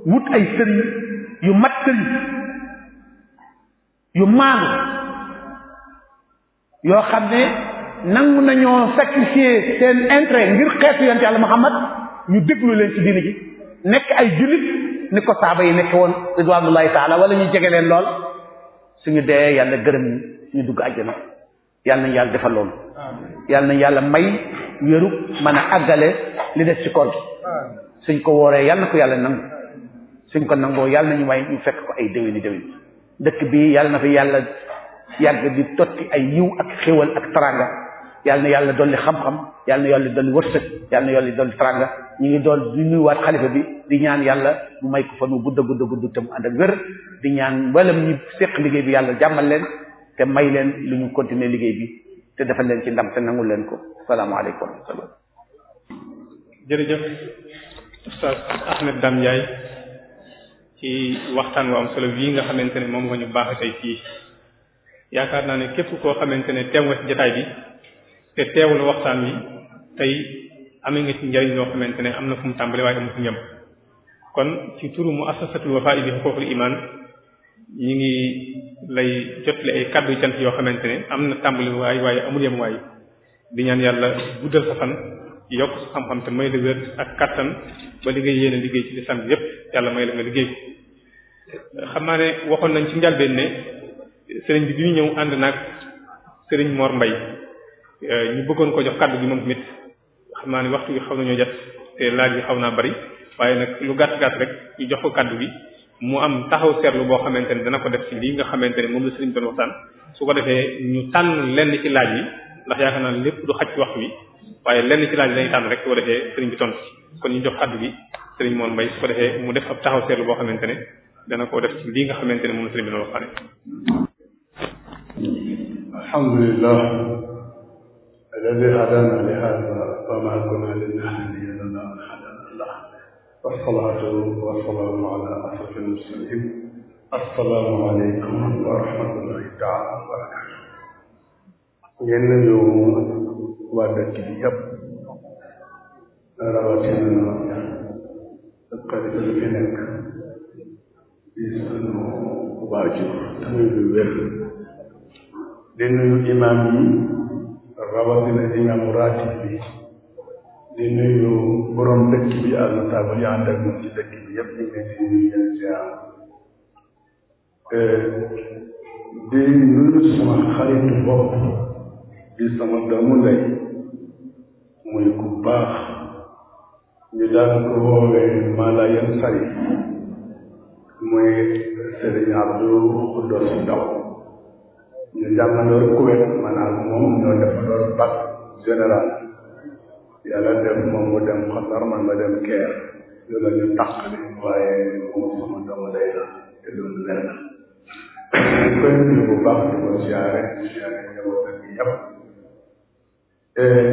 wut ay sëriñ yu mat sëriñ yu maandu yoo xam ne nangu nañoo sacrifier seen intérêt ngir xeetu yonent yàlla Muhammad ñu déglu leen ci diine ji nekk ay jullit ni ko saaba yi nekk woon ridwanullahi taala wala ñu jege leen lool suñu dee yàlla gërëm ñu suñu dugg àjjana yàlla nañu yàlla defal loolu yàlla nañu yàlla may wéru mën a àggale li des ci koor gi suñ ko wooree yàlla na ko yàlla nangu suñ ko nangoo yàlla nañu may ñu fekk ko ay déwéni déwén dëkk bi yàlla na fi yàlla yàgg di totti ay yiw ak xéwal ak taranga yàlla na yàlla dolli xam-xam yàlla na yàlla dolli wërsëg yàlla na yàlla dolli taranga ñu ngi doon di nuyuwaat xalifa bi di ñaan yàlla mu may ko fa nu gudd a gudd a gudd te mu ànd ak wér di ñaan mbalam ñi séq liggéey bi yàlla jàmmal leen te may leen lu ñu continuer liggéey bi te defal leen ci ndam te nangul leen ko salaamaaleykum wa rahmatulah. jërëjëf Oustaz Ahmed Dame Ndiaye ci waxtaan wu am solo bii nga xamante ne moom nga ñu baax tey fii yaakaar naa ne képp koo xamante ne teew nga ci jotaay bi te teewul waxtaan wi tey. amee nga ci njariñ loo xamante ne am na fu mu tàmbale waaye amu fu ñam kon ci turu mu assasatul wafa'i bi ngi lay jotle ay yoo xamante ne am na tàmbali waaye amul yem waay ñaan yàlla guddal sa fan yokk sa xam-xam te may la ak kattan ba liggéey nga liggéey ci lislam bi yépp yàlla may la nga liggéey ko xam naa ne waxoon nañ ci njalbeen ne sëriñ bi bi ñëw ànd naag sëriñ Mor Mbay euh, ñu bëggoon ko jox kàddu gi moom tamit xam naa ne waxtu bi xaw nañoo jot te laaj yi xaw naa bari waaye nag lu gàtt gàtt rek ñu jox ko kàddu gi mu am taxaw seetlu boo xamante ne dana ko def ci lii nga xamante ne moom la sëriñ doon waxtaan su ko defee ñu tànn lenn ci laaj yi ndax yaakaar naa lépp du xaj ci waxtu waaye lenn ci laaj yi rek su ko defee kon ñu jox kàddu bi sëriñ Mor Mbaye su defee mu def ab taxaw seetlu boo xamante ne dana ko def lii nga xamante ne moom la bi doon waxtaane alhamdulillah alladhi hadana وما كنا لنهتدي لولا أن هدانا الله والصلاة والسلام على أشرف المرسلين السلام عليكم ورحمة الله تعالى وبركاته ngeen nuyu waa dëkk bi yëpp rawatina xarit yi fi nekk di sunu waajur tamit lu wér di nuyu imaam yi rawatina imaamu raatib bi di nuyu borom dëkk bi àll taabal yi ànd ak ci dëkk bi yëpp ñu ngi leen di nuyu leen ziar eh, di nuyu sama xaritu bopp di sama doomu muy ku baax ñu daan ko woowee Mala Yen Sari muy Sëriñ Abdou Xuddos Ndaw ñu jàngandoor Kuwait maanaam moom ñoo def loolu bac général yàlla def moom mu dem xandar man ma dem keer loolu ñu tàqali waaye moom sama doomu day la te doon lenn koy ñu bu baax di ko siyaare siyaare njaboot ak yépp eh,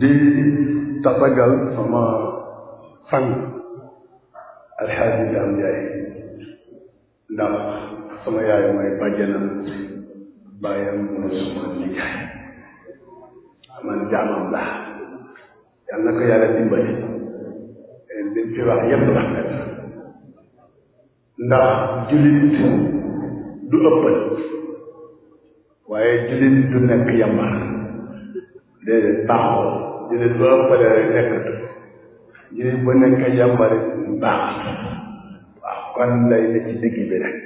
di tatagal sama sang alxaaji daam njaay ndax sama yaay mooy bàjjanam bàyyam mooy sama nijaay jaamam la yàlla na ko yàlla dimbali li fi wax yépp rafet ndax jullit du ëppal waaye jullit du nekk yambar déedéet baaxoo jullit bu ëppale rek nekkatu jullit bu nekk yambari baax waaw kon lay ne ci digg bi rek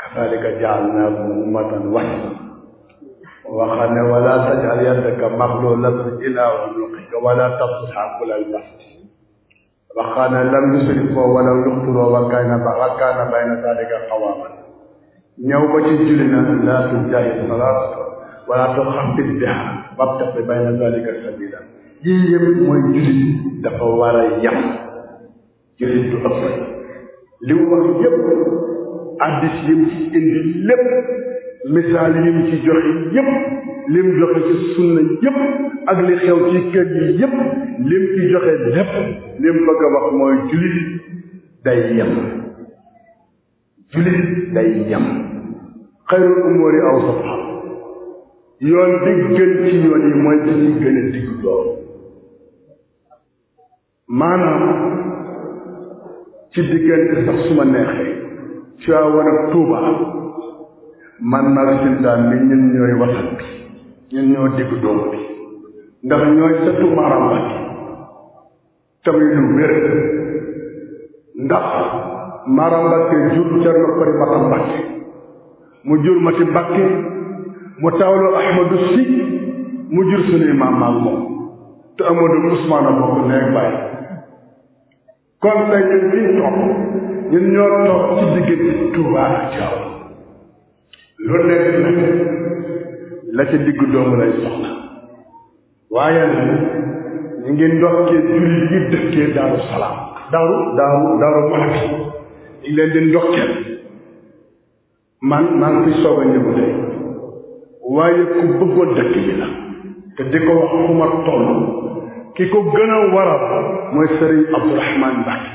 kazalika jaalnaakum ummatan wahida waxam ne wala tajal yadaka maxlulatan ila unuqika wala tabsutha kullal basti waxam ne lam yusrif wala yuqtur wa kaana wa kaana bayna dalika qawaaman ñëw ba ci julli na la tujaahid salaat wala tuxaffid biha wabtaqi bayna dalika sabila yii yëpp mooy julli dafa war a yem julli du ëpp li mu wax yëpp addis yi mu ci indi lépp misaal yi mu ci joxe yépp lim joxe ci sunna yépp ak li xew ci kër yi yépp lim ci joxe lépp lim bëgg a wax mooy jullit day yem jullit day yem xayrul umóori aw safa yoon bi gën ci yoon yi mooy bi ci gën doom maanaam ci diggante sax su neexee ci waa war tuubaa man maag sintaan bi ñun ñooy wasat bi ñun ñoo diggu doom bi ndax ñooy sëtu maaram ba tamit lu wér ndax maaram Mbàkke jur Cerno Kori Bata Mbàkke mu jur Mati Mbàkke mu tawloo Ahmadu Si mu jur sunuy maam moom te Amadou Ousmane bokk neeg bàyyi kon tey ñun fii toog ñun ñoo toog ci diggante Tuubaa Jaaw lu nekk la ca diggu doomu lay soxla waaye nag ñu ngi ndokkee julli yi dëkkee daaru salaam daaru daaru daaru malabi ñu leen di ndokkeel man maa ngi fi a ñëw tey waaye ku bëggoon dëkk bi la te di ko wax ku ma toll ki ko gën a waral mooy sëriñ Abdourahmane Mbacke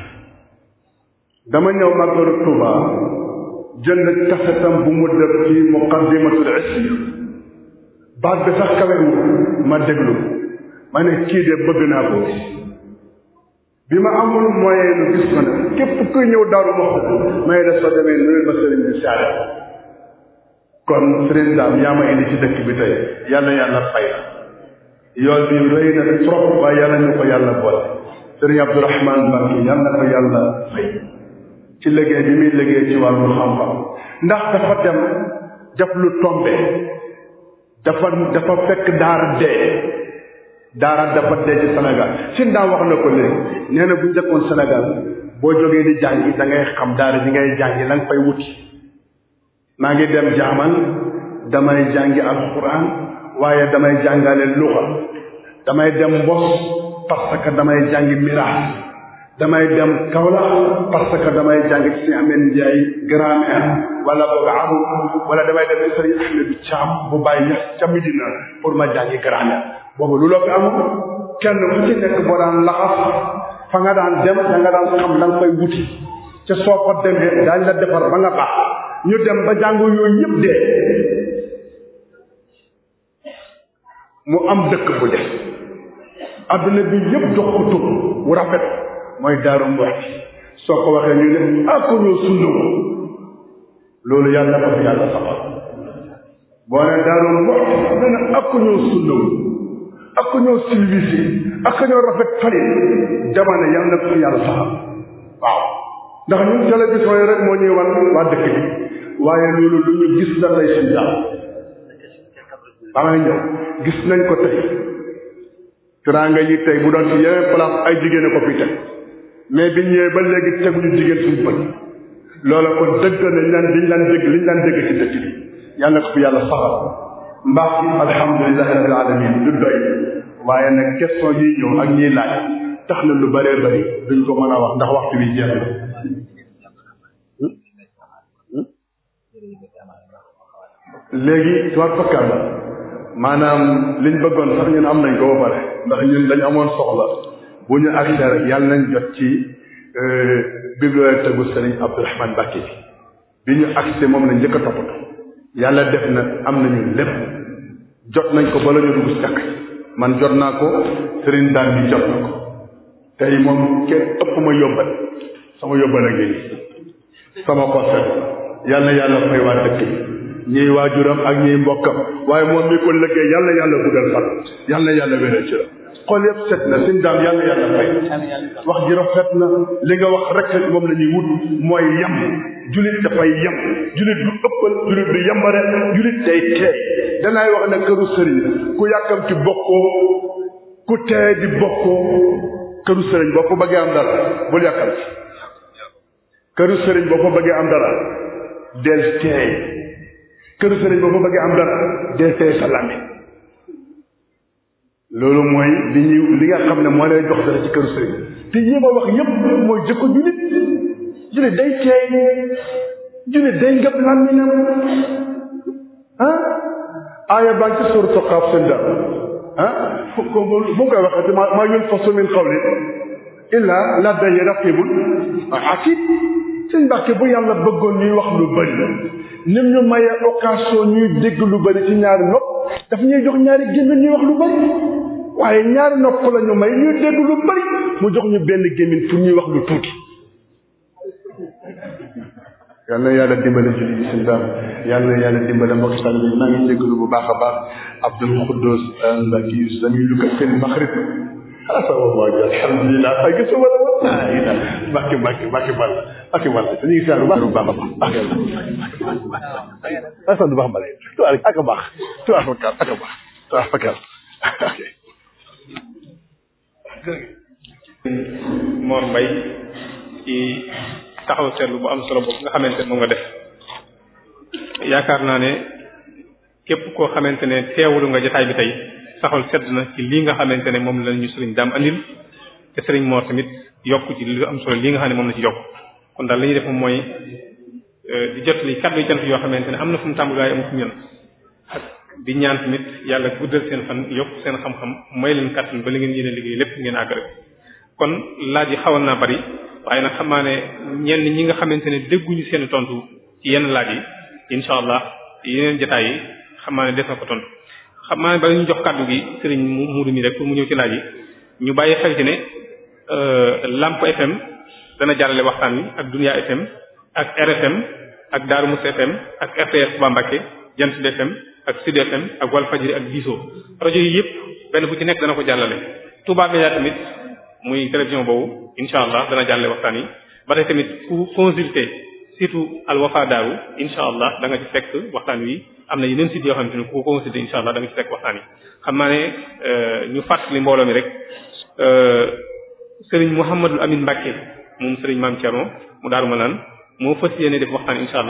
dama ñëw Màggalu Tuubaa jënd kasetam bu mu def ci muqaddimatul ismi baat bi sax kawewu ma déglu ma ne kii de bëgg naa ko bi ma amul moyen nu gis képp kuy ñëw daaru ma may la soo demee nuyul ma sëriñ bi saare kon sëriñ daam yaa ma indi ci dëkk bi tey yàlla yàlla fay la yool bi rëy na trop waaye yàlla ñu ko yàlla boole sëriñ Abdourahmane Mbacké yàlla ko yàlla fay ci liggéey bi muy liggéey ci wàllu xam-xam ndax dafa dem def lu tombe dafa dafa fekk daara dee daara dafa dee ci Sénégal sin daa wax na ko léegi nee na bu njëkkoon Sénégal boo jógee ni jàngi dangay xam daara ji ngay jàngi la nga fay wuti maa ngi dem jaamal damay jàngi alxuraan waaye damay jàngale luxa damay dem mbos parce damay jàngi miraas damay dem Kaolack parce que damay jàng ci Serigne Ahmed Ndiaye am wala boog arab wala damay dem ci Serigne Ahmed Thiam bu bàyyi ñax ca Medina pour ma jàngi grammaire boobu lu loo ko am kenn ku ci nekk boo daan laxas fa nga daan dem da nga daan xam da nga koy wuti ca soo ko demee daañ la defar ba nga baax ñu dem ba jàngu yooyu yëpp dee mu am dëkk bu def adduna bi yëpp jox ko tur wu rafet mooy daaru mbooci soo ko waxee ñu ne akkuloo sunnoo loolu yàlla ko fi yàlla saxal boo ne daaru mbooci nga ne ak ñoo civilisé ak ñoo rafet fali jamono yàlla na ko yàlla saxal waaw ndax ñun télévision waaye loolu lu gis nañ ko tey teraanga yi tey bu doon ci yeneen place ay jigéen a ko fi teg mais bi ñëwee ba léegi teguñu jigéen suñu bët loola kon dëgg lañ daan daan dégg liñ daan dégg ci dëkk bi yàlla na ko fi yàlla saxal mbaax bi alhamdulilahi rabbil alamin du doy waaye nag question yiy ñëw ak ñii laaj tax na lu bëree bëri duñ ko mën a wax ndax waxtu bi jeex na léegi tuwaat fakkaan la maanaam liñ bëggoon sax ñun am nañ ko ba ndax ñun dañ amoon soxla bu ñu ak rek yàlla nañ jot ci euh, bibliothèque bu Serigne Abdourahmane Mbacké bi bi ñu accès moom lañ njëkk a toppatoo yàlla def na am nañu lépp jot nañ ko bala ñu dugg càkk man jot naa ko Serigne daan bi jot na ko tey moom kenn ëpp ma yóbbal sama yóbbal a ngi sama conseil yàlla yàlla fay waa dëkk bi ñiy waajuram ak ñiy mbokkam waaye moom mi ko lëggee yàlla yàlla guddal fan yàlla yàlla wéral ci xol yëpp set na sëñ daam yàlla yàlla fay wax ji rafet na li nga wax rek moom la wut mooy yem jullit dafay yem jullit du ëppal jullit du yembare jullit day teey danaay wax na këru sëriñ ku yàkkamti bokkoo ku teey di bokkoo këru sëriñ boo ko bëggee am dara bul yàkkamti këru sëriñ boo ko bëggee am dara del teey këru sëriñ boo ko bëggee am dara del teey sa làmmiñ loolu mooy li ñuy li nga xam ne moo lay jox dara ci këru sëriñ te yi ma wax yépp mooy jëkko jullit jullit day teey jullit day ngëb làmminam ah aaya baa ngi ci suuratu Qaaf seen dara ah ko bu koy waxee ma maa yulfasu min qawlin illaa ladayhi raqiibun atiid seen mbàkke bu yàlla bëggoon ñuy wax lu bëri nim ñu mayee occasion ñuy dégg lu bëri ci ñaari nopp daf ñuy jox ñaari gémmiñ ñuy wax lu bëri waaye ñaari nopp la ñu may ñuy dégg lu mu jox ñu benn gémmiñ pour ñuy wax lu tuuti yal na yàlla dimbale julli bi seen dara yal na yàlla dimbale mbokk sàll bi maa ngi jégalu bu baax a baax Abdul Xuddoos Ndakiyu sami lu ko fil maxrib asalaamaaleykum alhamdulilah ay gis nga wala wala ah yéen daal Mbacke Mbacke Mbacke a baax Mbacke Mballa. asalaamaaleykum. ak a baax tuwaale ak a baax tuwaale ak a baax. kër Mbay ci taxaw seetlu bu am solo boobu nga xamante ne moom nga def yaakaar naa ne képp koo xamante ne teewlu nga jotaay bi tey saxol sedd na ci lii nga xamante ne moom la ñu sëriñ daam andil te sëriñ Mor tamit yokk ci li am solo lii nga xam ne moom la ci yokk kon daal li ñuy def moom mooy euh, di jot li kàddu yu cant yoo xamante ne am na fu mu tàmbali waaye amul fu di ñaan tamit yàlla guddal seen fan yokk seen xam-xam may leen kàttan ba li ngeen yéene liggéey lépp ngeen àgg rek kon laaj yi xawoon naa bari waaye nag xam naa ne ñenn ñi nga xamante ne dégguñu seen tontu ci yenn laaj yi incha allah yeneen jotaay yi xam naa ne def na ko tontu xam naa ne bala ñu jox kàddu gi sëriñ mu muudu mi rek pour mu ñëw ci laaj yi ñu bàyyi xel ci ne euh, Lamp FM dana jàllale waxtaan wi ak Dunia FM ak RFM ak Darou Moukhty FM ak RTS Touba Mbacké jant FM ak Sud FM ak Walfajri ak Diso rajo yi yëpp benn bu ci nekk dana ko jàllale. Touba Média tamit muy télévision boobu incha allah dana jàllale waxtaan yi ba tey tamit ku consulter surtout Al Wafa Daaru incha allah da nga ci fekk waxtaan wi am na yeneen sites yoo xamante ni ku ko consulter incha allah da nga ci fekk waxtaan yi xam naa ne euh, ñu fàttali mbooloo mi rek. Euh, sëriñ Mouhamadul Amin Mbacke moom sëriñ maam Thierno mu daaru ma naan moo fas yéene waxtaan incha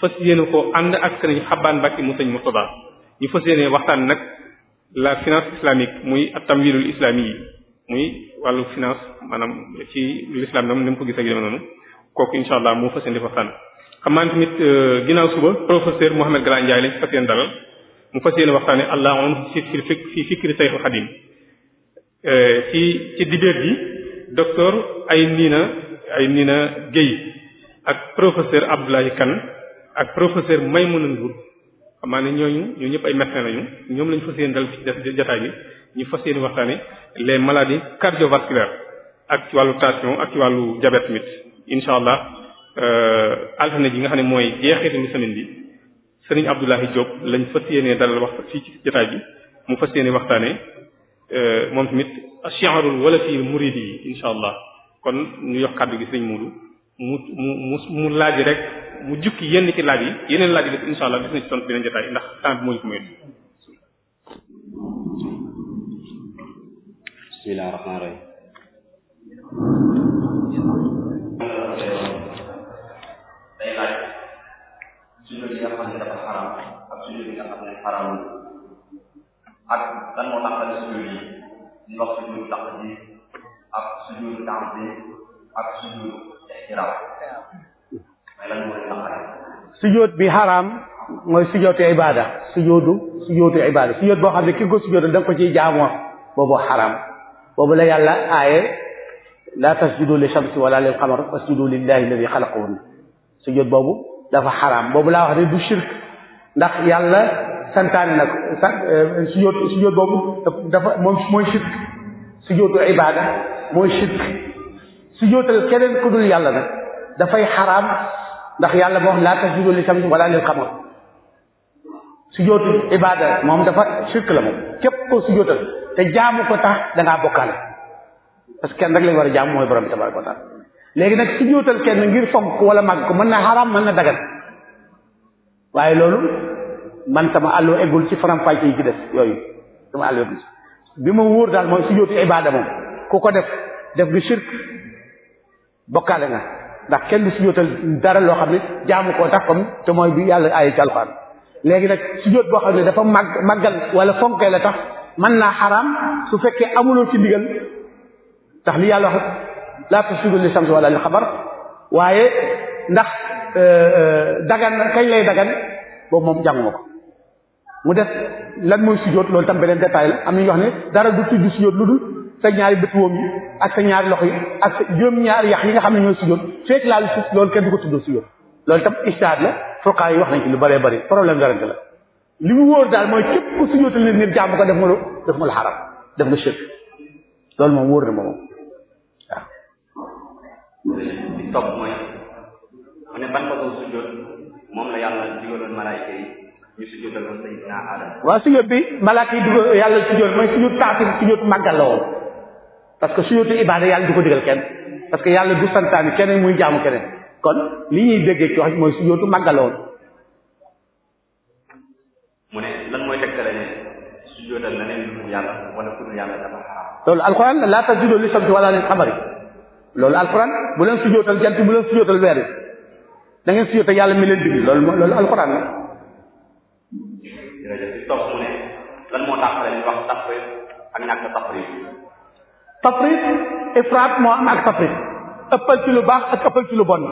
fas yéene ko ànd ak sëriñ xabaan Mbàkke mu sëñ Murtada ñu fas waxtaan nag la finance islamique muy at-tamwilul islami yi muy wàllu finance maanaam ci l'islam nam ni mu ko gis ak yéen noonu kooku incha allah moo fas yéene waxtaan. xam naa tamit euh, ginnaaw suba professeur Mouhamed Gala Ndiaye lañ dalal mu fas yéene waxtaanee allah on fi fi fi fikri Seyxul Xadim euh, ci ci dibeer ji docteur ay niina ay niina Guèye ak professeur Abdoulaye Kane. ak professeur Maimouna Ndour xam naa ne ñooñu ñoo ñëpp ay médecins lañu ñoom lañu fas yéene dal ci jotaay bi ñu fas yéene waxtaane les maladies cardiovasculaires ak ci wàllu tension ak ci wàllu diabète mit incha allah euh, altine ji nga xam ne mooy jeexitalu semaine bi sëriñ Abdoulahi Diop lañ fas yéene dalal wax fii ci jotaay bi mu fas yéene waxtaane euh, moom tamit shi'arul walafi muridi yi incha allah kon ñu yox kàddu gi sëriñ Moodu mu mu mu laaj rek mu jukki yenn ci laaj yi yeneen laaj yi def insha allah gis na ci tontu beneen jotaay ndax temps bi moo ñu ko mayut bismillah rahmaan rahim day laaj sujjóot yi nga xam ne dafa xaraam ak sujjóot yi nga xam ne xaraam ak lan moo tax la sujjóot yi ñu wax sujjóot tax ji ak sujjóot tax bi ak sujjóot ihtiram sujjóot bi xaraam mooy sujjóotu ibaada sujjóotu sujjóotu ibaada sujjóot boo xam ne ki ko da ko ciy jaamoo boobu xaraam boobu la yàlla aaye la tasjudu li shamsi wala lil qamar wasjudu lillahi alladi xalaqahunna sujjóot boobu dafa xaraam boobu laa wax ne du shirk ndax yàlla santaane na ko sa eh, sujjóot sujjóot boobu dafa moom mooy shirk sujjóotu ibaada keneen ku dul yàlla nag dafay xaraam ndax yàlla moo xam laa tasjudu li shamsi wala lil qamar ibaada moom dafa shirk la moom képp ko sujootal te jaamu ko tax dangaa ngaa bokkaale parce que kenn rek lañ war a jaamu mooy borom bi tabaraka léegi nag sujootal kenn ngir fonk wala màgg ko mën na xaraam mën na dagan waaye loolu man sama àlloo eggul ci faram-fàcce yi yooyu sama àlloo eggul bi ma wóor daal mooy sujootu ibaada moom ku ko def def nga shirk bokkaale nga ndax kenn du sujootal dara loo xam ne jaamu koo tax ko te mooy bi yàlla ay ci léegi nag sujoot boo xam ne dafa màgg màggal wala fonkee la tax mën naa xaraam su fekkee amuloo ci ndigal ndax li yàlla wax laa tasjudu li shams wala li xabar waaye ndax euh, euh, dagan kañ lay dagan boobu moom jànguma ko mu def lan mooy sujoot loolu tam beneen détail la am na ñu wax ne dara du tudd sujoot lu dul sa ñaari bët woom yi ak sa ñaari loxo yi ak sa juróom-ñaari yax yi nga xam ne ñoo sujjóot fekk laal suuf loolu kenn du ko sujjóot loolu tam istaad la fuqaa yi wax nañ ci lu bëree bëri problème garante la li mu wóor daal mooy képp jàmm ko def nga lu def nga lu xaram def nga shirk loolu moom wóor na moom waaw di la yàlla ñu sujjóotal woon Sayyidina sujjóot bi yi dugal yàlla sujjóot mooy sujjóot taasir la woon parce que suñu te ibaada yàlla du ko kenn parce que yàlla du santaani keneen muy jaamu keneen kon li ñuy déggee ci mooy suñu tu màggaloon mu ne lan mooy tegtale ne sujjóotal leneen lu dul yàlla wala ku dul loolu alquran laa tasjudu li samsi wala lil xamari loolu alquran bu leen sujjóotal jant bu leen sujjóotal weer da ngeen loolu loolu alquran la. tafrit ifraat moo am ak tafrit ëppal ci lu baax ak ëppal ci lu bon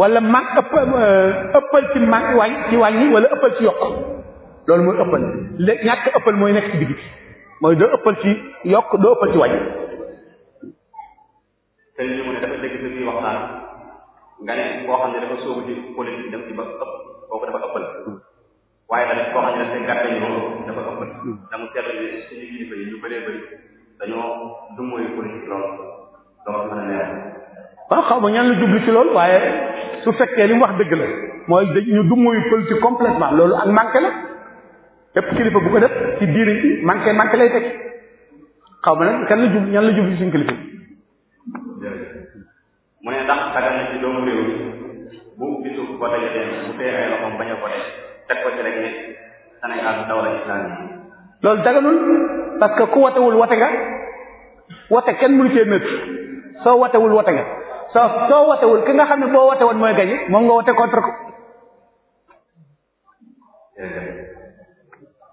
wala ma ëpp euh, ëppal ci ma wàñ ci wàññi wala ëppal ci yokk loolu mooy ëppal léegi ñàkk ëppal mooy nekk ci digg bi mooy doo ëppal ci yokk doo ëppal ci wàññi. tey jii koo xam ne dafa sóobu ci politique dem ci ba ëpp kooku dafa ëppal waaye tamit koo xam ne dafa gàttal ñu dafa ëppal. Hmm. dañoo dumóoyu politique loolu donc mën a leer waaw xaw ma ñaan la jublu ci loolu waaye su fekkee li mu wax dëgg la mooy dañu dumóoyu politique complètement loolu ak manqué la lépp kilifa bu ko def ci diir yi manqué manqué lay teg xaw ma nag kan la jub ñan la jublu suñu kilifa mu ne ndax dagan na ci doomu réew bu bisu vote jotee bu tee ay loxoom bañ a vote teg ko ci rek ne Sénégal dawla islamique loolu daganul parce que ku watewul wate nga wate kenn mënu cee métti soo watewul wate nga soo soo watewul ki nga xam ne boo wate woon mooy gañe moom nga wate contre ko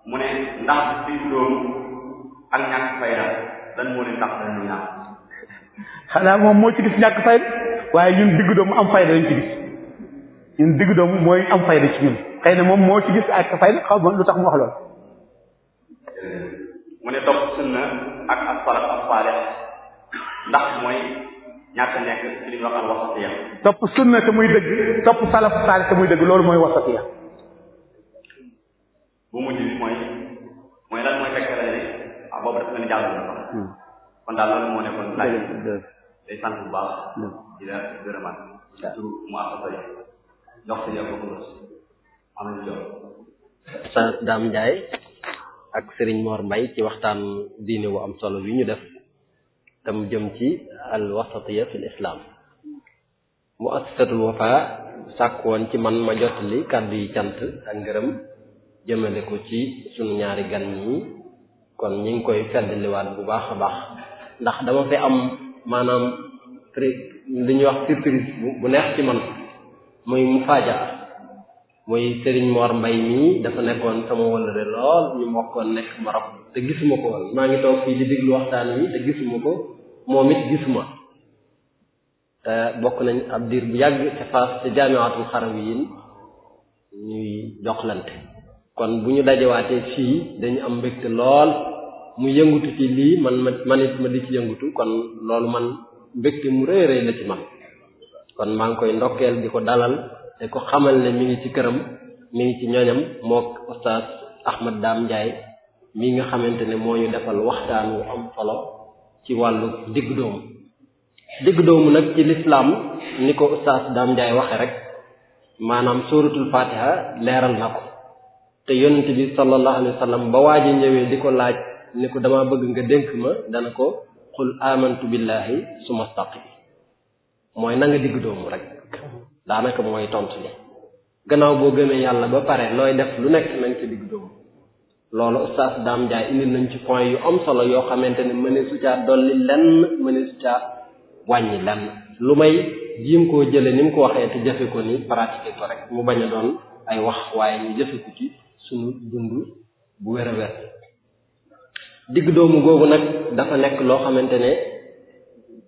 moo moom moo ci gis ñàkk fayda waaye ñun digg doomu am fayda lañ ci gis ñun diggu doomu mooy am fayda ci ñun xëy na moom moo ci gis ak fayda xaw ma lu tax mu wax loolu mu ne topp sunna ak as-salaf as-salih ndax mooy ñàkk nekk ci li ñu waxal wasatiya topp sunna te muy dëgg topp salaf salih te muy dëgg loolu mooy wasatiya bu mujj bi mooy mooy lan mooy fekk la ne ah boobu dafa mel ni jàll na sax hmm. kon daal loolu moo nekkoon laaj day sant bu baax hmm. di la gërëmaat surtout mu asasa yi jox sa yow ko am nañu jox sant Dame Ndiaye ak sëriñ Mor Mbay ci waxtaan diine wu am solo wi ñu def tam jëm ci al wasatiya fil islam mu assasatul Wafa sàkk woon ci man ma jottali kàddu yi cant ak ngërëm jëmale ko ci suñu ñaari gan ñi kon ñu ngi koy feddaliwaat bu baax a baax ndax dama fi am maanaam li ñuy wax surprise bu neex ci man muy mu muy Serigne Mor Mbay mii dafa nekkoon sama wëllëre lool ñu bokkoon nekk Maroc te gisuma ko woon maa ngi toog fii di déglu waxtaan wi te gisuma ko moom it gisuma te bokk nañ ab diir bu yàgg ca Fass ca jaamiatul xarawiyin ñuy joxlante kon bu ñu dajewaatee fii dañu am mbégte lool mu yëngutu ci lii man ma it ma di ci yëngutu kon loolu man mbégte mu rëy rëy la ci man kon maa ngi koy ndokkeel di ko dalal te ko xamal ne mi ngi ci këram mi ngi ci ñoñam mook ostaas Ahmad Dame Ndiaye mi nga xamante ne moo ñu defal waxtaan wu am solo ci wàllu diggu doomu diggu doomu nag ci lislaam ni ko ostaas Dame njaay waxe rek maanaam suratul fatiha leeral na ko te yonent bi sallallahu alayhi wa ba waa ji ñëwee di ko laaj ni ko dama bëgg nga dénk ma dana ko qul amantu billahi sumastaqim mooy nanga diggu doomu rek daanaka mooy tontu la gannaaw boo gëmee yàlla ba pare looy def lu nekk nañ ci digg dóomu loolu oustaz Dame Ndiaye indi nañ ci point yu am solo yoo xamante ne mëne su caa dolli lenn mëne su caa wàññi lenn lu may jiim koo jële ni mu ko waxee te jëfe ko ni pratiquer rek mu bañ a doon ay wax waaye ñu jëfe ko ci suñu dund bu wér a wér digg doomu googu nag dafa nekk loo xamante ne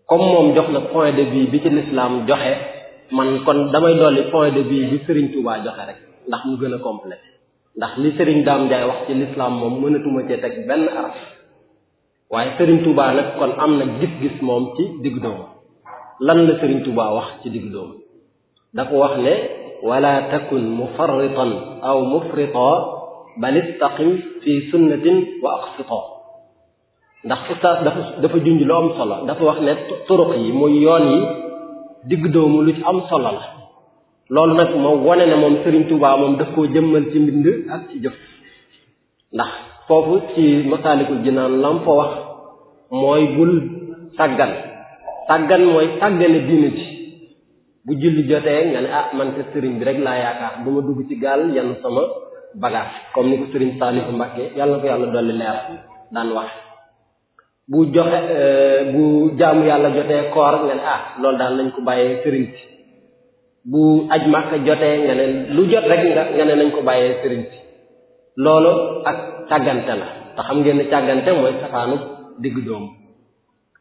comme moom jox na point de vue bi ci l'islam joxe man kon damay dolli point de vue bi Serigne Touba joxe rek ndax mu gën a complet ndax li sëriñ daam Ndiaye wax ci l'islam moom mënatuma cee teg benn araf waaye Serigne Touba nag kon am na gis-gis moom ci digg doomu lan la Serigne Touba wax ci digg doomu dafa wax ne wala takun mufarritan aw mufrita bal istaqim fi sunnatin wa aqsita ndax ustaas dafa dafa junj lu am solo dafa wax ne turuq yi muy yoon yi digg doomu lu ci am solo la loolu nag moom wane ne moom sëriñ Touba moom daf koo jëmmal ci mbind ak ci jëf ndax foofu ci masaalikul jinaan lam fa wax mooy bul sàggan sàggan mooy sàggane diine ji bu julli jotee nga ne ah man ko sëriñ bi rek laa yaakaar du ma dugg ci gaal yenn sama bagage comme ni ko sëriñ Saalifu Mbàkke yàlla ko yàlla dolli leer daan wax bu joxe eh, bu jaamu yàlla jotee koor nga ne ah loolu daal nañ ko bàyyee sëriñ si bu aj màkka jotee nga ne lu jot rek nga ne nañ ko bàyyee sëriñ si loolu ak càggante la te xam ngeen ne càggante mooy safaanu digg doomu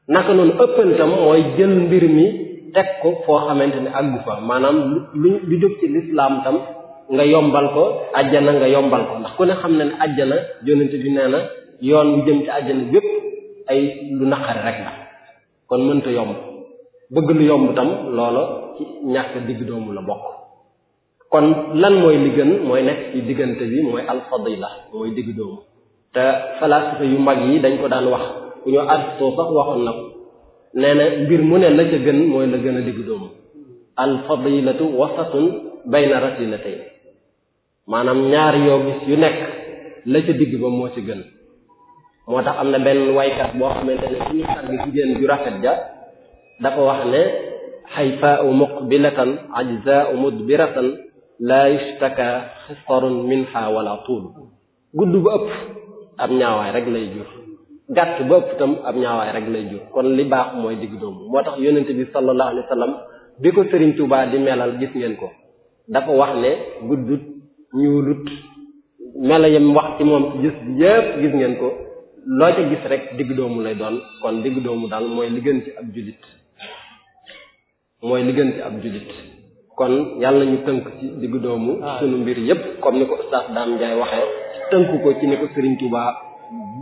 naka noonu ëppantam mooy jël mbir mi teg ko foo xamante ne àggu fa maanaam lu lu jóg ci lislaam tam nga yombal ko ajjana nga yombal ko ndax ku ne xam ne ne ajjana yonente bi nee na yoon bu jëm ci ajjana bépp ay lu naqari rek la kon mënta yomb bëgg lu yomb tam loola ñàkk digg doomu la bokk kon lan mooy li gën mooy nekk ci diggante bi mooy alfadila mooy digg doomu te falaasifa yu mag yi dañ ko daan wax ku ñu Aristote sax waxoon na ko nee na mbir mu ne la ca gën mooy la gën a digg doomu alfadilatu wasatun bayna rasilatayn maanaam ñaar yoo gis yu nekk la ca digg ba moo ci gën moo tax am na benn waykat boo xamante ne suñu sargi jigéen ju rafet ja dafa wax ne xayfaau muqbilatan bi mudbiratan laa yushtaka xistarun minha wala tuul gudd ba ëpp ab ñaawaay rek lay jur gàtt ba ëpp tam ab ñaawaay rek lay jur kon li baax mooy digg doomu moo tax yonente bi sallallahu alayhi wa sallam bi ko Sëriñ Tuubaa di melal gis ngeen ko dafa wax ne guddut ñuulut mela yam wax ci moom gis yépp gis ngeen ko loo ca gis rek digg doomu lay doon kon digg doomu daal mooy li ak ci ab jullit mooy li gën ab jullit kon yàlla ñu tënk ci digg doomu ah. sunu mbir yépp comme ni ko Oustaz Dame Ndiaye waxee tënk ko ci ni ko Serigne Touba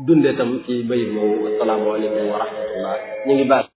dundee tam ci bayit moomu asalaamaaleykum wa rahmatullah ñu ngi baax